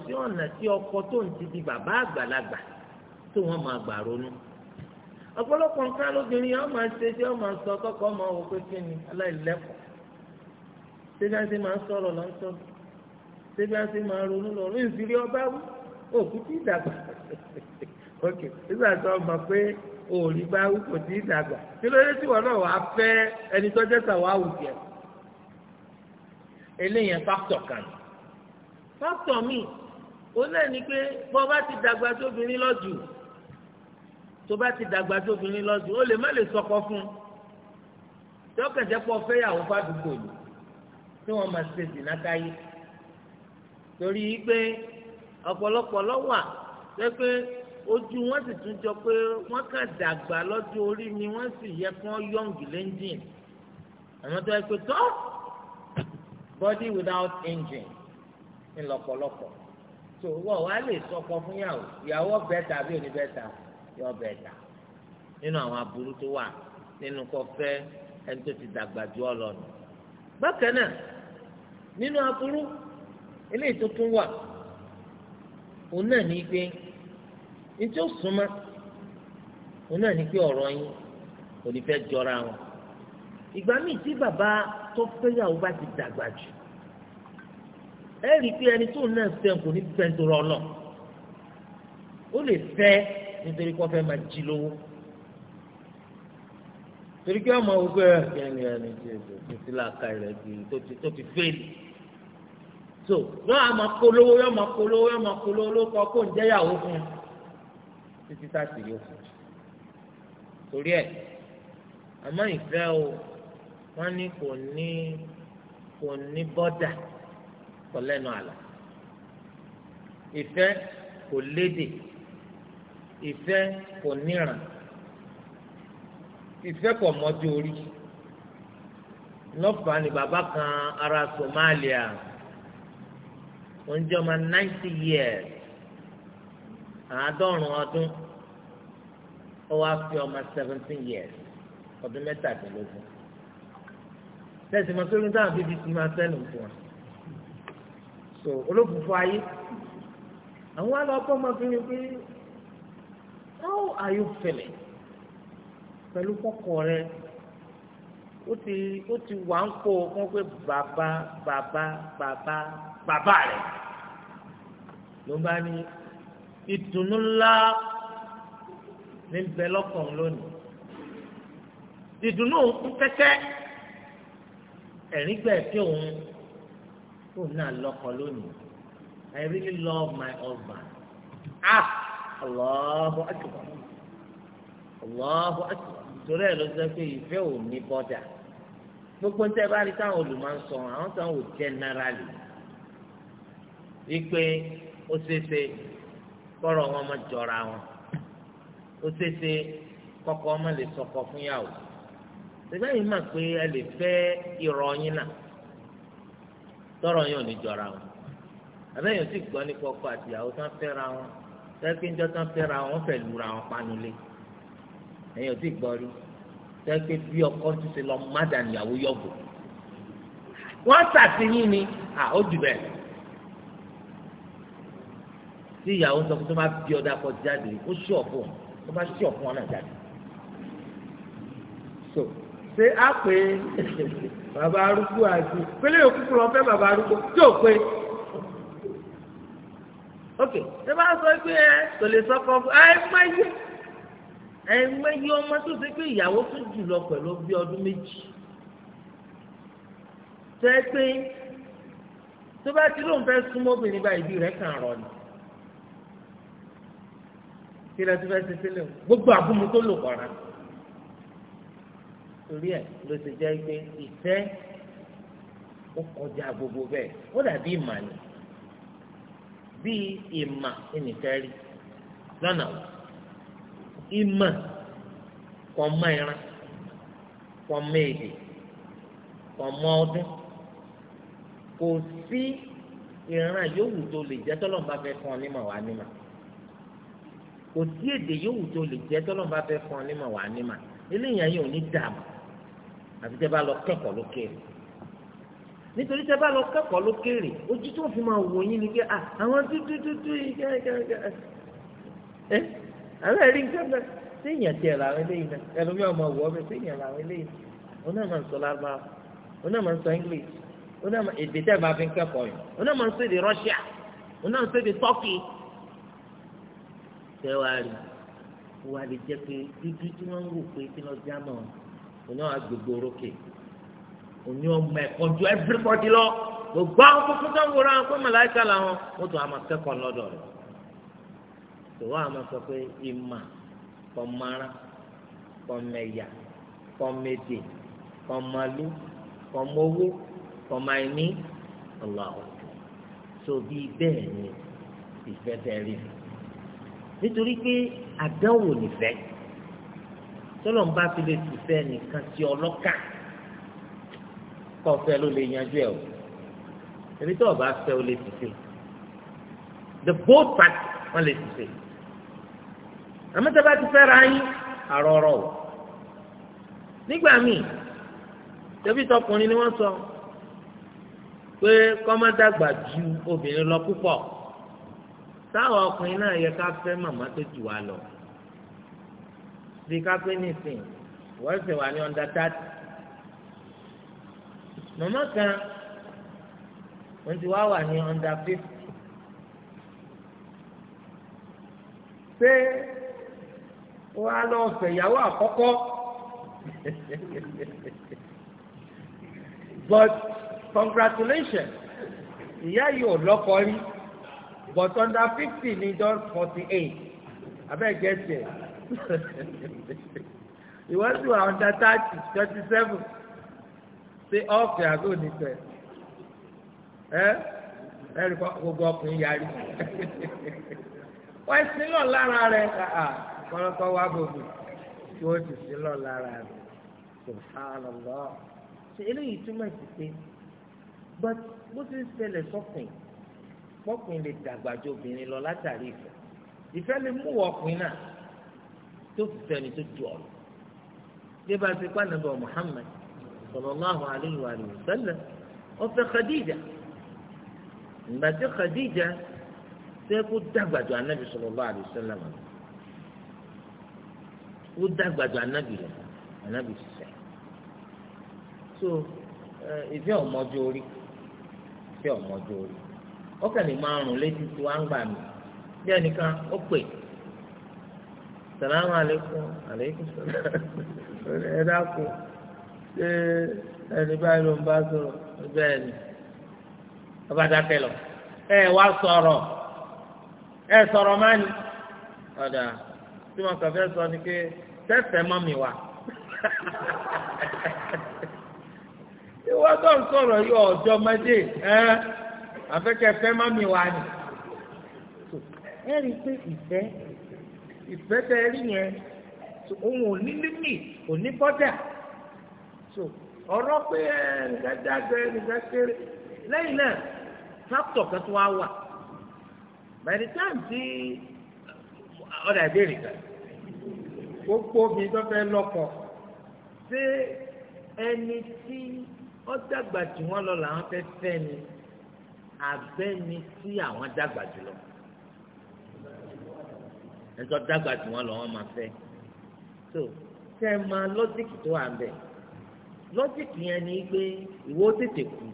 ọkọ tó ń ti di bàbá àgbàlagbà tí wọ́n máa gbà ronú ọ̀pọ̀lọpọ̀ nǹkan lóbìnrin yẹn wọ́n máa ṣe tí wọ́n máa sọ tọkọ ṣébi á ṣe máa ronú lọ rìn sí rí ọba wí òkú tí ì ok nígbà tó ọmọ pé òòrì bá wí kò tí ì dàgbà kí ló dé tí wọn náà wàá fẹ́ ẹni tó jẹsà wàá wù jẹ eléyẹn fáktọ̀ kan fáktọ̀ míì ó náà ní pé bọ́ bá ti dàgbà sóbìnrin lọ́jù tó bá ti dàgbà sóbìnrin lọ́jù ó lè má lè sọkọ fún un tí ó kẹ̀jẹ́ pọ̀ fẹ́yàwó fádùúgbò ni tí wọ́n máa ṣe dìnnà káyé torí pé ọ̀pọ̀lọpọ̀ lọ́wà ṣe pé ojú wọn sì tún jọ pé wọn kàn dàgbà lọ́jọ́ orí ni wọ́n sì yẹ kán yọ̀ǹgì lẹ́ńjìn àwọn tó yẹ pé tọ́ body without engine ń lọ́pọ̀lọpọ̀ tó wọ́n wá lè sọkọ fún yàwó ìyàwó bẹ́ẹ̀ta bí òní bẹ́ẹ̀ta yọ bẹ́ẹ̀ta nínú àwọn aburú tó wà nínú kọfẹ́ ẹni tó ti dàgbà jù ọ lọ nù bákan náà nínú aburú eléyìí tó tún wà òun náà ní pé ní tí ó súnmọ́ òun náà ní pé ọ̀rọ̀ yín kò ní fẹ́ jọra wọn ìgbà míì tí bàbá tó fẹ́yàwó bá ti dàgbà jù ẹ rí i pé ẹni tó náà fẹ́ kò ní fẹ́ nítorí ọlọ ó lè fẹ́ nítorí kó fẹ́ máa jí lówó torí kí wọ́n máa wọ pé ẹni ẹni tí ètò ìsìlá ka rẹ̀ di tó ti fẹ́ẹ̀lì so yọ àmọ́ polówó yọ àmọ́ polówó yọ àmọ́ polówó ló kọ kó ń jẹ́yàwó fún un títí táàsì yóò fún un torí ẹ̀ àmọ́ ìfẹ́ o wọ́n ní kò ní kò ní bọ́dà kò lẹ́nu àlà ìfẹ́ kò lédè ìfẹ́ kò níran ìfẹ́ kò mọ́jú orí lọ́fàá ni bàbá kan ará Somalia mo ń jẹ́ ọmọ ninety years àádọ́rùn ọdún ó wá fi ọmọ seventeen years ọdún mẹ́tàdínlógún tẹ̀sí mọ́ sórí táwọn bíbí ti máa sẹ́nu fún wa so olókùnfọ́ ayé àwọn alọ́kọ́ máa fi mi pé how are you feeling pẹ̀lú kọ́kọ́ rẹ ó ti ó ti wà ń kó o kán pé bàbá bàbá bàbá bàbá rẹ̀ ló bá ní ìtùnú ńlá ní bẹ lónìí ìdùnnú òun kú kẹ́kẹ́ ẹ̀rín tí òun kò náà lọ́kọ lónìí I really love my husband ah Allahu akbar Allahu akbar torí ẹ̀ ló sọ pé ìfẹ́ ò ní bọ́dà gbogbo ń tẹ́ bá rí táwọn olùmọ̀ ń sọ àwọn táwọn ò jẹ́ náírà lè wípé ó ṣeéṣe kọ́rọ̀ wọn má jọra wọn ó ṣeéṣe kọ́kọ́ ọmọ lè sọkọ fún yàwó ṣùgbọ́n yìí mà pé ẹ lè fẹ́ irọ́ yín náà tọrọ yín ò ní jọra wọn àbẹ́yìn sì gbọ́ nípa ọkọ àti ìyàwó tán fẹ́ra wọn tẹ́kínjọ́ tán fẹ́ra wọn fẹ́ lura wọn panulé ẹ̀yìn ò sì gbọ́ rí tẹ́kí bí ọkọ ti ṣe lọ mádà níyàwó yọ̀bù wọ́n ṣàtìyìn ni à ó tí ìyàwó sọ pé tó bá bí ọdọ akọ jáde ó sí ọ̀fọ̀ tó bá sí ọ̀fọ̀ náà jáde. so ṣé a pè é bàbá arúgbó àti pélé òkúkú lọ fẹ́ bàbá arúgbó tí ò pé. ok ṣé bá sọ pé ẹ kò lè sọ kan fún ẹ má yé ẹ má yé ọmọ tó ṣe pé ìyàwó tó jù lọ pẹ̀lú bí ọdún méjì. ṣé pé tó bá ti lóun fẹ́ súnmọ́ obìnrin báyìí bí rẹ̀ kàn rọ̀ ni kí lẹ́tí fẹ́ ṣe sílẹ̀ gbogbo àbúmu tó lò kọ̀ra torí ẹ̀ ló ti jẹ́ pé ìfẹ́ ó kọjá gbogbo bẹ́ẹ̀ ó dàbí ìmà ni bíi ìmà ìnìfẹ́ rí lọ́nà wò ìmà kọ̀ mọ́ ìran kọ̀ mọ́ èdè kọ̀ mọ́ ọdún kò sí ìran yòówù tó lè jẹ́ tọ́lọ́mùbá fẹ́ fún ọ nímọ̀ wá nímọ̀ kò sí èdè yòówù tó lè jẹ́ tọ́lọ́mù bá fẹ́ fún ọ nímọ̀ wà nímọ̀ eléyìí ayé ò ní dààmú àti tẹ́ bá lọ kẹ́kọ̀ọ́ lókèrè nítorí tẹ́ bá lọ kẹ́kọ̀ọ́ lókèrè ojú tó fi máa wò yín ni pé ah, àwọn dúdúdúdú yìí gẹ́gẹ́ ẹ àwọn ẹ̀rí nǹkan bẹ́ẹ̀ séèyàn tiẹ̀ làwọn eléyìí náà ẹlòmíì ọmọ wọ̀ ọ́ bẹ́ẹ̀ séèyàn làwọn eléyìí wọn náà máa ń sọ lárúbá wọn náà máa ń sọ english wọn náà èdè tẹ́ máa fi kẹ́kọ̀ọ́ yìí wọn náà máa ń sọ èdè russia wọn náà ń sọ èdè turkey tẹ́wàá rí wọ́n á lè jẹ́ pé dúdú tí wọ́n ń rò pé kí lọ́ọ́ já mọ́ oní agbègbè orókè oní ọmọ ẹ̀kọ́ ju everybody lọ gbogbo àwọn kókó tó ń wòrán kó màláìka làwọn wọ́n tún àmọ́ kẹ́kọ̀ọ́ lọ́dọ̀ rẹ̀ tòwọ́ àmọ́ sọ pé ìmà kọ̀mọ́ra kọ̀mẹ̀yà kọ̀mẹ̀dè kọ̀mọ̀lú kọ̀mọ̀wó kọ̀mọ̀ìní ọ̀làwọ̀ tó bí bẹ́ẹ̀ ni ìfẹ́ tẹ̀ rí mi nítorí pé àdánwò nìfẹ́ tọ́lọ̀ ń bá fi lè tìfẹ́ nìkan ti ọlọ́kà kọ́ fẹ́ ló lè yanjú ẹ̀ o èmi tó o bá fẹ́ o lè tìfẹ́ the both part wọ́n lè tìfẹ́ àmọ́tẹ́bá ti fẹ́ ra yín àrọ̀rọ̀ o nígbà míì tẹ́bí tọkùnrin ni wọ́n sọ pé kọ́mọ́dàgbà ju obìnrin lọ púpọ̀ táwọn ọkùnrin náà yẹ ká fẹ́ màmá tó jù wá lọ bí ká pé nìsín wọ́n ṣe wà ní ọ̀ndà tààtì màmá kan wọ́n ti wá wà ní ọ̀ndà fífì ṣé wọ́n á lọ fẹ̀yàwó àkọ́kọ́ but congratulations ìyá yìí ò lọ́kọ rí but under fifty ni don forty eight abeg get there He sì wà under thirty twenty seven ṣé ọ̀fẹ́ àbí onífẹ́ ẹ ẹ̀rí gbogbo ọkùnrin yarí wọ́n sí lọ lára rẹ̀ ah, ah, kọ́lọ́kọ́ wá bòbí tí ó sì sí lọ lára rẹ̀ subhanallah ṣe eléyìí túmọ̀ sí pé but bó ti ń ṣẹlẹ̀ sọ́kùnrin pọ́kùn lè dàgbà ju obìnrin lọ látàrí ìfẹ́ ìfẹ́ lè mú ọkùnrin náà tó fi fẹ́ni tó ju ọ̀rọ̀ bí bá ti pa nàbẹ̀ Muhammad sallallahu alayhi wa sallam ó fẹ́ Khadija ìgbà tí Khadija fẹ́ kó dàgbà ju anabi sallallahu alayhi wa sallam kó dàgbà anabi lọ anabi sẹ so ìfẹ́ ọmọdé orí ìfẹ́ ọmọdé orí ó kàn lè máa rùn létí tí wọ́n á ń gbà mí bí ẹnìkan ó pè sàlámù alẹ́kùn alẹ́kùn sàlámù ẹ dákun ṣé ẹni báyìí ló ń bá sọ̀rọ̀ bẹ́ẹ̀ ni ọba dákẹ́ lọ ẹ wá sọ̀rọ̀ ẹ sọ̀rọ̀ má ni ọ̀dà tí wọn kàn fẹ́ sọ ni pé tẹ́tẹ́ mọ́ mi wá ìwọ́n tó ń sọ̀rọ̀ yóò ọjọ́ méje ẹ́ afẹ́kẹ́ fẹ́ má mi wá ni ẹ rí i pé ìfẹ́ ìfẹ́ tẹ ẹ rí yẹn òun ò ní límì ò ní bọ́dà ọ̀rọ̀ pé ẹ nìkan dágbé nìkan kéré lẹ́yìn náà tractor kan tó wá wà by the time tí ọ̀dà ìbéèrè kan gbogbo mi tó fẹ́ lọ́kọ̀ ṣé ẹni tí ó dàgbà jù wọ́n lọ làwọn fẹ́ fẹ́ ni abẹ́ni tí àwọn dàgbà jùlọ ẹ̀tọ́ dàgbà tí wọ́n lọ wọ́n máa fẹ́ so tẹ́ máa lọ́jìkì tó wà bẹ́ẹ̀ lọ́jìkì yẹn ni pé ìwọ tètè kú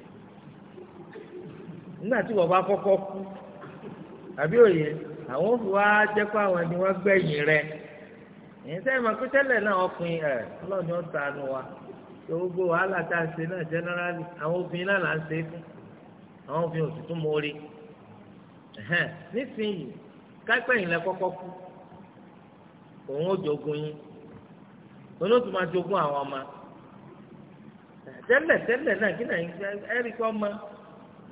nígbà tí wọ́n bá kọ́kọ́ kú àbí òye àwọn òfin wa jẹ́ pé àwọn ẹni wọ́n gbẹ̀yìn rẹ̀ èyí sẹ́yìn máa pé tẹ́lẹ̀ náà ọkùnrin ẹ̀ ọlọ́ọ̀ni ọ̀tá nu wa gbogbo wàhálà tá a ṣe náà jẹ́nẹ́rálì àwọn obìnrin náà là ń ṣe fún àwọn obìnrin òsì mórí nísìnyí kápẹ́ yìí lẹ kọ́kọ́ kú òun ó jogun yín òun máa jogun àwọn ọmọ tẹ́lẹ̀ tẹ́lẹ̀ náà kí ma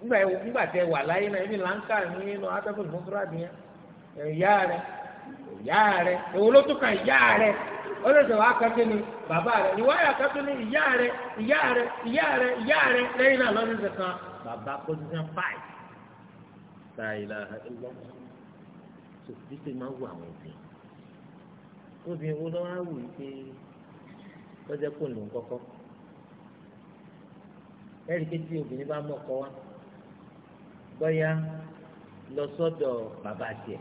nígbà nígbà tẹ wà láyé náà ní inú ìfúnfúnra nìyẹn rẹ ìyá rẹ ló ni bàbá rẹ ìwọ yà kàtó ni ìyá rẹ ìyá rẹ ìyá rẹ ìyá rẹ bàbá position five ṣàìlà ẹlọ tó máa wù àwọn obìnrin obìnrin wo lọ́wọ́ á wù pé lọ́jọ́ kò lòun kọ́kọ́ ẹ̀rí pé tí obìnrin bá mọ̀ kọ́ wa bọ́yá lọ sọ́dọ̀ bàbá tiẹ̀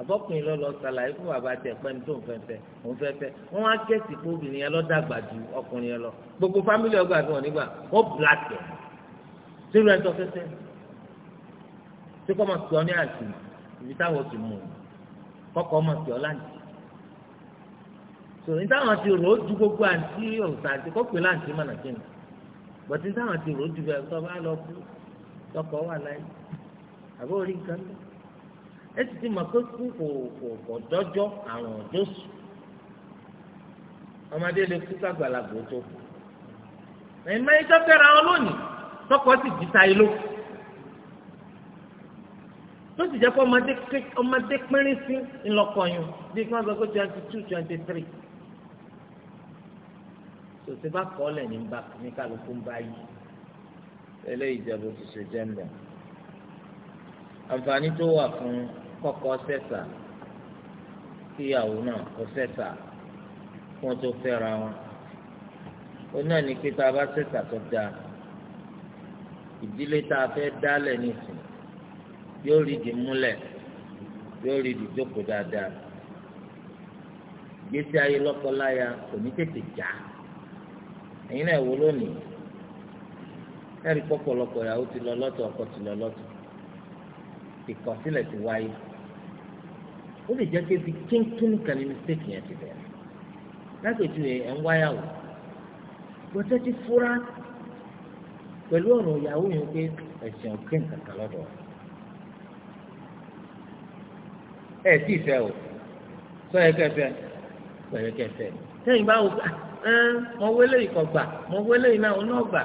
àbọ̀kùnrin lọ lọ ṣàlàyé fún bàbá tiẹ̀ pẹ́ni tó ń fẹ́fẹ́ òun fẹ́fẹ́ wọ́n á kẹ́sì pé obìnrin yẹn lọ dàgbà ju ọkùnrin yẹn lọ gbogbo fámìlì ọgbà tí wọ́n nígbà wọ́n bìlà tiẹ̀ sírù ẹjọ́ fẹsẹ̀ tí kò máa pè ọ ní àjù ibi táwọn ti mú kọkọ máa pè ọ láǹtì tò ní táwọn ti rò ó ju gbogbo àǹtí òǹtà àti kọpẹ láǹtì mọ̀nà kí ni bọ̀tí táwọn ti rò ó ju bẹ́ẹ̀ tó bá lọ kú tọkọ wà láyé àbó orí nǹkan tó ẹ ti ti mọ̀ pé kú kò kò kò dọ́jọ́ àrùn ọ̀jọ́ sùn ọmọdé lè kú kàgbàlagbò tó ẹ̀yin mẹ́rin tó fẹ́ra wọn tọkọ sì jí sáyé ló tó sì jẹ́ kó ọmọdé pínrín sí ńlọkọyún bí kí wọ́n sọ pé twenty two twenty three tòsí bá kọ́ lẹ̀ ní bá ní kálukú ń bá yìí eléyìí jẹ́ bó ti ṣe jẹ́ mbẹ́. àǹfààní tó wà fún kọ́kọ́ sẹ́sà kíyàwó náà kọ́ sẹ́sà kí wọ́n tó fẹ́ra wọn. ó náà ní pé tá a bá sẹ́sà tó dáa ìdílé tá a fẹ́ dálẹ̀ nìsín yóò rí di múlẹ̀ yóò rí di jókòó dáadáa gbèsè ayé lọ́kọ́láya kò ní tètè já ẹ̀yin náà wò lónìí ẹ̀rí pọ̀pọ̀lọpọ̀ ìyàwó ti lọ lọ́tọ̀ ọkọ ti lọ lọ́tọ̀ ìkọ̀sílẹ̀ ti wáyé ó lè jẹ́ pé bí kínkín kan ní mistake yẹn ti bẹ̀rẹ̀ lágbèjúwe ẹ̀ ń wáyàwó gbọ́dọ̀ ti fura pẹ̀lú ọ̀rọ̀ ìyàwó yẹn pé ẹ̀sìn ọ̀gbìn kankan lọ́dọ̀ ẹ̀ tí ì fẹ́ o sọ yẹ kẹfẹ́ sọ yẹ kẹfẹ́ sẹ́yìn báwo ah, mọ wẹlé ìkọgbà mọ wẹlé iná ọ̀nà ọgbà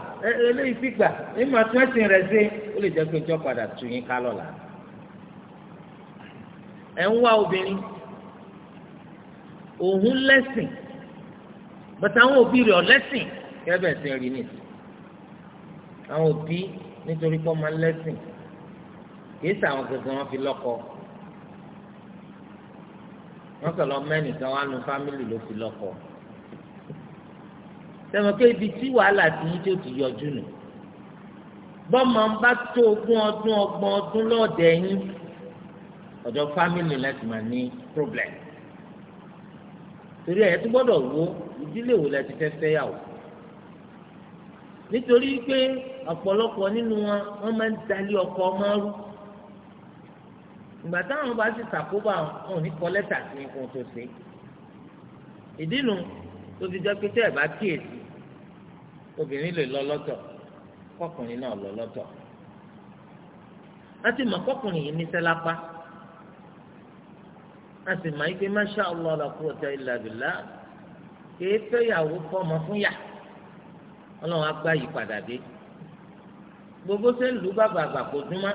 ẹlẹ́ ìfìgbà èyí máa tún ẹ̀sìn rẹ̀ ṣe ó lè jẹ́ pé ìjọ padà tù yín ká lọ́la ẹ̀ ń wá obìnrin òun lẹ́sìn bàtà àwọn òbí rẹ̀ ọ̀lẹ́sìn kẹ́bẹ̀ ṣe rí nìyí àwọn òbí nítorí pé ọmọ lẹ́sìn kìí sàwọn gẹ́gẹ́ wọn fi lọ́kọ wọn kàn lọ mẹ́nìkan wà nù fámìlì ló fi lọ́kọ sẹ́wọ̀n pé ibi tí wàhálà ti yín tó ti yọjú nù bọ́mọ ń bá tó ogún ọdún ọgbọ̀n ọdún lọ́ọ̀dẹ̀ yín ọ̀dọ̀ fámìlì láti máa ní problem torí ẹ̀ tó gbọ́dọ̀ wo ìdílé wo la ti fẹ́ fẹ́ yà wò nítorí pé ọ̀pọ̀lọpọ̀ nínú wọn wọ́n máa ń dalí ọkọ̀ ọmọ rú ìgbà táwọn bá ti sàkóbá wọn ò ní kọ lẹ́tà sí nǹkan tó ṣe ìdí nu tó ti jẹ́ pé tẹ́ ẹ̀ bá kíyèsí obìnrin lè lọ lọ́tọ̀ kọkùnrin náà lọ lọ́tọ̀ láti mọ̀ kọkùnrin yìí níṣẹ́ lápá a sì mọ̀ ike masha allah la quwwata illa billah kéé fẹ́yàwó fọmọ fún yà ọlọ́run á gbá yí padà dé. gbogbo se ń lù bàbà àgbà kò dúnmá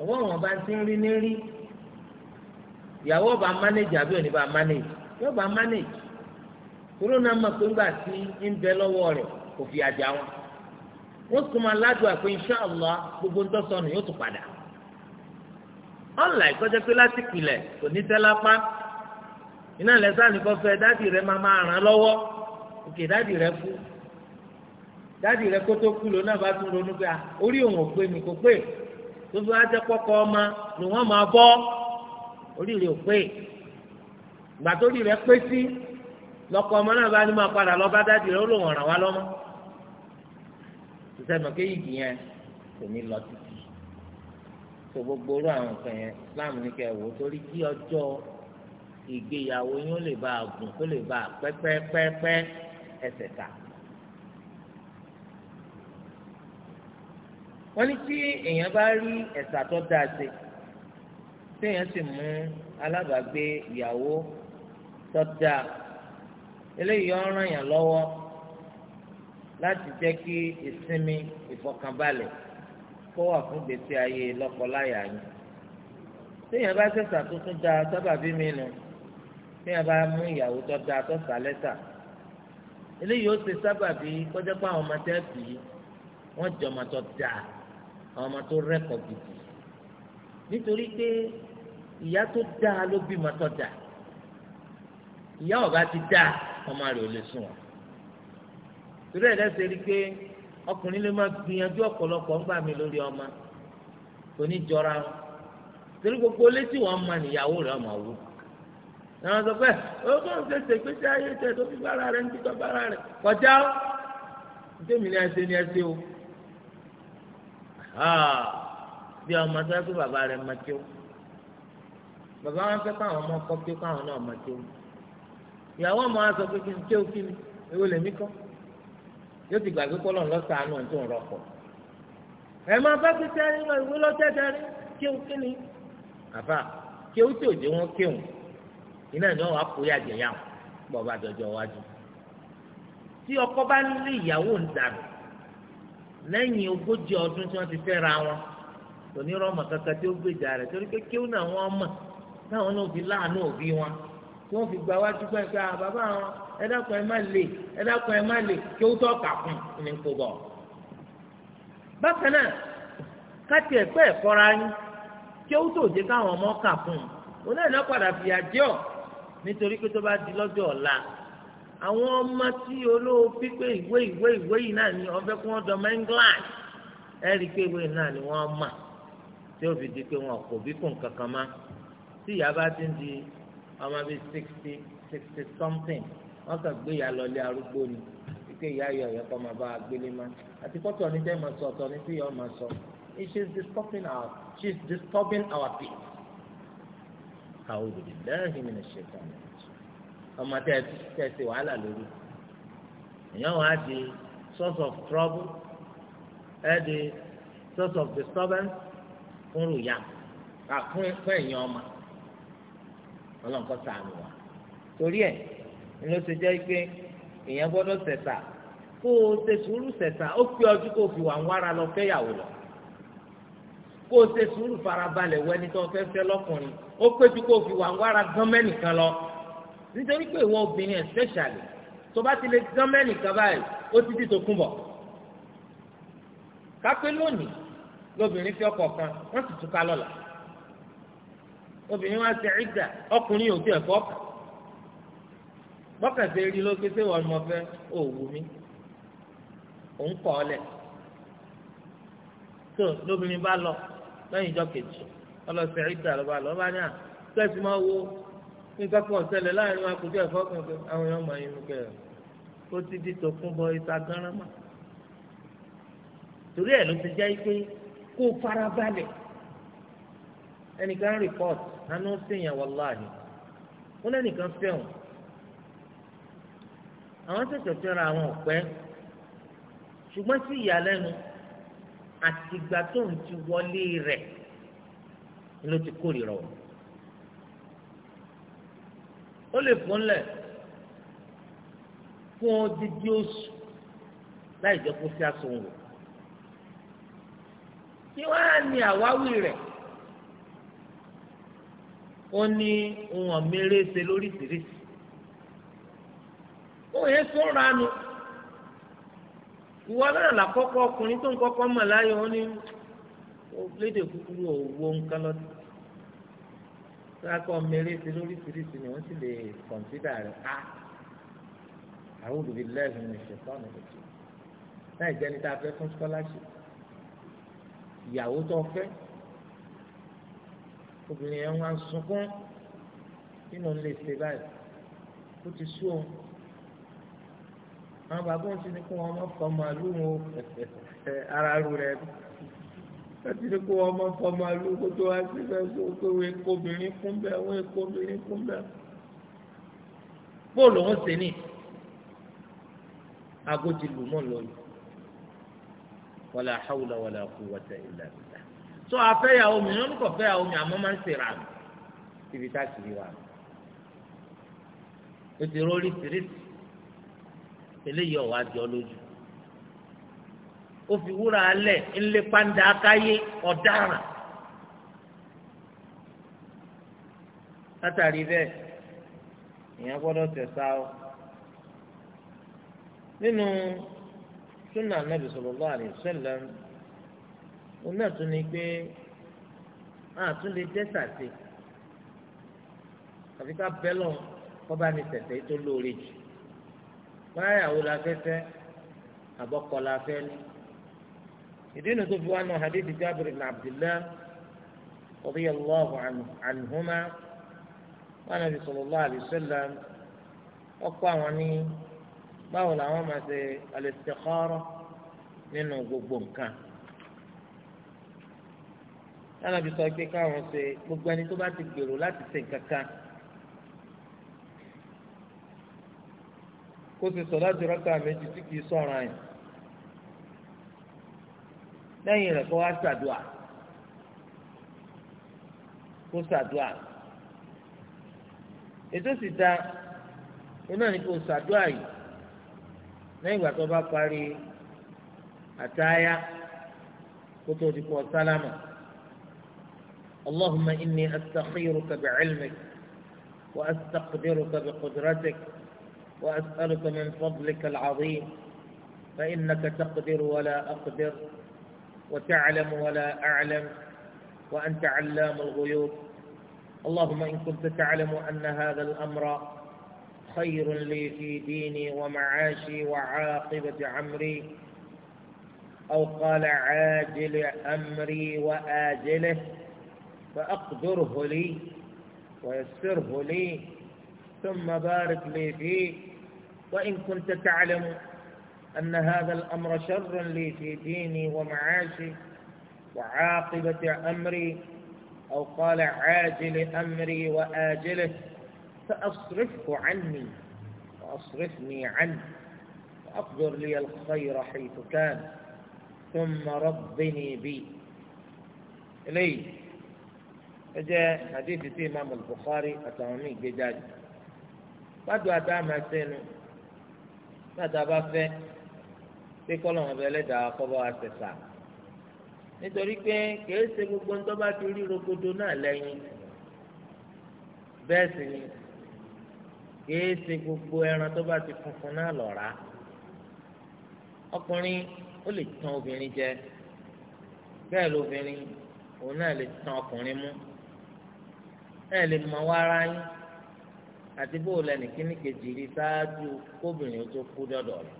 ọwọ́ wọn bá ti ń rí ní rí ìyàwó ọba mánéjì àbí òní bá mánéjì yóò bá mánéjì kúrò mọ̀ pé ńgbà tí ń bẹ lọ́wọ́ rẹ̀ kò fi àjà wọn wọ́n máa gbogbo ń dọ́sọ̀nù yóò tún padà ọ̀nlá ìkọ́jọ́ pé láti pilẹ̀ kò ní tẹ́ lápá iná lẹ́sàn-án nìkan fẹ́ dádì rẹ̀ máa máa ràn án lọ́wọ́ òkè dádì dáàdi rẹ kótó kú ló náà bá tún ronú pé orí òun ò pé mi kò pé tó fi wá jẹ́ pọ́kọ ọmọ ló wọ́n máa bọ́ orí rẹ ò pé ìgbà tó rí rẹ pé sí lọkọ ọmọ náà bá ní máa padà lọ bá dáàdi rẹ ó lò wọ́n ràn wá lọ́mọ sísẹ́mi kéyìí yẹn kò ní lọ títí tó gbogbo orú àwọn nǹkan yẹn Islam ní kẹ́ wò torí kí ọjọ́ ìgbéyàwó yín ó lè bá a gùn kó lè bá a pẹ́pẹ́pẹ́pẹ́ ẹsẹ̀ ta. wọ́n ní tí èèyàn bá rí ẹ̀sà tó dáa ṣe téèyàn sì mú alábàágbé ìyàwó tó dáa eléyìí ó ràn yàn lọ́wọ́ láti jẹ́ kí ìsinmi ìfọkànbalẹ̀ kó wà fún gbèsè ayé lọ́kọláya yìí téèyàn bá ṣẹ̀ṣà tuntun dáa sábàbí mi nù téèyàn bá mú ìyàwó tó dáa tó sàlẹ́sà eléyìí ó ṣe sábàbí kọjá pé àwọn ọmọ tẹ́ẹ̀pì yìí wọ́n jọmọ tó dáa àwọn ọmọ tó rẹ́kọ̀ọ́ gidi nítorí pé ìyá tó dáa ló bímọ tó dáa ìyá ọba ti dáa ọmọ rẹ̀ ò lè sùn wọn torí ẹ̀ lẹ́sẹ̀ rí i pé ọkùnrin lè máa gbìyànjú ọ̀pọ̀lọpọ̀ ńgbà mi lórí ọmọ kò ní jọra wọn torí gbogbo létí wọn máa níyàwó rẹ̀ ọmọ wò àwọn sọ pé ọgbọ́n ń ṣe ṣègbésí ayé tẹ̀ tó fi bára rẹ̀ ń títọ́ bára rẹ̀ kọjá ó ní tèmi ni ẹ ṣe ni ẹ ṣe o. Ah, bí ọmọ tó yẹ kó bàbá rẹ̀ máa tó bàbá wọn fẹ́ káwọn ọmọ kọ́ pé káwọn náà máa tó ìyàwó ọmọ wa sọ pé kí n tó kí ni ewu lèmi kọ́ yóò ti gbàgbé kọ́ lọ́nà lọ́sàánù tó ń rọpò ẹ máa bá pété ẹni lọ ìwé lọ́tẹ́ darí kéwù kí ni àbá kéwù tí òjò wọn kéwù iná ni wọn wá kó yàjẹ yà wọn bọ̀ bá dọjọ́ wájú tí ọkọ bá lé ìyàwó ń dànù lẹ́yìn ogójì ọdún tí wọ́n ti fẹ́ ra wọn kò ní rọ́ọ̀mù kankan tí ó gbèjà rẹ̀ torí pé kí náà mọ̀ táwọn náà fi láàánú wọn tí wọ́n fi gba wájú pé pé ah, bàbá wọn ẹ dákun ẹ má lè ẹ dákun ẹ má lè ní kó bákan náà káti ẹ̀pẹ́ yín tó bá di lọ́jọ́ ọ̀la àwọn ọmọ tí olówó pípé ìwé ìwé ìwé yìí náà ni ọfẹ kí wọn dọmọ England ẹ i pé ìwé náà ni wọn mà tí ó fi di pé wọn kò bí kùn kankan má tí ìyá bá ti ń di ọmọ bíi sixty sixty something wọn kàn gbé ìyá lọlé arúgbó ni pé ìyá ayọ̀ yẹn kọ́ máa bá a gbélé má àti kọ́tọ̀ ní tẹ́ máa sọ ọ̀tọ̀ ní tí yọ̀ máa sọ she is disturbing our she is disturbing our peace. àwọn olùdílé ẹ̀hìn mi ọmọ tẹ ẹ ṣe wàhálà lórí èèyàn wà di source of trouble ẹ di source of disturbance fún rúyà fún fún èèyàn ọmọ ọlọ́nkọ́ sàánù wa torí ẹ̀ ni ló ṣe jẹ́ pé èèyàn gbọ́dọ̀ ṣẹ̀ṣà kó o ṣe sùúrù ṣẹ̀ṣà ó pé ọdún kó o fi wà ń wára lọ fẹ́yàwó lọ kó o ṣe sùúrù farabalẹ̀ wẹ́ni tó fẹ́ fẹ́ lọ́kùnrin ó pé ju kó o fi wà ń wára gán mẹ́nìkan lọ nítorí pé ìwọ obìnrin especially tó bá ti lè gán mẹ́nìkan báyìí ó ti di tó kún bọ̀ kápẹ́ lónìí lóbìnrin fi ọkọ̀ kan wọ́n sì túká lọ́la obìnrin wa ṣe ìgbà ọkùnrin yòókù ẹ̀fọ́ kan bọ́kàtẹ́ rí ló ké sẹ́wọ̀n ọmọ fẹ́ òwú mi òun kọ́ ọ lẹ̀ tó lóbìnrin bá lọ lẹ́yìn ìjọ kejì ọlọ́sẹ̀ ìgbà ló bá lọ bá ní à kẹ́sì máa wo nǹkan kan ọ̀sẹ̀lẹ̀ láàrin wa kò tí ẹ̀fọ́ kan fẹ́ àwọn èèyàn máa yinú kẹ́ ẹ̀ ó ti di tòkun bọ ìta gánran mà torí ẹ̀ ló ti jẹ́ pé kó farabalẹ̀ ẹnìkan rìpọ́t àná ó sèyàn wàláhì ó lẹ́nìkan fẹ́hùn àwọn ṣẹ̀ṣẹ̀ fẹ́ra àwọn ọ̀pẹ́ ṣùgbọ́n sí ìyàlẹ́nu àtìgbà tó ń ti wọlé rẹ̀ ló ti kórìíra ọ̀hún ó lè fúnlẹ̀ fún odidi oṣù láì jẹ́ kó sí àsùnwò kí wọ́n á ní àwáwí rẹ̀ ó ní ohun ọ̀mẹ́rẹ́ ṣe lóríṣiríṣi òun yẹn tún ranu ìwọ náà làkọ́kọ́ ọkùnrin tó ń kọ́kọ́ mọ̀ láyọ̀ ó ní lédè kúkúrú òwò nǹkan lọ́tí sáàkọ́ mẹ́rẹ́ ti lóríṣiríṣi ni wọ́n sì lè kọ̀ǹsídà rẹ̀ á àwọn olùdílẹ́ẹ̀mí ní ṣẹ̀fọ́nù lòtì náà ìjẹni tá a fẹ́ fún scholarship ìyàwó tó fẹ́ obìnrin yẹn wá ń sunkún nínú ilé ṣe báyìí ó ti sú òun àwọn bàbá òun ti ní kó wọn mọ́ fọ́ màálù ara rú rẹ̀ láti ní kó ọmọ fọmọ alúgbó tó wá síbẹ̀ kó pé wọ́n èkó obìnrin kún bẹ́ẹ̀ wọ́n èkó obìnrin kún bẹ́ẹ̀. bóòlù ń ṣe ní agójì lùmọ̀ lọ́yìn wàlà hàwùlà wàlà quwwata illa billah. tó afẹ́yàwó mi wọn kò fẹ́yàwó mi àmọ́ máa ń ṣèrà mi síbi tá a kiri wa. ètò ìrọ̀lì tìrìtì eléyìí ọ̀wá jọ lójú ó fi wúrà alẹ̀ ńlẹ̀ pàǹdà akáyé ọ̀daràn. látàrí bẹ́ẹ̀ èèyàn gbọ́dọ̀ tẹ̀sà o nínú súnà nàbì sallallahu alaihi wasallam òun náà tún ni pé àtún lè dẹ́sà sí àfi ká bẹ́lọ̀ kọ́ba ní tẹ̀tẹ̀ tó lóore jù báyàwó la fẹ́ fẹ́ la fẹ́ ní ìdí inú tó fi wá náà hadith Jabir ibn Abdullah radiyallahu anhuma wọn nàbí sallallahu alayhi wa sallam ọkọ àwọn ní báwo làwọn máa ṣe al-istikhara nínú gbogbo nǹkan alábi sọ pé káwọn ṣe gbogbo ẹni tó bá ti gbèrò láti ṣe nǹkan kó ṣe sọ láti rákà méjì tí kìí sọ̀ràn yìí. lẹ́yìn rẹ̀ kó wá ṣàdúà kó ṣàdúà ètò sì da iná ní kó ṣàdúà yìí lẹ́yìn ìgbà tó bá parí àtàyà kó tó di kọ́ sálámà. اللهم إني أستخيرك بعلمك وأستقدرك بقدرتك وأسألك من فضلك العظيم فإنك تقدر ولا أقدر وتعلم ولا أعلم وأنت علام الغيوب اللهم إن كنت تعلم أن هذا الأمر خير لي في ديني ومعاشي وعاقبة عمري أو قال عاجل أمري وآجله فأقدره لي ويسره لي ثم بارك لي فيه وإن كنت تعلم أن هذا الأمر شر لي في ديني ومعاشي وعاقبة أمري أو قال عاجل أمري وآجله فأصرفه عني وأصرفني عنه وأقدر لي الخير حيث كان ثم ربني بي إلي فجاء حديث في إمام البخاري أتوامي جداد بعد أتام سينو بعد أبا pé kọ́lọ́mù ọbẹ̀ ẹlẹ́dàá kọ́bọ̀ àṣẹṣà nítorí pé kìí ṣe gbogbo ń tọ́ba ti rí rogodo náà lẹ́yìn bẹ́ẹ̀ sì ni kìí ṣe gbogbo ẹran tó bá ti funfun náà lọ́ra ọkùnrin ó lè tàn obìnrin jẹ bẹ́ẹ̀ lóbìnrin òun náà lè tàn ọkùnrin mú ẹ lè mọ wá ara yín àti bó o lẹ́nu kíní kejì kóbìnrin tó kú dọ́dọ̀ rẹ̀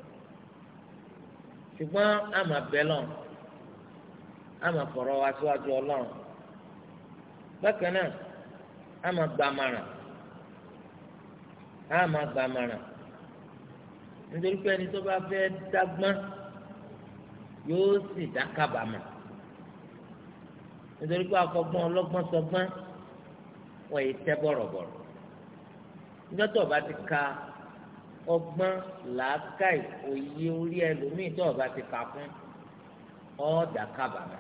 ṣùgbọ́n àmà bẹ́lọ̀ àmà fọ̀rọ̀ wá síwájú ọlọ́run bákan náà àmà gbàmàrà àmà gbàmàrà nítorí pé ẹni tó bá fẹ́ dágbọ́n yóò sì dákàbàmà nítorí pé afọgbọ́n ọlọ́gbọ́n sọgbọ́n wọ̀nyí tẹ́ bọ̀rọ̀bọ̀rọ̀ níjọ́ tó o bá ti ka ọgbọ́n làákàì òye orí ẹlòmíì tó ọba ti kà fún ọ̀ọ́dà kábàámà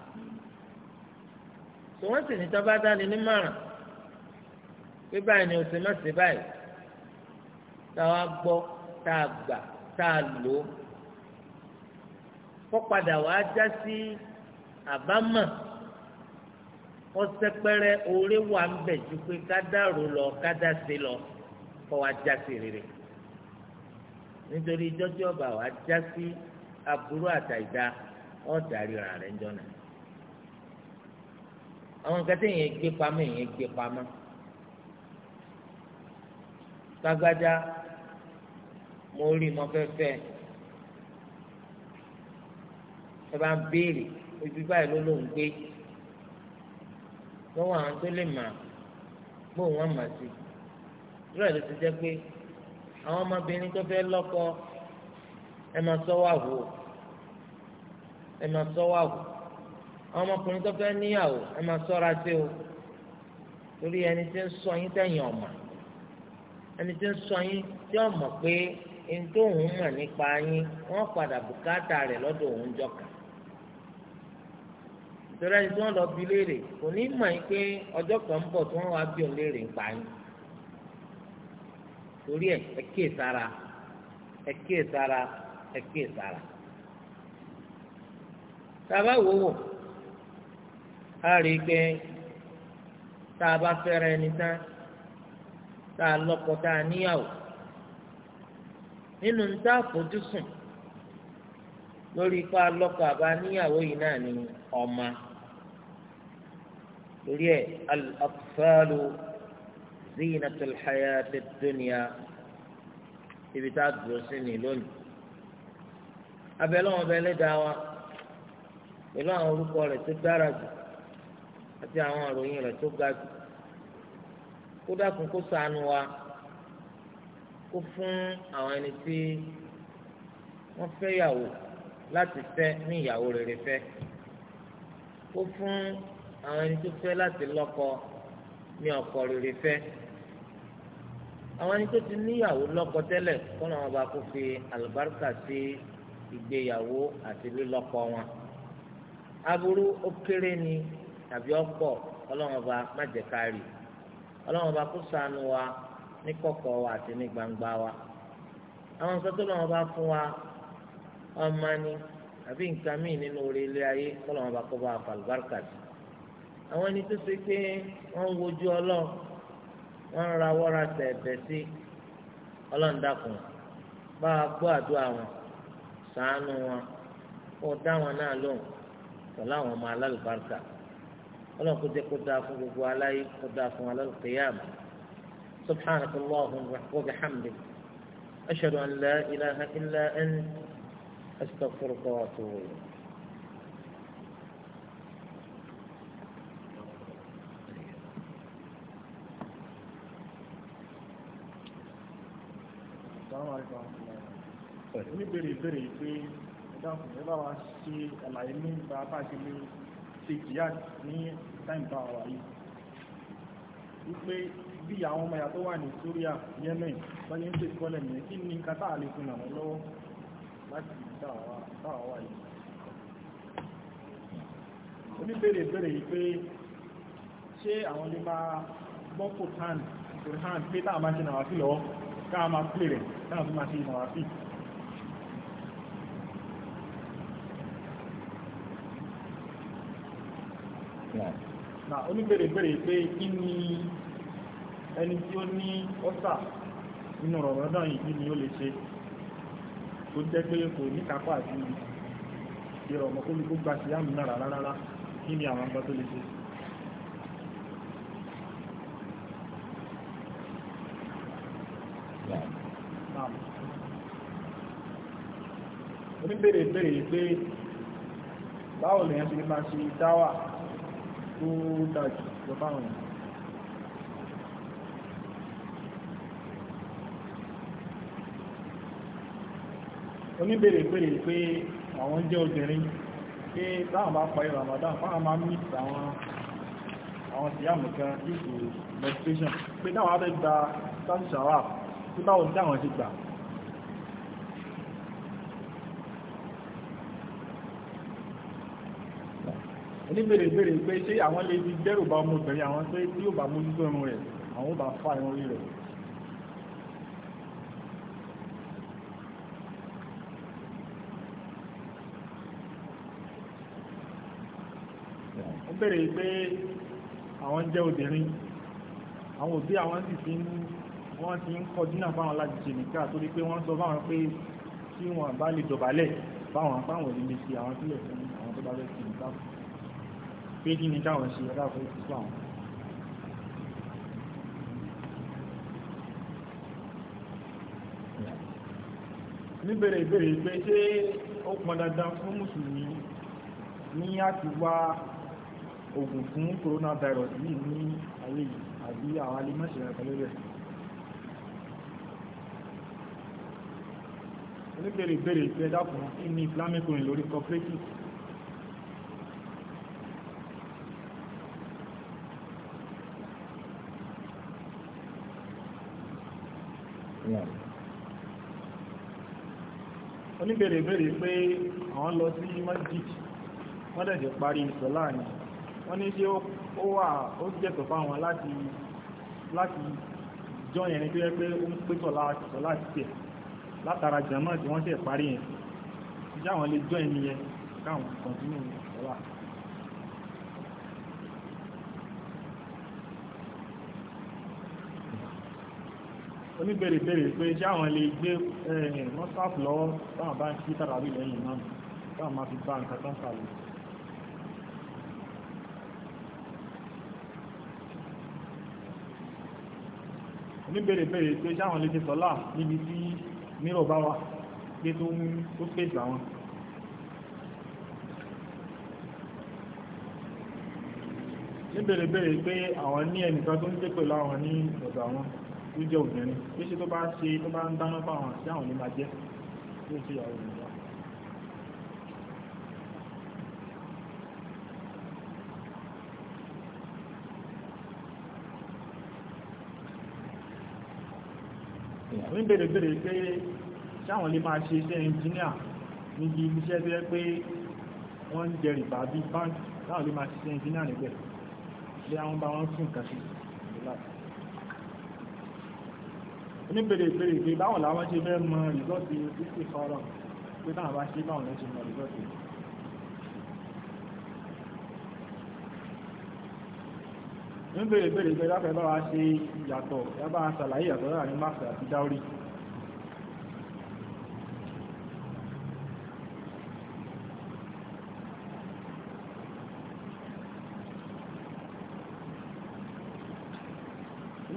tí wọ́n sì ní tọ́ba dání nímọ̀ràn pé báyìí ni o sì má ṣe báyìí tá a wá gbọ́ tá a gbà tá a lò ó kó padà wàá já sí àbámọ̀ ọsẹpẹrẹ oore wà ń bẹ ju pé ká lọ ká lọ kó wàá já sí rere nítorí jọ́jọ́ ọba wa já sí aburú àtàìdá ọ̀dàrí ra rẹ̀ ń jọ́nà. àwọn nǹkan tí èèyàn gbé pamọ́ èèyàn gbé pamọ́. gbàgbájá mo rí mo fẹ́ fẹ́ ẹ bá ń béèrè ibi báyìí ló lóun gbé lọ́wọ́ àwọn tó lè mà bóun wọ́n mà sí. ìrọ̀lẹ́ ti jẹ́ pé àwọn ọmọbìnrin tó fẹ́ lọ́kọ ẹ máa sọ́wọ́ àwò ẹ máa sọ́wọ́ àwò àwọn ọmọkùnrin tó fẹ́ níyàwó ẹ máa sọ́ra sí o torí ẹni tí ń sọ yín tẹ̀yìn ọ̀mà ẹni tí ń sọ yín tí ó mọ̀ pé ẹni tó òun mọ̀ nípa yín wọ́n padà bùkátà rẹ̀ lọ́dọ̀ òun jọ̀ka torí ẹni tí wọ́n lọ bi léèrè kò ní mọ̀ yín pé ọjọ́ kan ń bọ̀ tí wọ́n wá bí òun léèrè ń pa yín torí ẹ ẹ kíyè sára ẹ kíyè sára ẹ kíyè sára tàbá wò wò a rí i pé tá a bá fẹ́ra ẹni tán tá a lọ́kọ tá a níyàwó nínú níta àfojúsùn lórí ipá lọ́kọ àbá níyàwó yìí náà ni ọmọ torí ẹ al-atfalu zinatul hayatid dunya ibi tá a dúró sí ni lónìí abẹ́lẹ́ wọn bẹ́ẹ̀ lé dá wa pẹ̀lú àwọn orúkọ rẹ̀ tó dára jù àti àwọn àròyìn rẹ̀ tó ga jù kó dákun kó ṣàánú wa kó fún àwọn ẹni tí wọ́n fẹ́ yàwó láti fẹ́ ní ìyàwó rere fẹ́ kó fún àwọn ẹni tó fẹ́ láti lọ́kọ ní ọkọ rere fẹ́ àwọn ẹni tó ti níyàwó lọ́kọ tẹ́lẹ̀ kó làwọn bá kó fi àlùbáríkà sí ìgbéyàwó àti lílọ́kọ wọn aburú ó kéré ni tàbí ọ̀pọ̀ ọlọ́run ọba má jẹ́ ká rí ọlọ́run ọba kó ṣàánú wa ní kọ̀kọ̀ wa àti ní gbangba wa àwọn nǹkan tó lọ́wọ́ bá fún wa ọmọ ni àbí nǹkan míì nínú orí ilé ayé kọ́ lọ́wọ́ bá kó bá àfàlùbáríkà sí àwọn ẹni tó ṣe pé wọ́n ń wojú ọlọ́run wan rawara ra wọ́ra sẹ̀ẹ̀bẹ̀ sí ọlọ́ọ̀dàkùn bá a gbọ́ àdúrà wọn ṣàánú wọn kó dá wọn náà lóhùn pẹ̀lú àwọn ọmọ alálùbáríkà ọlọ́run kó jẹ́ kó dáa fún gbogbo aláyé kó dáa fún oníbèrè ìbéèrè pé ìdáhùn ẹ bá wa ṣe àlàyé nípa bá ṣe lè ṣe jihad ní táìmù àwà yìí wípé bí àwọn ọmọ ìyá tó wà ní Syria Yemen báyé ń pè kọ́lẹ̀ nìyẹn kí ni kátà lè fún àwọn lọ́wọ́ láti dáwà wà yìí oníbèrè ìbéèrè yìí pé ṣé àwọn lè máa gbọ́ kò tán kò tán pé táà máa ṣe nàwà sí lọ́wọ́ káà máa pè rẹ̀ náà tó máa ṣe ìmọ̀ra sí na oníbẹ̀rẹ̀bẹ̀rẹ̀ pé kí ni ẹni tí ó ní ọ́sà nínú ọ̀rọ̀ náà yìí ni ó lè ṣe tó jẹ́ pé kò ní kápá àti ìrọ̀mọ́kólú gbogbo àṣíyàmù náà rárá kí ni àwọn ọgbà tó lè ṣe oníbèrè bèrè pé báwo lè yẹn ti máa ṣe dáwà tó dájú lọ báwọn èèyàn oníbèrè bèrè pé àwọn jẹ́ obìnrin pé táwọn bá parí Ramadan fáwọn máa mix àwọn àwọn tìyàmù kan ìgbò meditation pé táwọn abẹ́ gba sáàtì sàwà tí báwọn táwọn ti gbà oníbèrè ìbèrè pé ṣé àwọn lè fi dẹ́rù bá ọmọbìnrin àwọn pé tí yóò bá mójútó irun rẹ̀ àwọn bá fá irun orí rẹ̀ ó pé àwọn jẹ́ obìnrin àwọn òbí àwọn sì fi ń wọ́n ti ń kọjú náà fáwọn láti ṣe nìkà torí pé wọ́n sọ fáwọn pé tí wọ́n bá lè dọ̀bálẹ̀ fáwọn fáwọn ìlú lè ṣe àwọn sílẹ̀ fún àwọn tó bá fẹ́ ṣe nìkà pé kí ni káwọn ṣe ẹ̀dá fún ìfúnṣọ àwọn. níbẹ̀rẹ̀ ìbéèrè pé ṣé ó pọn dandan fún mùsùlùmí ní àti wá oògùn fún coronavirus yìí ní ayé yìí àbí àwọn alẹ́mọ̀ṣẹ̀rẹ̀ pẹ̀lú rẹ̀ oníbèrè ìbéèrè ìfẹ́ dákùn kí ni islamic rìn lórí cooperative oníbèrè ìbéèrè pé àwọn lọ sí masjid wọ́n dẹ̀dẹ̀ parí ìsọ̀lá ni wọ́n ní ṣé ó wà ó jẹ́tọ̀ fáwọn láti láti jọ́ yẹn ni tó yẹ pé ó ń pẹ́tọ̀ láti sọ láti tẹ̀ látara jẹ̀mọ́ tí wọ́n tẹ̀ parí yẹn ìjà àwọn lè jọ ẹni yẹn káwọn kọ̀ntínú ọ̀wà. oníbèrè bèrè pé ṣé àwọn lè gbé eh, whatsapp lọ́wọ́ táwọn bá ń kí tàbí lẹ́yìn náà táwọn máa fi bá nǹkan tó ń kàlẹ̀. oníbèrè bèrè pé ṣé àwọn lè ṣe sọ́lá níbi tí mírọ̀ bá wa gbé tó ń tó pèsè àwọn níbẹ̀rẹ̀ pé àwọn ní ẹnìkan tó ń jẹ́ pẹ̀lú àwọn ní ọ̀dọ̀ àwọn tó jẹ́ obìnrin pé ṣe tó bá ń dáná fáwọn àti àwọn ní máa jẹ́ tó ṣe àwọn ènìyàn ní bèrèbèrè pé sáwọn lè máa ṣe iṣẹ́ ẹnjìníà níbi iṣẹ́ tó yẹ pé wọ́n ń jẹ rìbá bí báńkì sáwọn lè máa ṣiṣẹ́ ẹnjìníà níbẹ̀ bí àwọn bá wọn fún nǹkan sí ní bèrèbèrè pé báwọn làwọn ṣe fẹ́ mọ rìsọ́ọ̀tì ń bèèrè bèèrè pé láfẹ́ bá wa ṣe yàtọ̀ yàbá ṣàlàyé yàtọ̀ láàrin max àti dáórì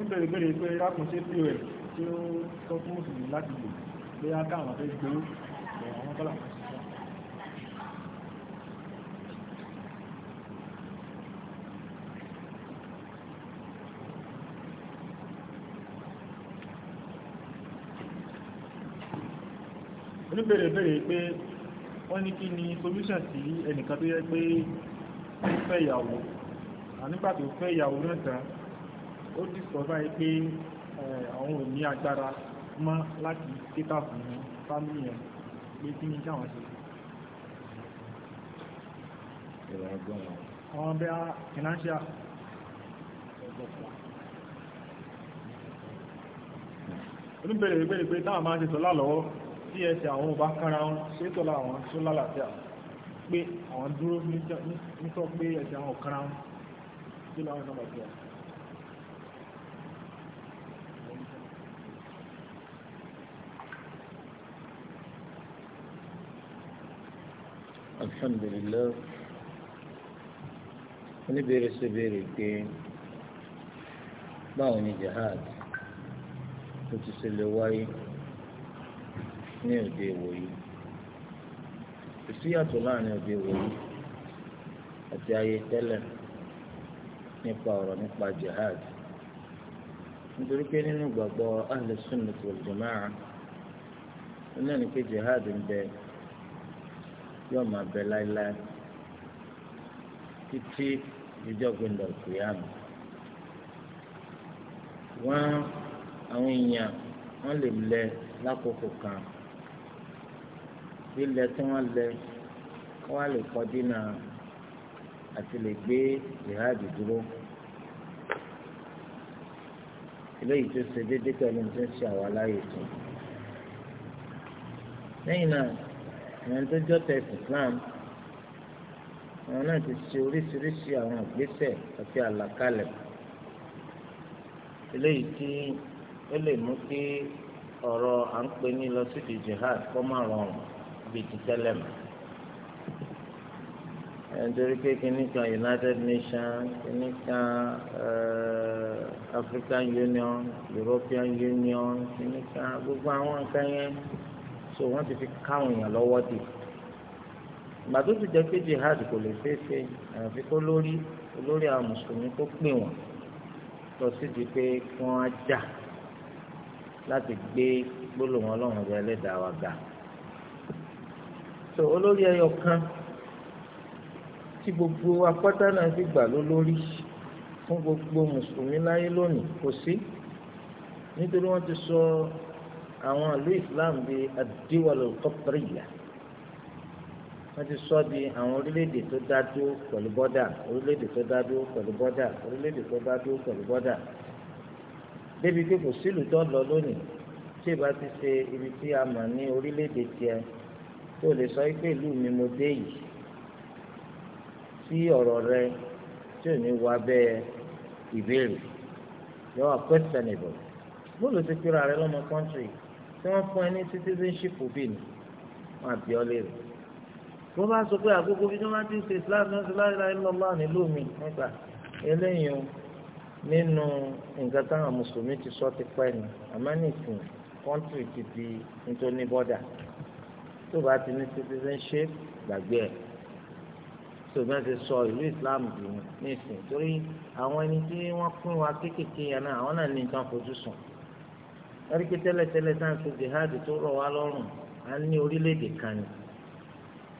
ń bèèrè bèèrè pé lákùn ṣe pọ̀ tí ó sọ fún mùsùlùmí láti lò pé á káwọn fẹ́ gbé àwọn tọ́lá kan sí oníbèrè bèrè pé wọ́n ní kí ni solution sí ẹnìkan tó yẹ pé ó fẹ́ ìyàwó nígbà tó fẹ́ ìyàwó náà tán ó dìsọ́fà yìí pé àwọn ò ní agbára mọ́ láti kíkà fún fámìlì yẹn pé kí ni káwọn ṣe. àwọn bẹ́ẹ̀ financial oníbèrè bèrè pé táwọn máa ń ṣe sọ́lá lọ́wọ́ tí ẹsẹ̀ àwọn ọba kára wọn ṣètò láwọn tó lálàáfíà pé àwọn dúró nítọ́ pé ẹsẹ̀ àwọn kára wọn tó láwọn náà bàjẹ́ alhamdulilayi oníbèrè ṣe béèrè pé báwo ni jihad tó ti ṣe lè wáyé. ní òde ìwòyí kò láàrin òde ìwòyí àti ayé tẹ́lẹ̀ nípa ọ̀rọ̀ nípa jihad nítorí pé nínú gbàgbọ́ ahlus sunnah ó náà ní pé jihad ń bẹ yóò máa bẹ láéláé títí ìjọ gbẹndọ kìyàmù wọn àwọn èèyàn wọn lè lẹ lákòókò lílẹ̀ tí wọ́n lẹ wọ́n á lè náà àti jihad dúró eléyìí tó ṣe déédéé pẹ̀lú tó ń ṣe àwọn aláyè tó lẹ́yìn náà àwọn tó jọ tẹ̀sí àwọn náà ti ṣe oríṣiríṣi àwọn ìgbésẹ̀ àti àlàkalẹ̀ eléyìí tí ó lè mú kí ọ̀rọ̀ à di jihad kó má rọrùn. bíi ti tẹ́lẹ̀ mọ́ nítorí pé kìíní kan United Nations kìíní kan African Union European Union kìíní kan gbogbo àwọn nǹkan yẹn so wọ́n ti fi káwọn èèyàn lọ́wọ́ dì ìgbà tó ti jẹ́ pé jihad kò lè fèsì àyàfi kó lórí olórí àwọn mùsùlùmí kó pè wọ́n lọ sí di pé kí wọ́n á jà láti gbé gbólóhùn ọlọ́run rẹ lẹ́dàá wa gbà so olórí ẹyọ kan tí gbogbo apáta náà ti gbà lólórí fún gbogbo mùsùlùmí láyé lónìí kò sí nítorí wọ́n ti sọ àwọn ìlú islam di adiwọlọ kọpẹrìyà wọ́n ti sọ di àwọn orílẹ̀-èdè tó dá dúró pẹ̀lú bọ́dà orílẹ̀-èdè tó dá dúró pẹ̀lú bọ́dà orílẹ̀-èdè tó dá dúró pẹ̀lú bọ́dà débi pé kò sílùú tó lọ lónìí tí ìbá ti ṣe ibi tí a mọ̀ ní orílẹ̀-èdè tó lè sọ pé ìlú mi mo dé yìí tí ọ̀rọ̀ rẹ tí ò ní wá bẹ́ẹ̀ ìbéèrè yọ wá questionable bó ló ti kíra rẹ lọ́mọ country tí wọ́n fún ẹ ní citizenship bí ni wọ́n àbí ọ léèrè bó bá sọ pé àkókò bí wọ́n bá ti ṣe Islam náà ti láyé láyé lọ́lá nílùú mi nígbà eléyìí nínú nǹkan táwọn mùsùlùmí ti sọ ti pẹ́ ni àmọ́ nìsín country ti di nítorí bọ́dà tó bá ti ní citizenship gbàgbé ẹ̀ tó bá ti sọ ìlú islam dì í nísìnyí torí àwọn ẹni tí wọ́n pín wa kéékèèké yẹn náà àwọn náà ní nǹkan fojú sùn ẹ̀ríkì tẹ́lẹ̀tẹ́lẹ̀ tá à ń ṣe jihad tó rọ̀ wá lọ́rùn à ń ní orílẹ̀-èdè kan ni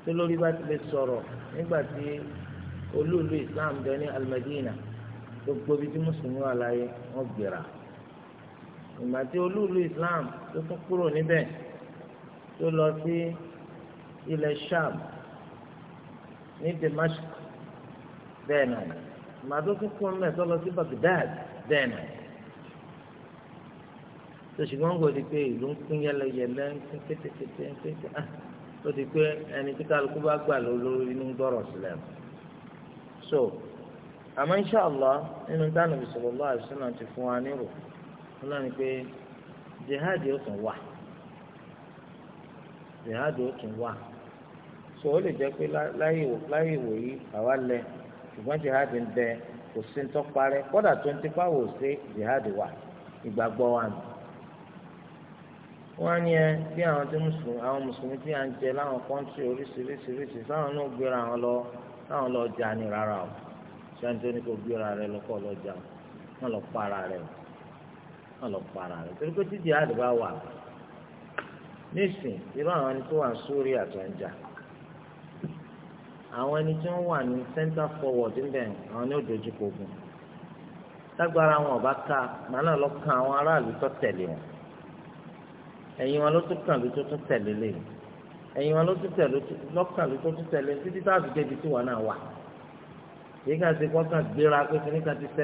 tó lórí bá ti lè sọ̀rọ̀ nígbà tí olúùlú islam bẹ ní almadina gbogbo ibi tí mùsùlùmí wà láyé wọ́n gbéra ìgbà tí olúùlú islam tó tún kúrò níbẹ̀ tó lọ sí ilẹ̀ sham ní damask bẹ́ẹ̀ náà màdó kíkún mẹ́ẹ̀ tó lọ sí baghdad bẹ́ẹ̀ náà tòṣìgbọ́n kò di pé ìlú ń pín yẹlẹyẹlẹ ń pín kétékété ń pín kété ah, ó di pé ẹni tí kálukú bá gbà ló lórí inú gbọ́rọ̀ sílẹ̀ so àmọ́ inṣàlá nínú táwọn Ànábì sallallahu alaihi wasallam ti fún wa nírò ó lọ́ni pé jihad yóò tún wà jihadi ó tún wà so ó lè jẹ́ pé láyé ìwò yìí àwa lẹ ṣùgbọ́n jihadi ń bẹ kò sí ń tọ́parẹ́ kódà tó ń tipa wò sí jihadi wà ìgbàgbọ́ wa nù wọ́n ní ẹ bí àwọn tí mùsùlùmí àwọn mùsùlùmí tí à ń jẹ láwọn kọ́ńtì oríṣiríṣiríṣi sáwọn náà gbéra àwọn lọ sáwọn lọ jà ní rárá o ṣáà tó ní kó gbéra rẹ lọkọ lọ jà o wọ́n lọ para rẹ o wọ́n lọ para rẹ torí pé títí àdìbá wà nísìn irú àwọn ẹni tó wà sórí àtọ̀njà àwọn ẹni tí wọ́n wà ní center forward ńbẹ̀ àwọn ní òdòjú kogun lágbára wọn ọba ká màánà lọ kan àwọn aráàlú tó tẹ̀lé wọn ẹ̀yìn wọn ló tún kàn ló tún tẹ̀lé lé ẹ̀yìn wọn ló tún tẹ̀lé lọ́kàn ló tún tẹ̀lé títí tá débi tí wọn náà wà gbéra pé ti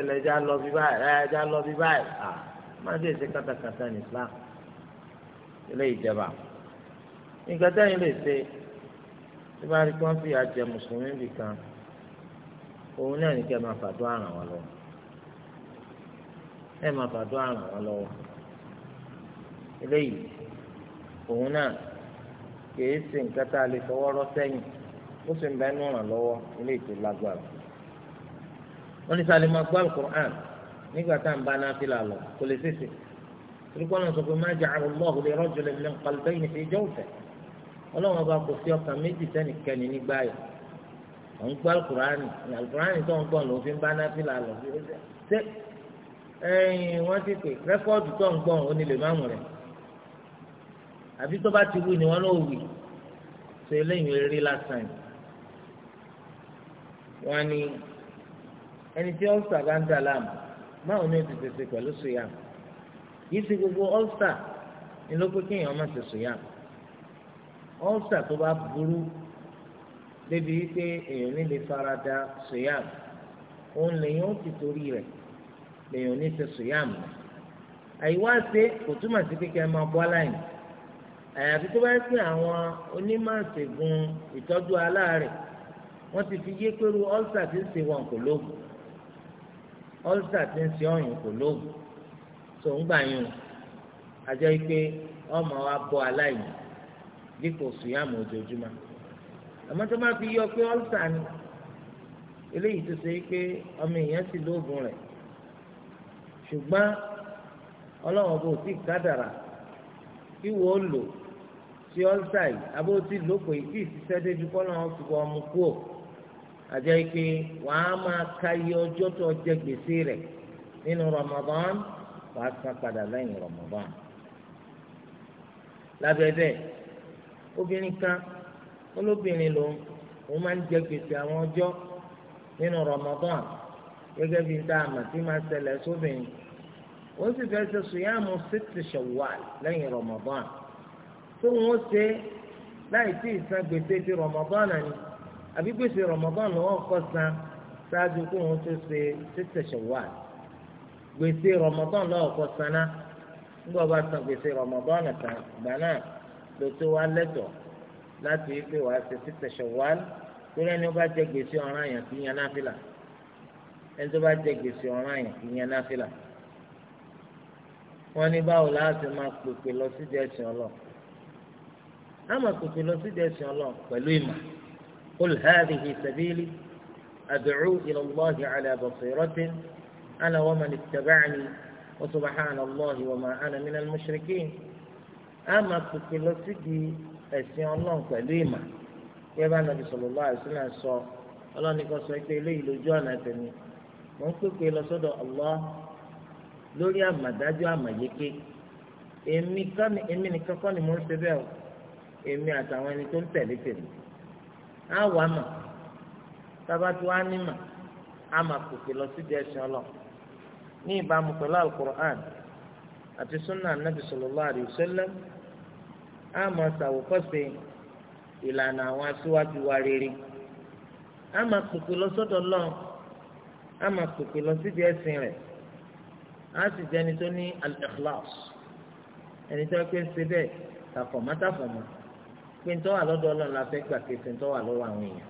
ẹja lọ ilé ìjẹba nǹkan tẹ́yìn lè ṣe tí bá rí kí wọ́n fi àjẹ mùsùlùmí bì kan òun náà ní kẹ́ máa fàdúrà ràn wọ́n lọ́wọ́ ẹ máa fàdúrà o si mba eléyìí òun náà kìí ṣe nǹkan tá a lè fọwọ́ rọ́ sẹ́yìn ó sì ń bẹ nù ràn lọ́wọ́ eléyìí lágbára ní máa gbọ́ àlùkò hàn nígbà tá à ń bá náà fi là lọ kò lè ṣèṣe. tìrìkọ́ náà sọ pé má ja'ala Allahu li rajulin min qalbayni fi jawfihi ọlọ́run ọba kò sí ọkàn méjì sẹ́nìkẹ́ni nígbà yìí àwọn gbọ́ alukurani alukurani tó ń gbọ́ ló fi ń bá náfìlà lọ wọ́n ti pè rẹ́kọ́ọ̀dù tó ń gbọ́ òní lè má rẹ̀ àbí tó bá ti wí ni wọ́n ló wí ṣe eléyìí eré lásán yìí wọ́n ní ẹni tí ó kì í ṣe gbogbo ọ́lsà ni ló pé kéèyàn má ṣe sòyà ọ́lsà tó bá burú débi wípé èèyàn ní lè fara da sòyà òun lèèyàn ó ti torí rẹ̀ lèèyàn ní ṣe sòyà mọ́ àyíwá ṣe kò túmọ̀ sí pé kí ẹ máa bọ́ aláìní àyàfi tó bá ń pín àwọn onímọ̀ọ́sẹ̀gùn ìtọ́jú aláàárẹ̀ wọ́n ti fi yé pẹ̀lú ọ́lsà tí ń ṣe wọn kò lóògùn ọ́lsà tí ń ṣe ọ̀yìn kò lóògùn so ń gbà yín o àjẹ́ pé ọmọ wa bọ́ aláìní dípò sùyàmù ojoojúmọ́ àmọ́ tó fi yọ pé ọ́lùsà ni eléyìí tó ṣe pé ọmọ èèyàn sì lóògùn rẹ̀ ṣùgbọ́n bò kádàrà kí ó lò sí ọ́lùsà yìí abó tí lóko yìí tí ìṣiṣẹ́ débi kọ́ ti bọ́ ọmọ kú ò àjẹ́ wàá máa ka iye ọjọ́ tó gbèsè rẹ̀ nínú wàá san padà lẹ́yìn Ramadan lábẹ́ bẹ́ẹ̀ obìnrin kan olóbìnrin lòun òun máa ń jẹ gbèsè àwọn ọjọ́ nínú Ramadan gẹ́gẹ́ bíi tá a mà tí máa ṣẹlẹ̀ sóbìnrin wọ́n sì fẹ́ ṣe sùyàmù sítì Shawwal lẹ́yìn Ramadan tó wọ́n ṣe láì tí ì san gbèsè ti Ramadan ni àbí gbèsè Ramadan lọ́wọ́ kọ́ san ṣáájú kó wọ́n tó ṣe sítì Shawwal gbèsè Ramadan lọ́wọ́ kọ́ saná nígbà bá san gbèsè Ramadan tán ìgbà náà ló tó wá lẹ́tọ̀ọ́ láti ipe wàá ṣe títẹ̀ ṣọ̀wáàlì torí ẹni bá jẹ gbèsè ọ̀ràn yẹn kì í yan náfìlà ẹni tó bá jẹ gbèsè ọ̀ràn yẹn kì í yan náfìlà wọ́n ní báwo láti máa pèpè lọ sí dẹ́sìn ọlọ́ a máa pèpè lọ sí dẹ́sìn ọlọ́ pẹ̀lú ìmọ̀ qul hadhihi sabili ad'u ila Allahi ala أنا ومن اتبعني وسبحان الله وما أنا من المشركين أما كل سيدي ẹ̀sìn ọlọ́run pẹ̀lú ìmọ̀ yẹ bá nàbì sallallahu alaihi ima. sọ ọlọ́run nìkan sọ pé eléyìí lójú ọ̀nà tẹ̀mí mò ń pèpè lọ sọ́dọ̀ Allah lórí àmàdájú àmàyéké èmi nìkan kọ́ ni mò ń ṣe bẹ́ẹ̀ o èmi àtàwọn ẹni tó ń tẹ̀lé tèmi á ní ìbámu pẹ̀lú alukur'an àti sunna anabi sallallahu alayhi wa sallam á máa ṣàwòkọ́ṣe ìlànà àwọn aṣíwájú wa rere á máa pèpè lọ sọ́dọ̀ lọ́n á máa pèpè lọ síbi ẹ̀sìn rẹ̀ á sì jẹ́ ẹni tó ní ẹni tó pé ṣe bẹ́ẹ̀ pé ń lọ́dọ̀ gbà ń lọ́wọ́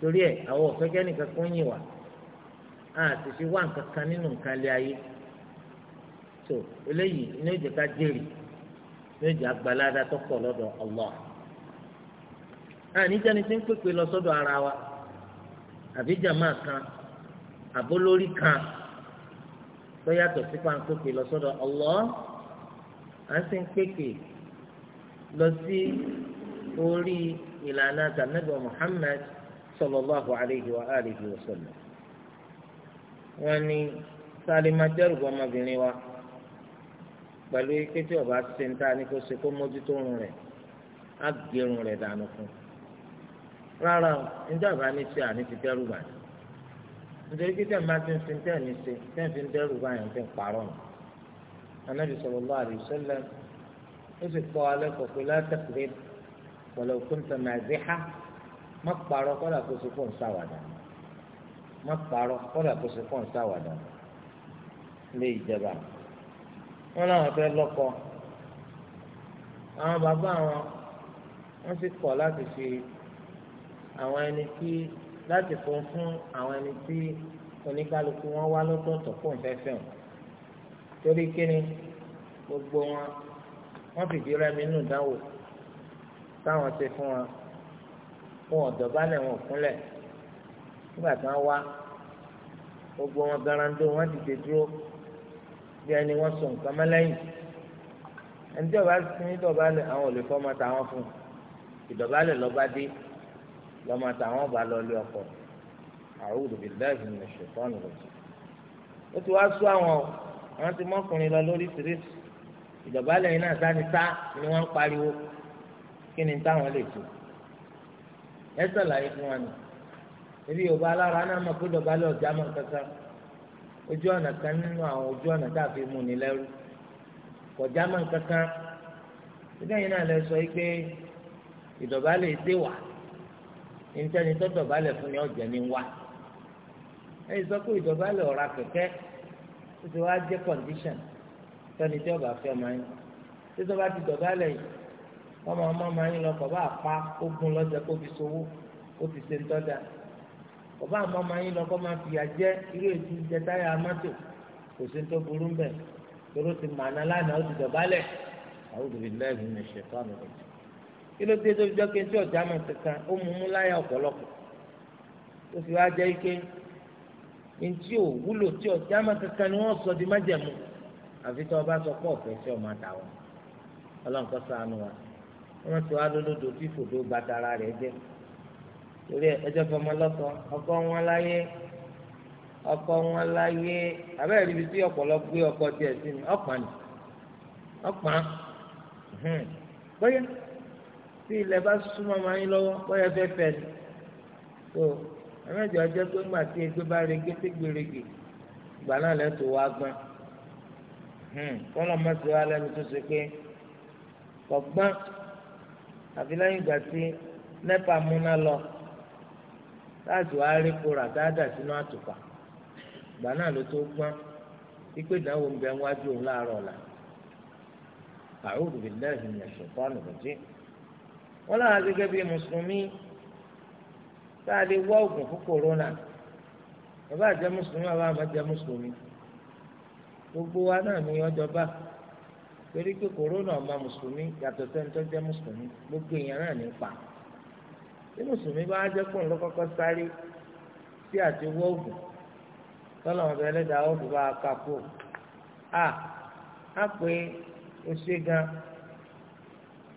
torí ẹ̀ àwọn òfẹ́kẹ́ nìkan kún yìí àti fi wá nǹkan kan nínú nǹkan lé ayé tó eléyìí ní ìjẹ́ ká jèrè ní ìjẹ́ agbálada tó pọ̀ lọ́dọ̀ Allah àníjẹni tí ń pèpè lọ sọ́dọ̀ ara wa àbí jàmá kan àbólórí kan tó yàtọ̀ sí pa ń pèpè lọ sọ́dọ̀ Allah à ń sì ń pèpè lọ sí orí ìlànà tànàbọ̀ Muhammad sallallahu alayhi wa alihi wa wọ́n ní sáré máa dẹ́rùbọ ọmọbìnrin wa pẹ̀lú ike tí ọba ṣe ń ta ni kó ṣe kó mójútó òun rẹ̀ á gé òun rẹ̀ dànù fún un rárá o níjọ́ àbá ní ṣe àní ti dẹ́rù bá yẹn nítorí pé tẹ̀mí máa ti ń fi tẹ̀ ní ṣe tẹ̀ fi ń dẹ́rù bá yẹn tẹ̀ ń parọ́ nù anábì sallallahu alaihi wasallam ó sì kọ́ alẹ́ kọ̀ pé látàkùrẹ́ pọ̀lọ̀ òkúńtà màdíhà má parọ́ kọ́lá kó sì fún un sáwàdà ni má parọ́ kọ́dà kó ṣe fọ́n sáwàdà lé ìjọba wọn làwọn fẹ́ lọ́kọ àwọn bàbá wọn wọ́n sì kọ̀ láti fi àwọn ẹni tí láti fún fún àwọn ẹni tí oníkálukú wọn wá lọ́tọ̀ọ̀tọ̀ fún ìfẹ́fẹ́ wọn torí kíni gbogbo wọn wọ́n fìdí rẹmi nù dáwò táwọn ṣe fún wọn fún ọ̀dọ̀ bá lẹ̀ wọn nígbà tí wọ́n wá gbogbo wọn garando wọ́n ti tè dúró bí ẹni wọ́n sọ nǹkan mọ́lẹ́yìn ẹni tí ọba sí ní dọ̀bálẹ̀ àwọn ò lè fọ́ ọmọ tàwọn fún un ìdọ̀bálẹ̀ lọ́ba dé lọ́mọ tàwọn bá lọ lé ọkọ̀ a'udhu billahi minash shaitani rajim ó ti wá sọ àwọn àwọn ti mọ́kùnrin lọ lórí tìrìsì ìdọ̀bálẹ̀ yìí náà sáni sá ni wọ́n ń pariwo kí ni táwọn lè tó ẹ sàlàyé fún wa nìyí. ebi yorùbá alára náà mọ̀ pé dọ̀bálẹ̀ ọ̀já mọ̀ kankan ojú ọ̀nà kan nínú àwọn ojú ọ̀nà tá a fi mú ni lẹ́rú kọjá mọ̀ kankan síbẹ̀ yìí náà lẹ sọ pé ìdọ̀bálẹ̀ èdè tó fún ni ọ̀jẹ̀ ni wà ẹ̀yìn sọ pé ìdọ̀bálẹ̀ ọ̀ra kẹ̀kẹ́ ó ti wá jẹ́ tẹ́ni tí ọba fẹ́ ọmọ lọ kọ̀ bá a pa ó gún lọ́sẹ̀ ṣe ń ọba àmọ́mọ́ yín lọ́kọ́ máa fìyà jẹ́ irú ètò ìjẹ táyà mọ́tò kò sí tó burú ń bẹ̀ tóró ti màánà lánàá ó ti dọ̀bálẹ̀ àwọn òbí lẹ́yìn ní ṣètò àmì rẹ̀ kí ló dé tó fi jọ́ pé tí ọ̀já mọ̀ kankan ó mú mú láyà ọ̀pọ̀lọpọ̀ ó fi wá jẹ́ ike ntí ò wúlò tí ọ̀já mọ̀ kankan ni wọ́n sọ di májẹ̀mú àfi tí ọba sọ pọ̀ ọ̀fẹ́ tí ọmọ àtàwọn ọlọ́nkọ́ sànù wa wọ́n ti wá lólódò tí fòdó gbàtara torí ẹjọ́ fọmọ lọ́kọ ọkọ wọn láyé ọkọ wọn láyé abẹ́rẹ́ ibi tí ọ̀pọ̀lọpọ̀ gbé ọkọ tiẹ̀ sí ni ọ̀pá ni ọ̀pá hmm. bóyá tí ilẹ̀ bá súnmọ́ máa ń lọ́wọ́ bóyá fẹ́ fẹ́ ni tó ẹ̀mẹ́jọ ọjọ́ tó gbà tí egbé bá rege tí gbèrègè ìgbà náà lẹ́tọ̀ wá gbọ́n hmm. kọ́lọ́mọ́ ti lẹ́nu tó ṣe pé kọ̀gbọ́n àfi lẹ́yìn ìgbà tí nẹ́pà múná lọ. láti wá rí kóra dáadáa sínú àtùpà ìgbà náà ló tó gbọ́n wípé ìdánwò ń bẹ wájú òun láàárọ̀ ọ̀la a'udhu billahi minash shaitanir wọn láwọn gẹ́gẹ́ bíi mùsùlùmí tá a lè wá oògùn fún kòrónà bàbá àjẹ mùsùlùmí bàbá àmọ́ jẹ mùsùlùmí gbogbo wa náà ní torí pé kòrónà ọmọ mùsùlùmí yàtọ̀ jẹ́ gbogbo èèyàn náà ní tí mùsùlùmí bá jẹ́ pọ̀ ló kọ́kọ́ sáré sí àti wọ́ ògùn tọ́lọ̀ ọ̀bẹ ẹlẹ́dàá ó bá a kà kú à á pé o ṣe gan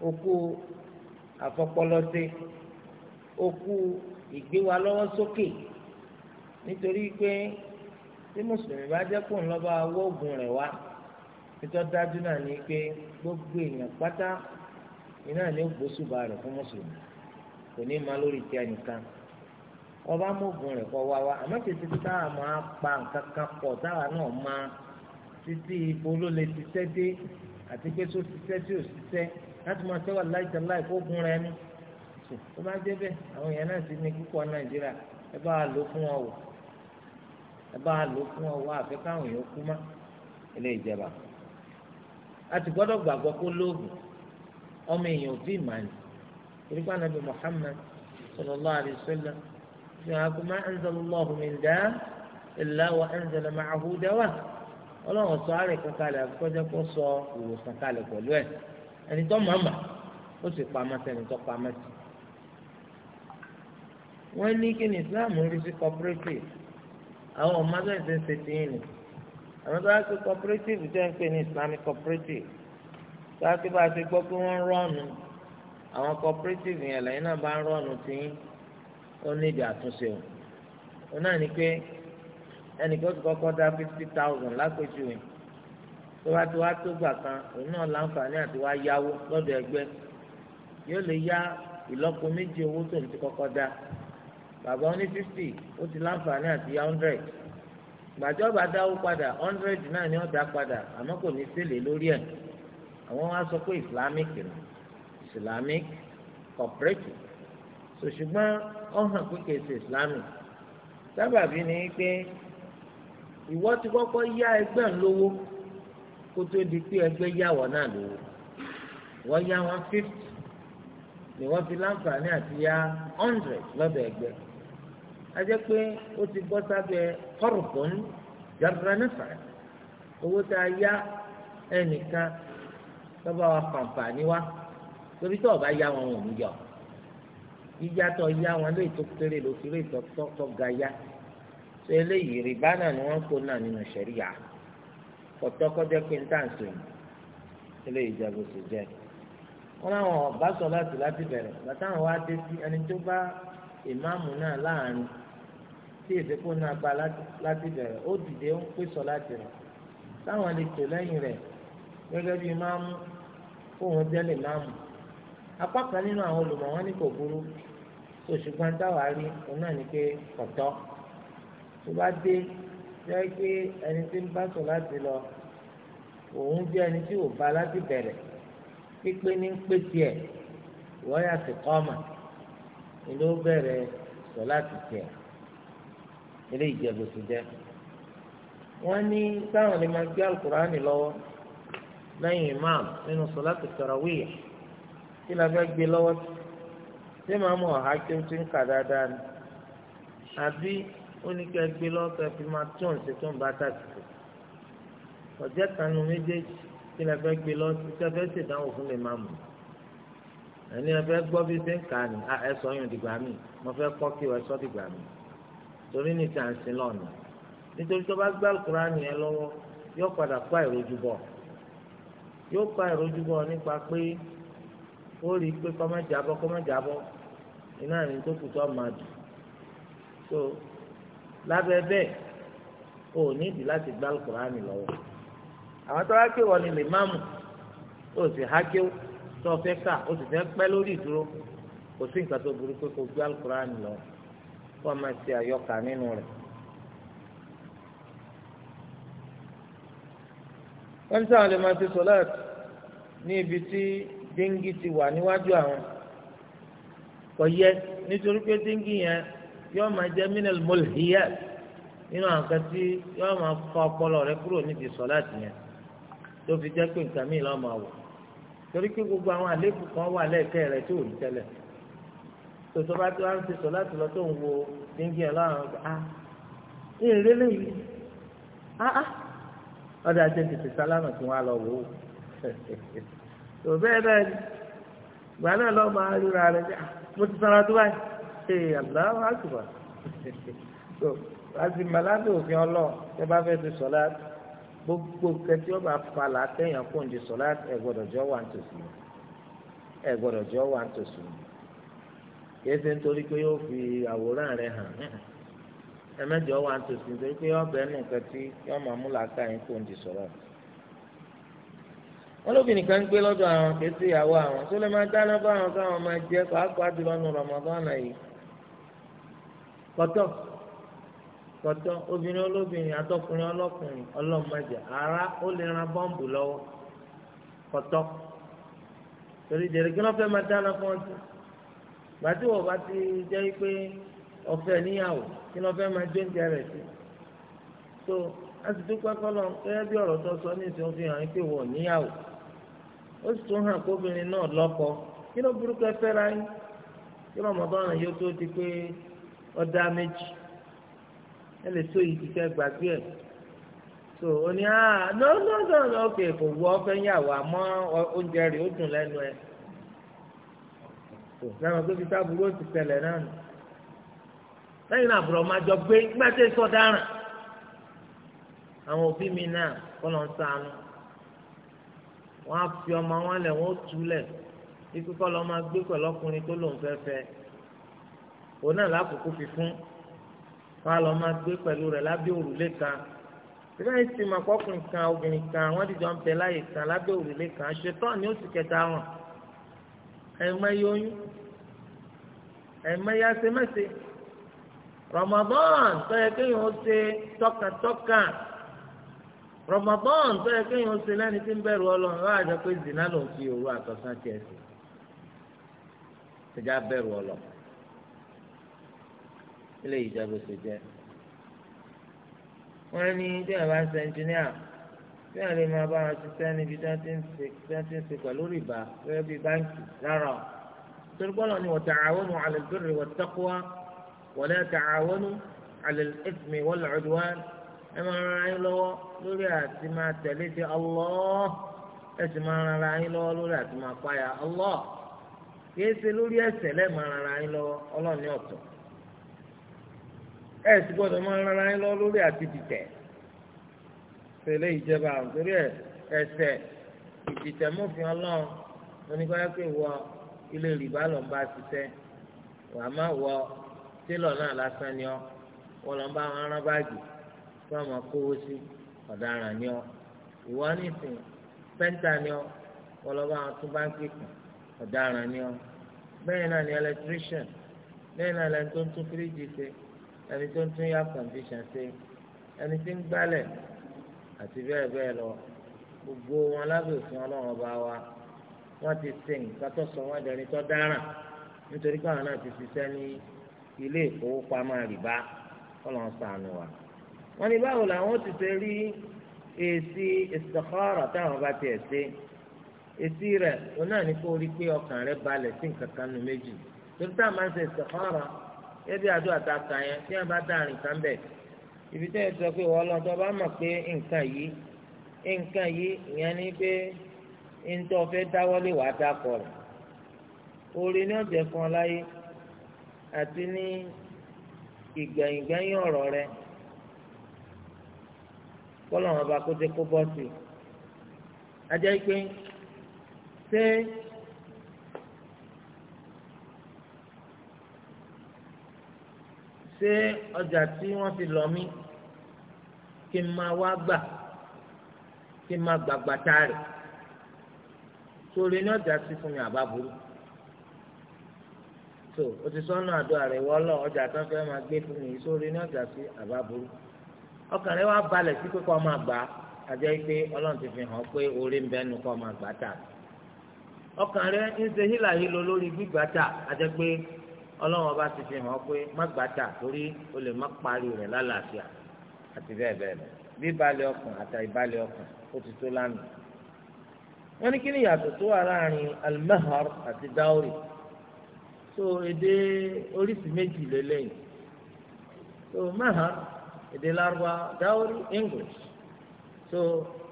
okú àfọpọlọsẹ okú ìgbéwa lọ́wọ́ sókè nítorí pé tí mùsùlùmí bá jẹ́ pọ̀ ló bá wọ́ ògùn rẹ̀ wá nítorí dájú náà ni pé gbogbo èèyàn pátá iná ni ó gbósùbà rẹ̀ fún mùsùlùmí kò ní ma lórí tí a nìkan ọba mọ̀gùn rẹ̀ kọ́ wá wá àmọ́ tètè tí táwa máa pa nǹkan kan pọ̀ táwa náà máa títí ibo ló lè ṣiṣẹ́ dé àti pé tó ṣiṣẹ́ tí ò ṣiṣẹ́ láti máa ṣẹ́wà láìsẹ̀ láì fógun rẹ̀ nu tó bá jẹ́ bẹ́ẹ̀ àwọn èèyàn náà ti ní púpọ̀ Nàìjíríà ẹ bá a lò fún ọ wò ẹ bá a lò fún ọ wò àfẹ́ káwọn èèyàn kú má ilé ìjẹba a ti gbọ́dọ̀ gbàgbọ́ kó lóògùn ọmọ èèyàn ò tí ì mà ní torípa nàbì Muhammad sallallahu alayhi wa sallam fi hàn kó má anzala Allahu min daa illa wa anzala ma'ahu dawa ọlọ́run sọ àárẹ̀ kankalẹ̀ àbíkọ́jẹ́ kó sọ ìwòsàn kalẹ̀ pẹ̀lú ẹ̀ ẹni tó màmá ó sì pamọ́ sẹ́ni tó pamọ́ sí. wọ́n ní kí ni Islam rí sí cooperative àwọn ọmọ bẹ́ẹ̀ ṣe ń ṣe ti yín ni àwọn tó bá ṣe cooperative jẹ́ ń pè ní Islamic cooperative tó bá ṣe bá ṣe gbọ́ pé wọ́n rọ́ọ̀nù àwọn cooperative yẹn lẹ́yìn náà bá ń rọ́ọ̀nù tí ó níbi àtúnṣe o ó náà ní pé ẹnìkan ti kọ́kọ́ dá fifty thousand lápèjúwe tó bá ti wá tó gbà kan òun náà láǹfààní àti wá yáwó lọ́dọ̀ ẹgbẹ́ yóò lè yá ìlọ́po méjì owó tó ń ti kọ́kọ́ dá bàbá ó ní fifty ó ti láǹfààní àti yá hundred gbàjọba dáwó padà hundred náà ni ó dá padà àmọ́ kò ní ṣèlè lórí ẹ̀ àwọn wá sọ pé islamic náà islamic cooperative so ṣùgbọ́n ọ̀hàn pípé ṣe islamic sábàbí ni pé ìwọ ti kọ́kọ́ yá ẹgbẹ́ lówó kó tó di pé ẹgbẹ́ yàwọ̀ náà lówó wọ́n yá wọn fifty ni wọ́n fi láǹfààní àti yá hundred lọ́dọ̀ ẹgbẹ́ ajẹ́ pé ó ti bọ́ sábẹ́ kọ́rùkùn jàdúránẹ́fà owó tá a yá ẹnìkan lọ́ba wa fàǹfààní wa torí tó ọba yá wọn ò ní yọ yíyá tó yá wọn lóye tó kéré ló fi lóye tó tó ga yá tó eléyìí rìbá náà ni wọ́n kó náà nínú sẹríya ọtọ kọjá pé ń tàn sọ yìí eléyìí jẹ bó ṣe jẹ wọn làwọn ọba sọ láti láti bẹ̀rẹ̀ látàwọn wá dé sí ẹni tó bá ìmáàmù náà láàrin tí èdèkó náà gba láti bẹ̀rẹ̀ ó dìde ó ń pè sọ láti rẹ̀ táwọn lè tò lẹ́yìn rẹ̀ gẹ́gẹ́ bí máàmù fóun jẹ́ lè máàmù apá kan nínú àwọn olùmọ̀ wọn ní kò burú tó ṣùgbọ́n táwa rí òun náà ní pé kọ̀tọ́ tó bá dé jẹ́ pé ẹni tí ń bá sọ láti lọ òun jẹ́ ẹni tí ò bá láti bẹ̀rẹ̀ pípé ní pé tiẹ̀ wọ́n yà sí kọ́mà ni ló bẹ̀rẹ̀ sọ láti tiẹ̀ ilé ìjẹ̀bù sì jẹ́ wọ́n ní táwọn lè máa gbé alukur'ani lọ́wọ́ lẹ́yìn imam nínú sọ láti tarawih kí la fẹ́ gbé lọ́wọ́ tó ṣé màá mọ̀ ọ̀há kí ó ti ń kà dáadáa ni àbí ó ní kí ẹ gbé lọ́wọ́ kẹ́ fi máa tún ṣe tó ń bá tàbíkù ọ̀jẹ́ kanu méjèèjì kí la fẹ́ gbé lọ́wọ́ tó ṣe fẹ́ ṣèdánwò fún lè máa mọ̀ ẹni ẹ fẹ́ gbọ́ bí ṣe ń kà ní ah, ẹ sọ yàn dìgbà mí mo fẹ́ kọ́ kí ẹ sọ dìgbà mí torí ní ti à ń sin lọ́nà nítorí tó bá gbé al yẹn lọ́wọ́ yóò padà kó àìrójúbọ̀ yóò kó àìrójúbọ̀ nípa pé ó rí i pé kọ́mọ́ jábọ́ kọ́mọ́ jábọ́ iná ní tó kù tó máa dùn so lábẹ́ bẹ́ẹ̀ o ò ní ìdí láti gbá alukur'ani lọ́wọ́ àwọn tó wá pé wọ́n ní lè má mú o sì hákéw tó o fẹ́ kà o sì fẹ́ pẹ́ lórí ìdúró kò sí nǹkan tó burú pé kò gbé alukur'ani lọ kó o máa ṣe àyọkà nínú rẹ̀. wọ́n ní sáwọn lè máa ṣe sọ́láàtì ní ibi tí. dengi ti wà níwájú àwọn kò yẹ nítorí pé dengi yẹn yọọ máa jẹ minal mulhiyat nínú àǹkan tí yọọ máa fa ọpọlọ rẹ kúrò níbi sọláàtì yẹn tó fi jẹ́ pé nǹkan míì gbogbo àwọn àlékún kan wà lẹ́ẹ̀kẹ́ rẹ tẹ́lẹ̀ tòtò bá wá ń ti lọ tó ń wo dengi yẹn lọ́wọ́ àwọn ah, ah ah ah ọ̀dà àti tí tó bẹ́ẹ̀ náà ni ìgbà náà lọ́ máa ríra rẹ̀ ní ah, mo ti sanra tó ṣe àlá wà tó láti màládé òfin bá fẹ́ ti sọ̀lá gbogbo kẹtí ọba falà tẹ̀yàn kò ń di sọ̀lá ẹ̀ gbọ́dọ̀ jọ wà jọ wà ṣe nítorí pé yóò fi àwòrán rẹ̀ hàn ẹ̀mẹ́jọ wà nítòsí nítorí pé ọbẹ̀ nìkan tí máa mú làákà yín wọn lóbìnrin kan ń gbé lọ́dọ̀ àwọn kẹsì ìyàwó àwọn tó lè máa dáná bá àwọn káwọn máa jẹ pàápàá jùlọ nù Ramadan yìí kọtọ kọtọ obìnrin olóbìnrin àtọkùnrin ọlọ́kùnrin ọlọmọdé ara ó lè ran bọ́ǹbù lọ́wọ́ kọtọ torí dèrè kí wọn fẹ́ máa dáná fún ọtí gbàtí wọn bá ti jẹ́ pé ọ̀fẹ́ níyàwó kí wọn fẹ́ máa jóúnjẹ rẹ̀ sí so a sì dúpẹ́ kọ́lọ́ kẹ́kẹ́ bí ọ̀rọ̀ tó sọ ní ìsìn òfin hàn pé wọ́n níyàwó. ó sì tún hàn kóbìnrin náà lọ́kọ kí ló burúkú ẹ fẹ́ra yín kí rọmọdọ́nà yóò tó di pé ọ̀dà méjì ẹ lè so yìí kíkẹ́ gbàgbé so ó ní à ah, no no no ok kò wú ọfẹ́ yàwó àmọ́ oúnjẹ rẹ̀ ó dùn so tó fi sábúrò ti tẹ̀lẹ̀ náà nù lẹ́yìn náà àbúrò máa jọ gbé gbàtẹ́ sọ̀dáràn àwọn òbí mi náà kọ́ wọ́n á fi ọmọ wọn lẹ̀ wọ́n ó túlẹ̀ ikú kọ́ lọ́ọ́ máa gbé pẹ̀lú ọkùnrin tó lòun fẹ́ fẹ́ òun náà lákòókò fi fún wọn á lọ́ọ́ máa gbé pẹ̀lú rẹ̀ lábẹ́ òrùlé kan síbẹ̀ ní ti màkọ́kùnrin kan obìnrin kan wọ́n dìjọ ń bẹ láyè kan lábẹ́ òrùlé kan ṣetán ni ó sì kẹta wọn ẹ̀mọ yóyún ẹ̀mọ ya ṣe mẹ́sẹ̀ Ramadan tó yẹ kéèyàn ó ṣe tọkàntọkàn. Ramadan tó yẹ kéèyàn ṣe lẹ́ni tí ń bẹ̀rù Ọlọ́run wá àjọ pé zina ló ń fi òru àtọ̀sán tiẹ̀ sí ìjà bẹ̀rù Ọlọ́run ilé ìjọba ṣe jẹ́ wọ́n ní bí wọ́n bá ń ṣe ẹnjìníà bí wọ́n lè máa bá wọn ṣiṣẹ́ níbi tí wọ́n ti ń ṣe pẹ̀lú rìbá gẹ́gẹ́ bí báńkì lára torí bọ́lá ni wa ta'awanu 'ala al-birri wat-taqwa wa la ta'awanu 'ala al-ithmi wal-'udwan ẹ máa ran yín lọ́wọ́ lórí àti máa tẹ̀lé ti Allah ẹ sì máa ran yín lọ́wọ́ lórí àti máa páyà Allah kìí ṣe lórí ẹsẹ̀ lẹ́ẹ̀ máa ran yín lọ́wọ́ ọlọ́ọ̀ni ọ̀tọ̀ ẹ sì gbọ́dọ̀ máa ran yín lọ́wọ́ lórí àti dìtẹ̀ tẹ̀lé ìjẹba nítorí ẹsẹ̀ ìdìtẹ̀ mọ́fin ọlọ́run oníkọ́yọ́ pé wọ ilé rìbá ló ń bá ṣiṣẹ́ wàá má wọ télọ̀ náà lásán ni ọ tí wọ́n máa kówó sí ọ̀daràn ni ọ́ ìwọ nísìnyí pẹ́ńtà ni ọ́ wọ́n lọ bá wọn tún báńkì kù ọ̀daràn ni ọ́ bẹ́ẹ̀ náà ni electrician bẹ́ẹ̀ náà lẹni tó ń tún fíríjì ṣe ẹni tó ń tún yá kọ̀ǹdíṣàn ṣe ẹni tí ń gbálẹ̀ àti bẹ́ẹ̀ bẹ́ẹ̀ lọ gbogbo wọn lábẹ́ òfin ọlọ́run ọba wa wọ́n ti ṣe nǹkan tó sọ wọ́n dẹni tó dáràn nítorí pé náà ti ṣiṣẹ́ ní ilé ìfowópamọ́ àrìbá kọ́ lọ́n sànù wa wọ́n ní báwo làwọn ti ṣe rí èsì istikhara táwọn bá tiẹ̀ ṣe èsì rẹ̀ òun náà ní kó rí pé ọkàn rẹ̀ balẹ̀ sí nǹkan kan nu méjì torí táwọn máa ń ṣe istikhara ẹbí àdó àtàkà yẹn tí wọ́n bá dárin kan bẹ̀ ibi tẹ́ ẹ sọ pé wọ́n lọ bá mọ̀ pé nǹkan yìí nǹkan yìí ìyẹn ni pé ntọ́ fẹ́ dáwọ́lé wàá dákọ̀ rẹ̀ orí ni ọ̀jẹ̀ fún ọ láyé àti ní ìgbẹ̀yìngbẹ̀yìn ọ̀rọ̀ rẹ̀ kọ́lọ́wọ́n bá kó dé kó bọ́ sí i. ajẹ́ pé ṣé ṣé ọjà tí wọ́n ti lọ mí kí n máa wá gbà kí n máa gbàgbà tá a rè sórí ní ọjà sí fún mi àbá burú tó o ti sọ́nà àdó àrẹ̀wọ́ lọ ọjà tó fẹ́ máa gbé fún mi sórí ní ọjà sí àbá burú. So, ọkàn rẹ wá balẹ̀ sí pé kọ́ máa gbà á àjẹ́ pé ọlọ́run ti fi hàn pé orí ń bẹ́nu kọ́ máa gbà tà ọkàn rẹ ń ṣe hílàhílo lórí gbígbà tà àjẹ́ pé ọlọ́run ọba ti fi hàn pé má gbà tà torí o lè má parí rẹ̀ lálàáfíà àti bẹ́ẹ̀ bẹ́ẹ̀ lọ bí balẹ̀ ọkàn àtà ìbalẹ̀ ọkàn ó ti tó lánàá wọ́n ní kí ni ìyàtọ̀ tó wà láàrin almahar àti dawri so èdè oríṣi méjì lélẹ́yìn so mahar èdè lárúbá dáwọ́rì english so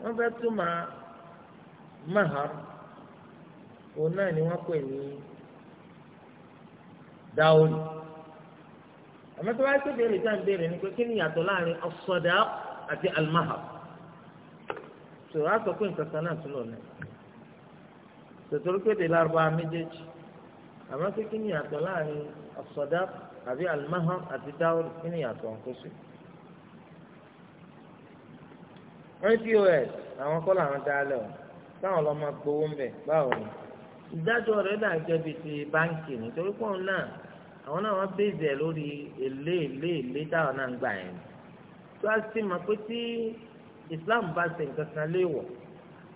wọ́n fẹ́ túmọ̀ mahar òun náà ni wọ́n pè ní dáwọ́rì àmọ́ tó bá tó béèrè tá à ń béèrè ni pé kí ni yàtọ̀ láàrin ọ̀sọ̀dà àti almahar so a sọ pé nǹkan kan náà tún lọ náà tòtòrò pé èdè lárúbá méjèèjì àmọ́ pé kí ni yàtọ̀ láàrin ọ̀sọ̀dà àbí almahar àti dáwọ́rì kí ni yàtọ̀ nǹkan sí wọ́n pọ́s àwọn kọ́ làwọn dá lẹ̀ o táwọn lọ́ọ́ máa gbowó ń bẹ̀ báwo ni. ìdájọ́ rẹ̀ dà jẹ́ bíi ti báńkì nítorí pọ́n náà àwọn náà wọ́n bèèzì ẹ̀ lórí èlé èlé èlé táwọn náà ń gbà yẹn. tó a sì mọ̀ pé tí Islam bá ṣe nǹkan kan léèwọ̀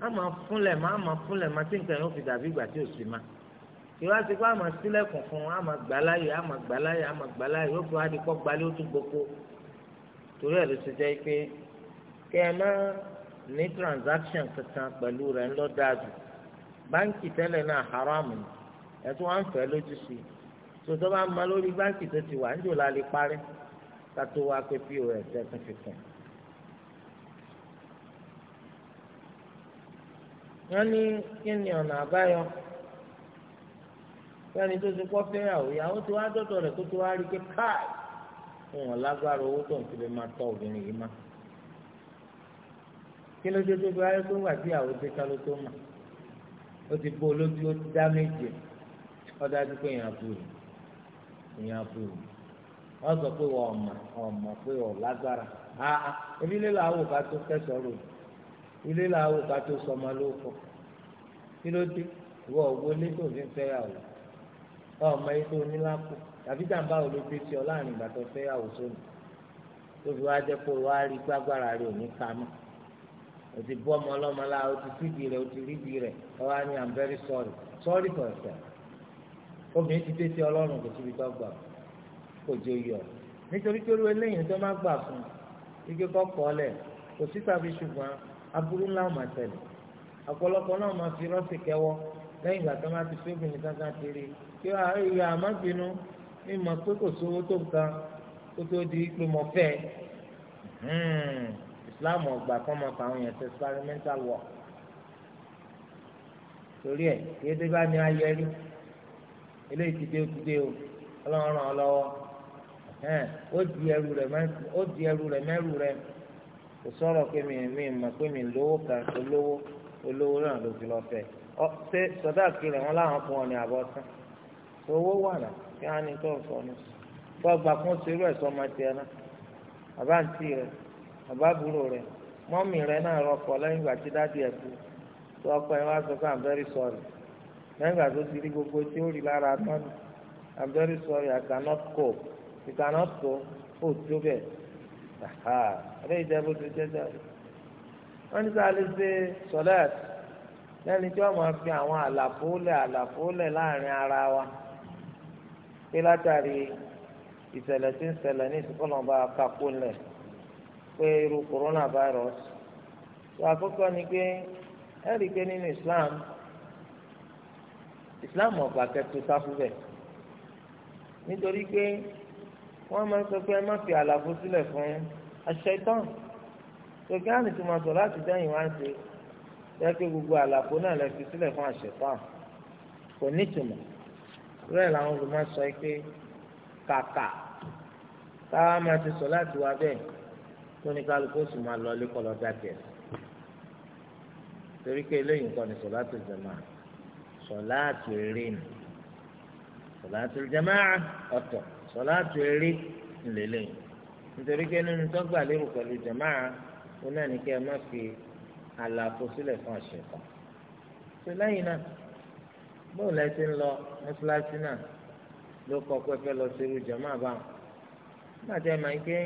a máa fúnlẹ̀ mọ́ a máa fúnlẹ̀ mọ́ tí nǹkan yóò fi dàbí ìgbà tí ò sí ma. ìwà sí pé a máa sílẹ̀kùn fún a máa gbà láyè a máa gbà láyè a máa gbà láyè yóò fi wá di pọ́ gbalẹ́ ó tún gboko torí ẹ̀ ló ṣe jẹ́ pé kẹ́ ẹ má ní transaction kankan pẹ̀lú rẹ̀ ńlọ dáàbò báńkì tẹ́lẹ̀ náà haram ni ẹ̀ tó wá ń fẹ́ lójú sí i tòtò bá ma lórí báńkì tó ti wà ń jò la lè parí kátó wá pé pos ẹ̀sìn fi kàn. wọ́n ní kí ni ọ̀nà àbáyọ fẹ́ni tó ti kọ́ fẹ́yàwó ìyàwó tó wá dọ́dọ̀ rẹ̀ kó tó wá rí pé káì fún wọn lágbára owó tó ń fi lè máa tọ́ obìnrin yìí máa kí ló dé tó bí wáyé tó ń wà sí àwọn òṣèkà ló tó mà ó ti bó olójú ó ti dá méje ó dájú pé èèyàn burú èèyàn burú wọ́n sọ pé wọ́n ọ̀mà ọ̀mà pé wọ́n lágbára àà ebi lé làwọn òkà tó kẹsàn-án rò ilé làwọn òkà tó sọmọ ló fọ kí ló dé ìwọ òwò ilé tó fi fẹ́ yà wò ọmọ yìí tó ní lápò tàbí jàǹbá ò ló gbé sí láàrin ìgbà tó fẹ́ yà wò sóni tó fi wá jẹ́ pé wàá rí gbàgbára rẹ̀ ò ní ká mọ́ o ti bọ́ ọmọ ọlọ́mọ la o ti síbi rẹ̀ o ti ríbi rẹ̀ ọwọ́ ni i'm very sorry sorry for yourself obìnrin ti tẹ́tí ọlọ́run kò síbi tó gbà kò jẹ́ yọ nítorí pé olú eléyìí tó má gbà fún ike kọ́kọ́ lẹ̀ kò sí tàbí ṣùgbọ́n aburú ńlá ọ̀mà tẹ̀lé ọ̀pọ̀lọpọ̀ náà máa fi rọ́ọ̀sì kẹwọ́ lẹ́yìn ìgbà tó má ti fi obìnrin kankan kiri kí ìyá àmọ́ bínú mímọ pé kò sówó tó nǹkan kó tó di pé mo fẹ́ ẹ̀ hmm islam ọgbà kan máa fa àwọn èèyàn ṣe experimental work torí ẹ kéde bá ní ayẹrí eléyìí ti dé ti dé o ọlọ́run ràn ọ́ lọ́wọ́ ó di ẹrù rẹ̀ ó di ẹrù rẹ̀ mẹ́rù rẹ̀ kò sọ̀rọ̀ pé mi mi mọ̀ pé mi lówó kan olówó olówó náà ló fi lọ fẹ́ ọ ṣé sọdá kiri wọn láwọn fún ọ ní àbọ̀ tán owó wà náà kí wọn ní tó ń sọ ní fọgbà fún ṣerú ẹ̀ sọmọ tiẹ̀ náà àbáǹtí rẹ̀ àbábúrò rẹ̀ mọ́mì rẹ̀ náà rọpò lẹ́yìn ìgbà tí dáàdi ẹ̀ kú tó ọkọ ẹ̀ wá sọ pé i'm very sorry lẹ́yìn ìgbà tó ti rí gbogbo tí ó rí lára tọ́nu i'm very sorry i cannot cope. you cannot go ó tó bẹ̀ ẹ̀rẹ́ ìjẹ́bú ti jẹ́jẹ́ rẹ̀ wọ́n ní sáà lè ṣe sọ́lẹ́ẹ̀tì lẹ́ni tí wọ́n máa fi àwọn àlàfo lẹ̀ àlàfo lẹ̀ láàrin ara wa pé látàrí ìṣẹ̀lẹ̀ tí ń ṣẹlẹ̀ ní ìsìnkú lọ́nba kakó lẹ̀ pé irú coronavirus tó àkọ́kọ́ ni pé ẹ rí i pé nínú Islam Islam ọ̀gbà kẹtù sáfúbẹ̀ nítorí pé wọ́n máa ń sọ pé ẹ má fi àlàfo sílẹ̀ fún aṣẹ́tàn tòkí àná tó máa sọ láti dẹ́yìn wá ń ṣe jẹ́ pé gbogbo àlàfo náà lè fi sílẹ̀ fún aṣẹ́tàn kò nítumọ̀ rẹ̀ làwọn olùmọ̀ sọ pé kàkà táwa máa ti sọ láti wá bẹ́ẹ̀ tó ní kálukú sì máa lọ ilé kọlọ dàtẹ torí pé eléyìí nǹkan ní sọláàtì jamaa sọláàtì eré ni sọláàtì jamaa ọ̀tọ̀ sọláàtì eré ńlẹlẹyìn nítorí pé nínú tó gbà lérò pẹ̀lú jamaa ó náà ní kí ẹ má fi àlàfo sílẹ̀ fún àṣẹkọ ṣe lẹ́yìn náà bóun lẹ ti ń lọ mọ́ṣáláṣí náà ló kọ pé lọ sí irú jamaa báwọn nígbà tí ẹ máa ń gbé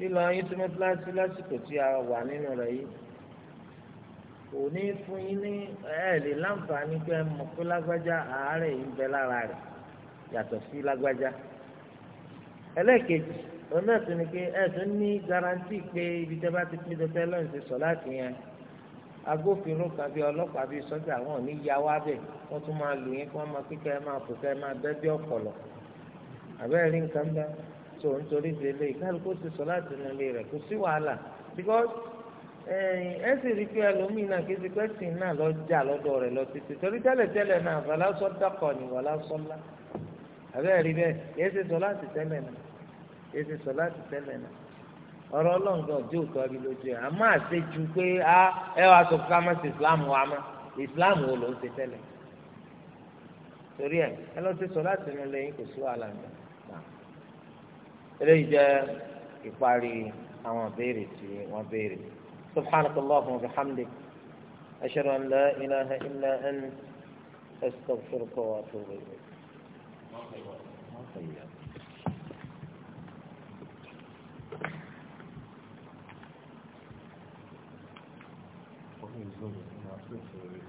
lílọ yín tó mẹ́tíláṣí lásìkò tí a wà nínú rẹ̀ yìí kò ní fún yín ní ẹ̀ lè láǹfààní pé mọ̀ pé lágbájá àárẹ̀ yìí ń bẹ lára rẹ̀ yàtọ̀ sí lágbájá ẹlẹ́ẹ̀kejì òun náà tún ni pé ẹ tún ní garanti pé ibi tẹ́ bá ti pín tẹ́tẹ́ lọ́run ti sọ láti yẹn agbófinró kan bíi ọlọ́pàá bíi sọ́jà wọn ò ní ya wá bẹ̀ wọ́n tún máa lù yín kí wọ́n máa kíkẹ́ máa fò máa bẹ́ bí ọ̀pọ̀lọ̀ so nítorí délé kálukú ti sọ láti inú ilé kò sí wàhálà because eh, ẹ sì rí pé ẹlòmíì náà kí ti pẹ́sìn náà lọ jà lọ́dọ̀ rẹ̀ lọ títí torí tẹ́lẹ̀tẹ́lẹ̀ náà fàlásọ́ dàkọ̀ ní wàlásọ́ ńlá àbẹ́ẹ̀ rí bẹ́ẹ̀ yéé ṣe sọ láti tẹ́lẹ̀ náà yéé ṣe sọ láti tẹ́lẹ̀ náà ọ̀rọ̀ ọlọ́ǹgàn ọjọ́ òtọ́ rí lójú ẹ̀ àmọ́ àṣejù pé a ẹ wàá sọ fún kámẹ́sì islam wa mọ́ islam wo ló ń ṣe tẹ́lẹ̀ torí ẹ ẹ lọ sí sọ láti inú lẹ́yìn kò sí wàhálà náà. eléyìí jẹ́ ìparí àwọn béèrè tí wọ́n béèrè subhanak allahumma wa bihamdik ashhadu an la ilaha illa ant astaghfiruka wa atubu ilayk. Thank you.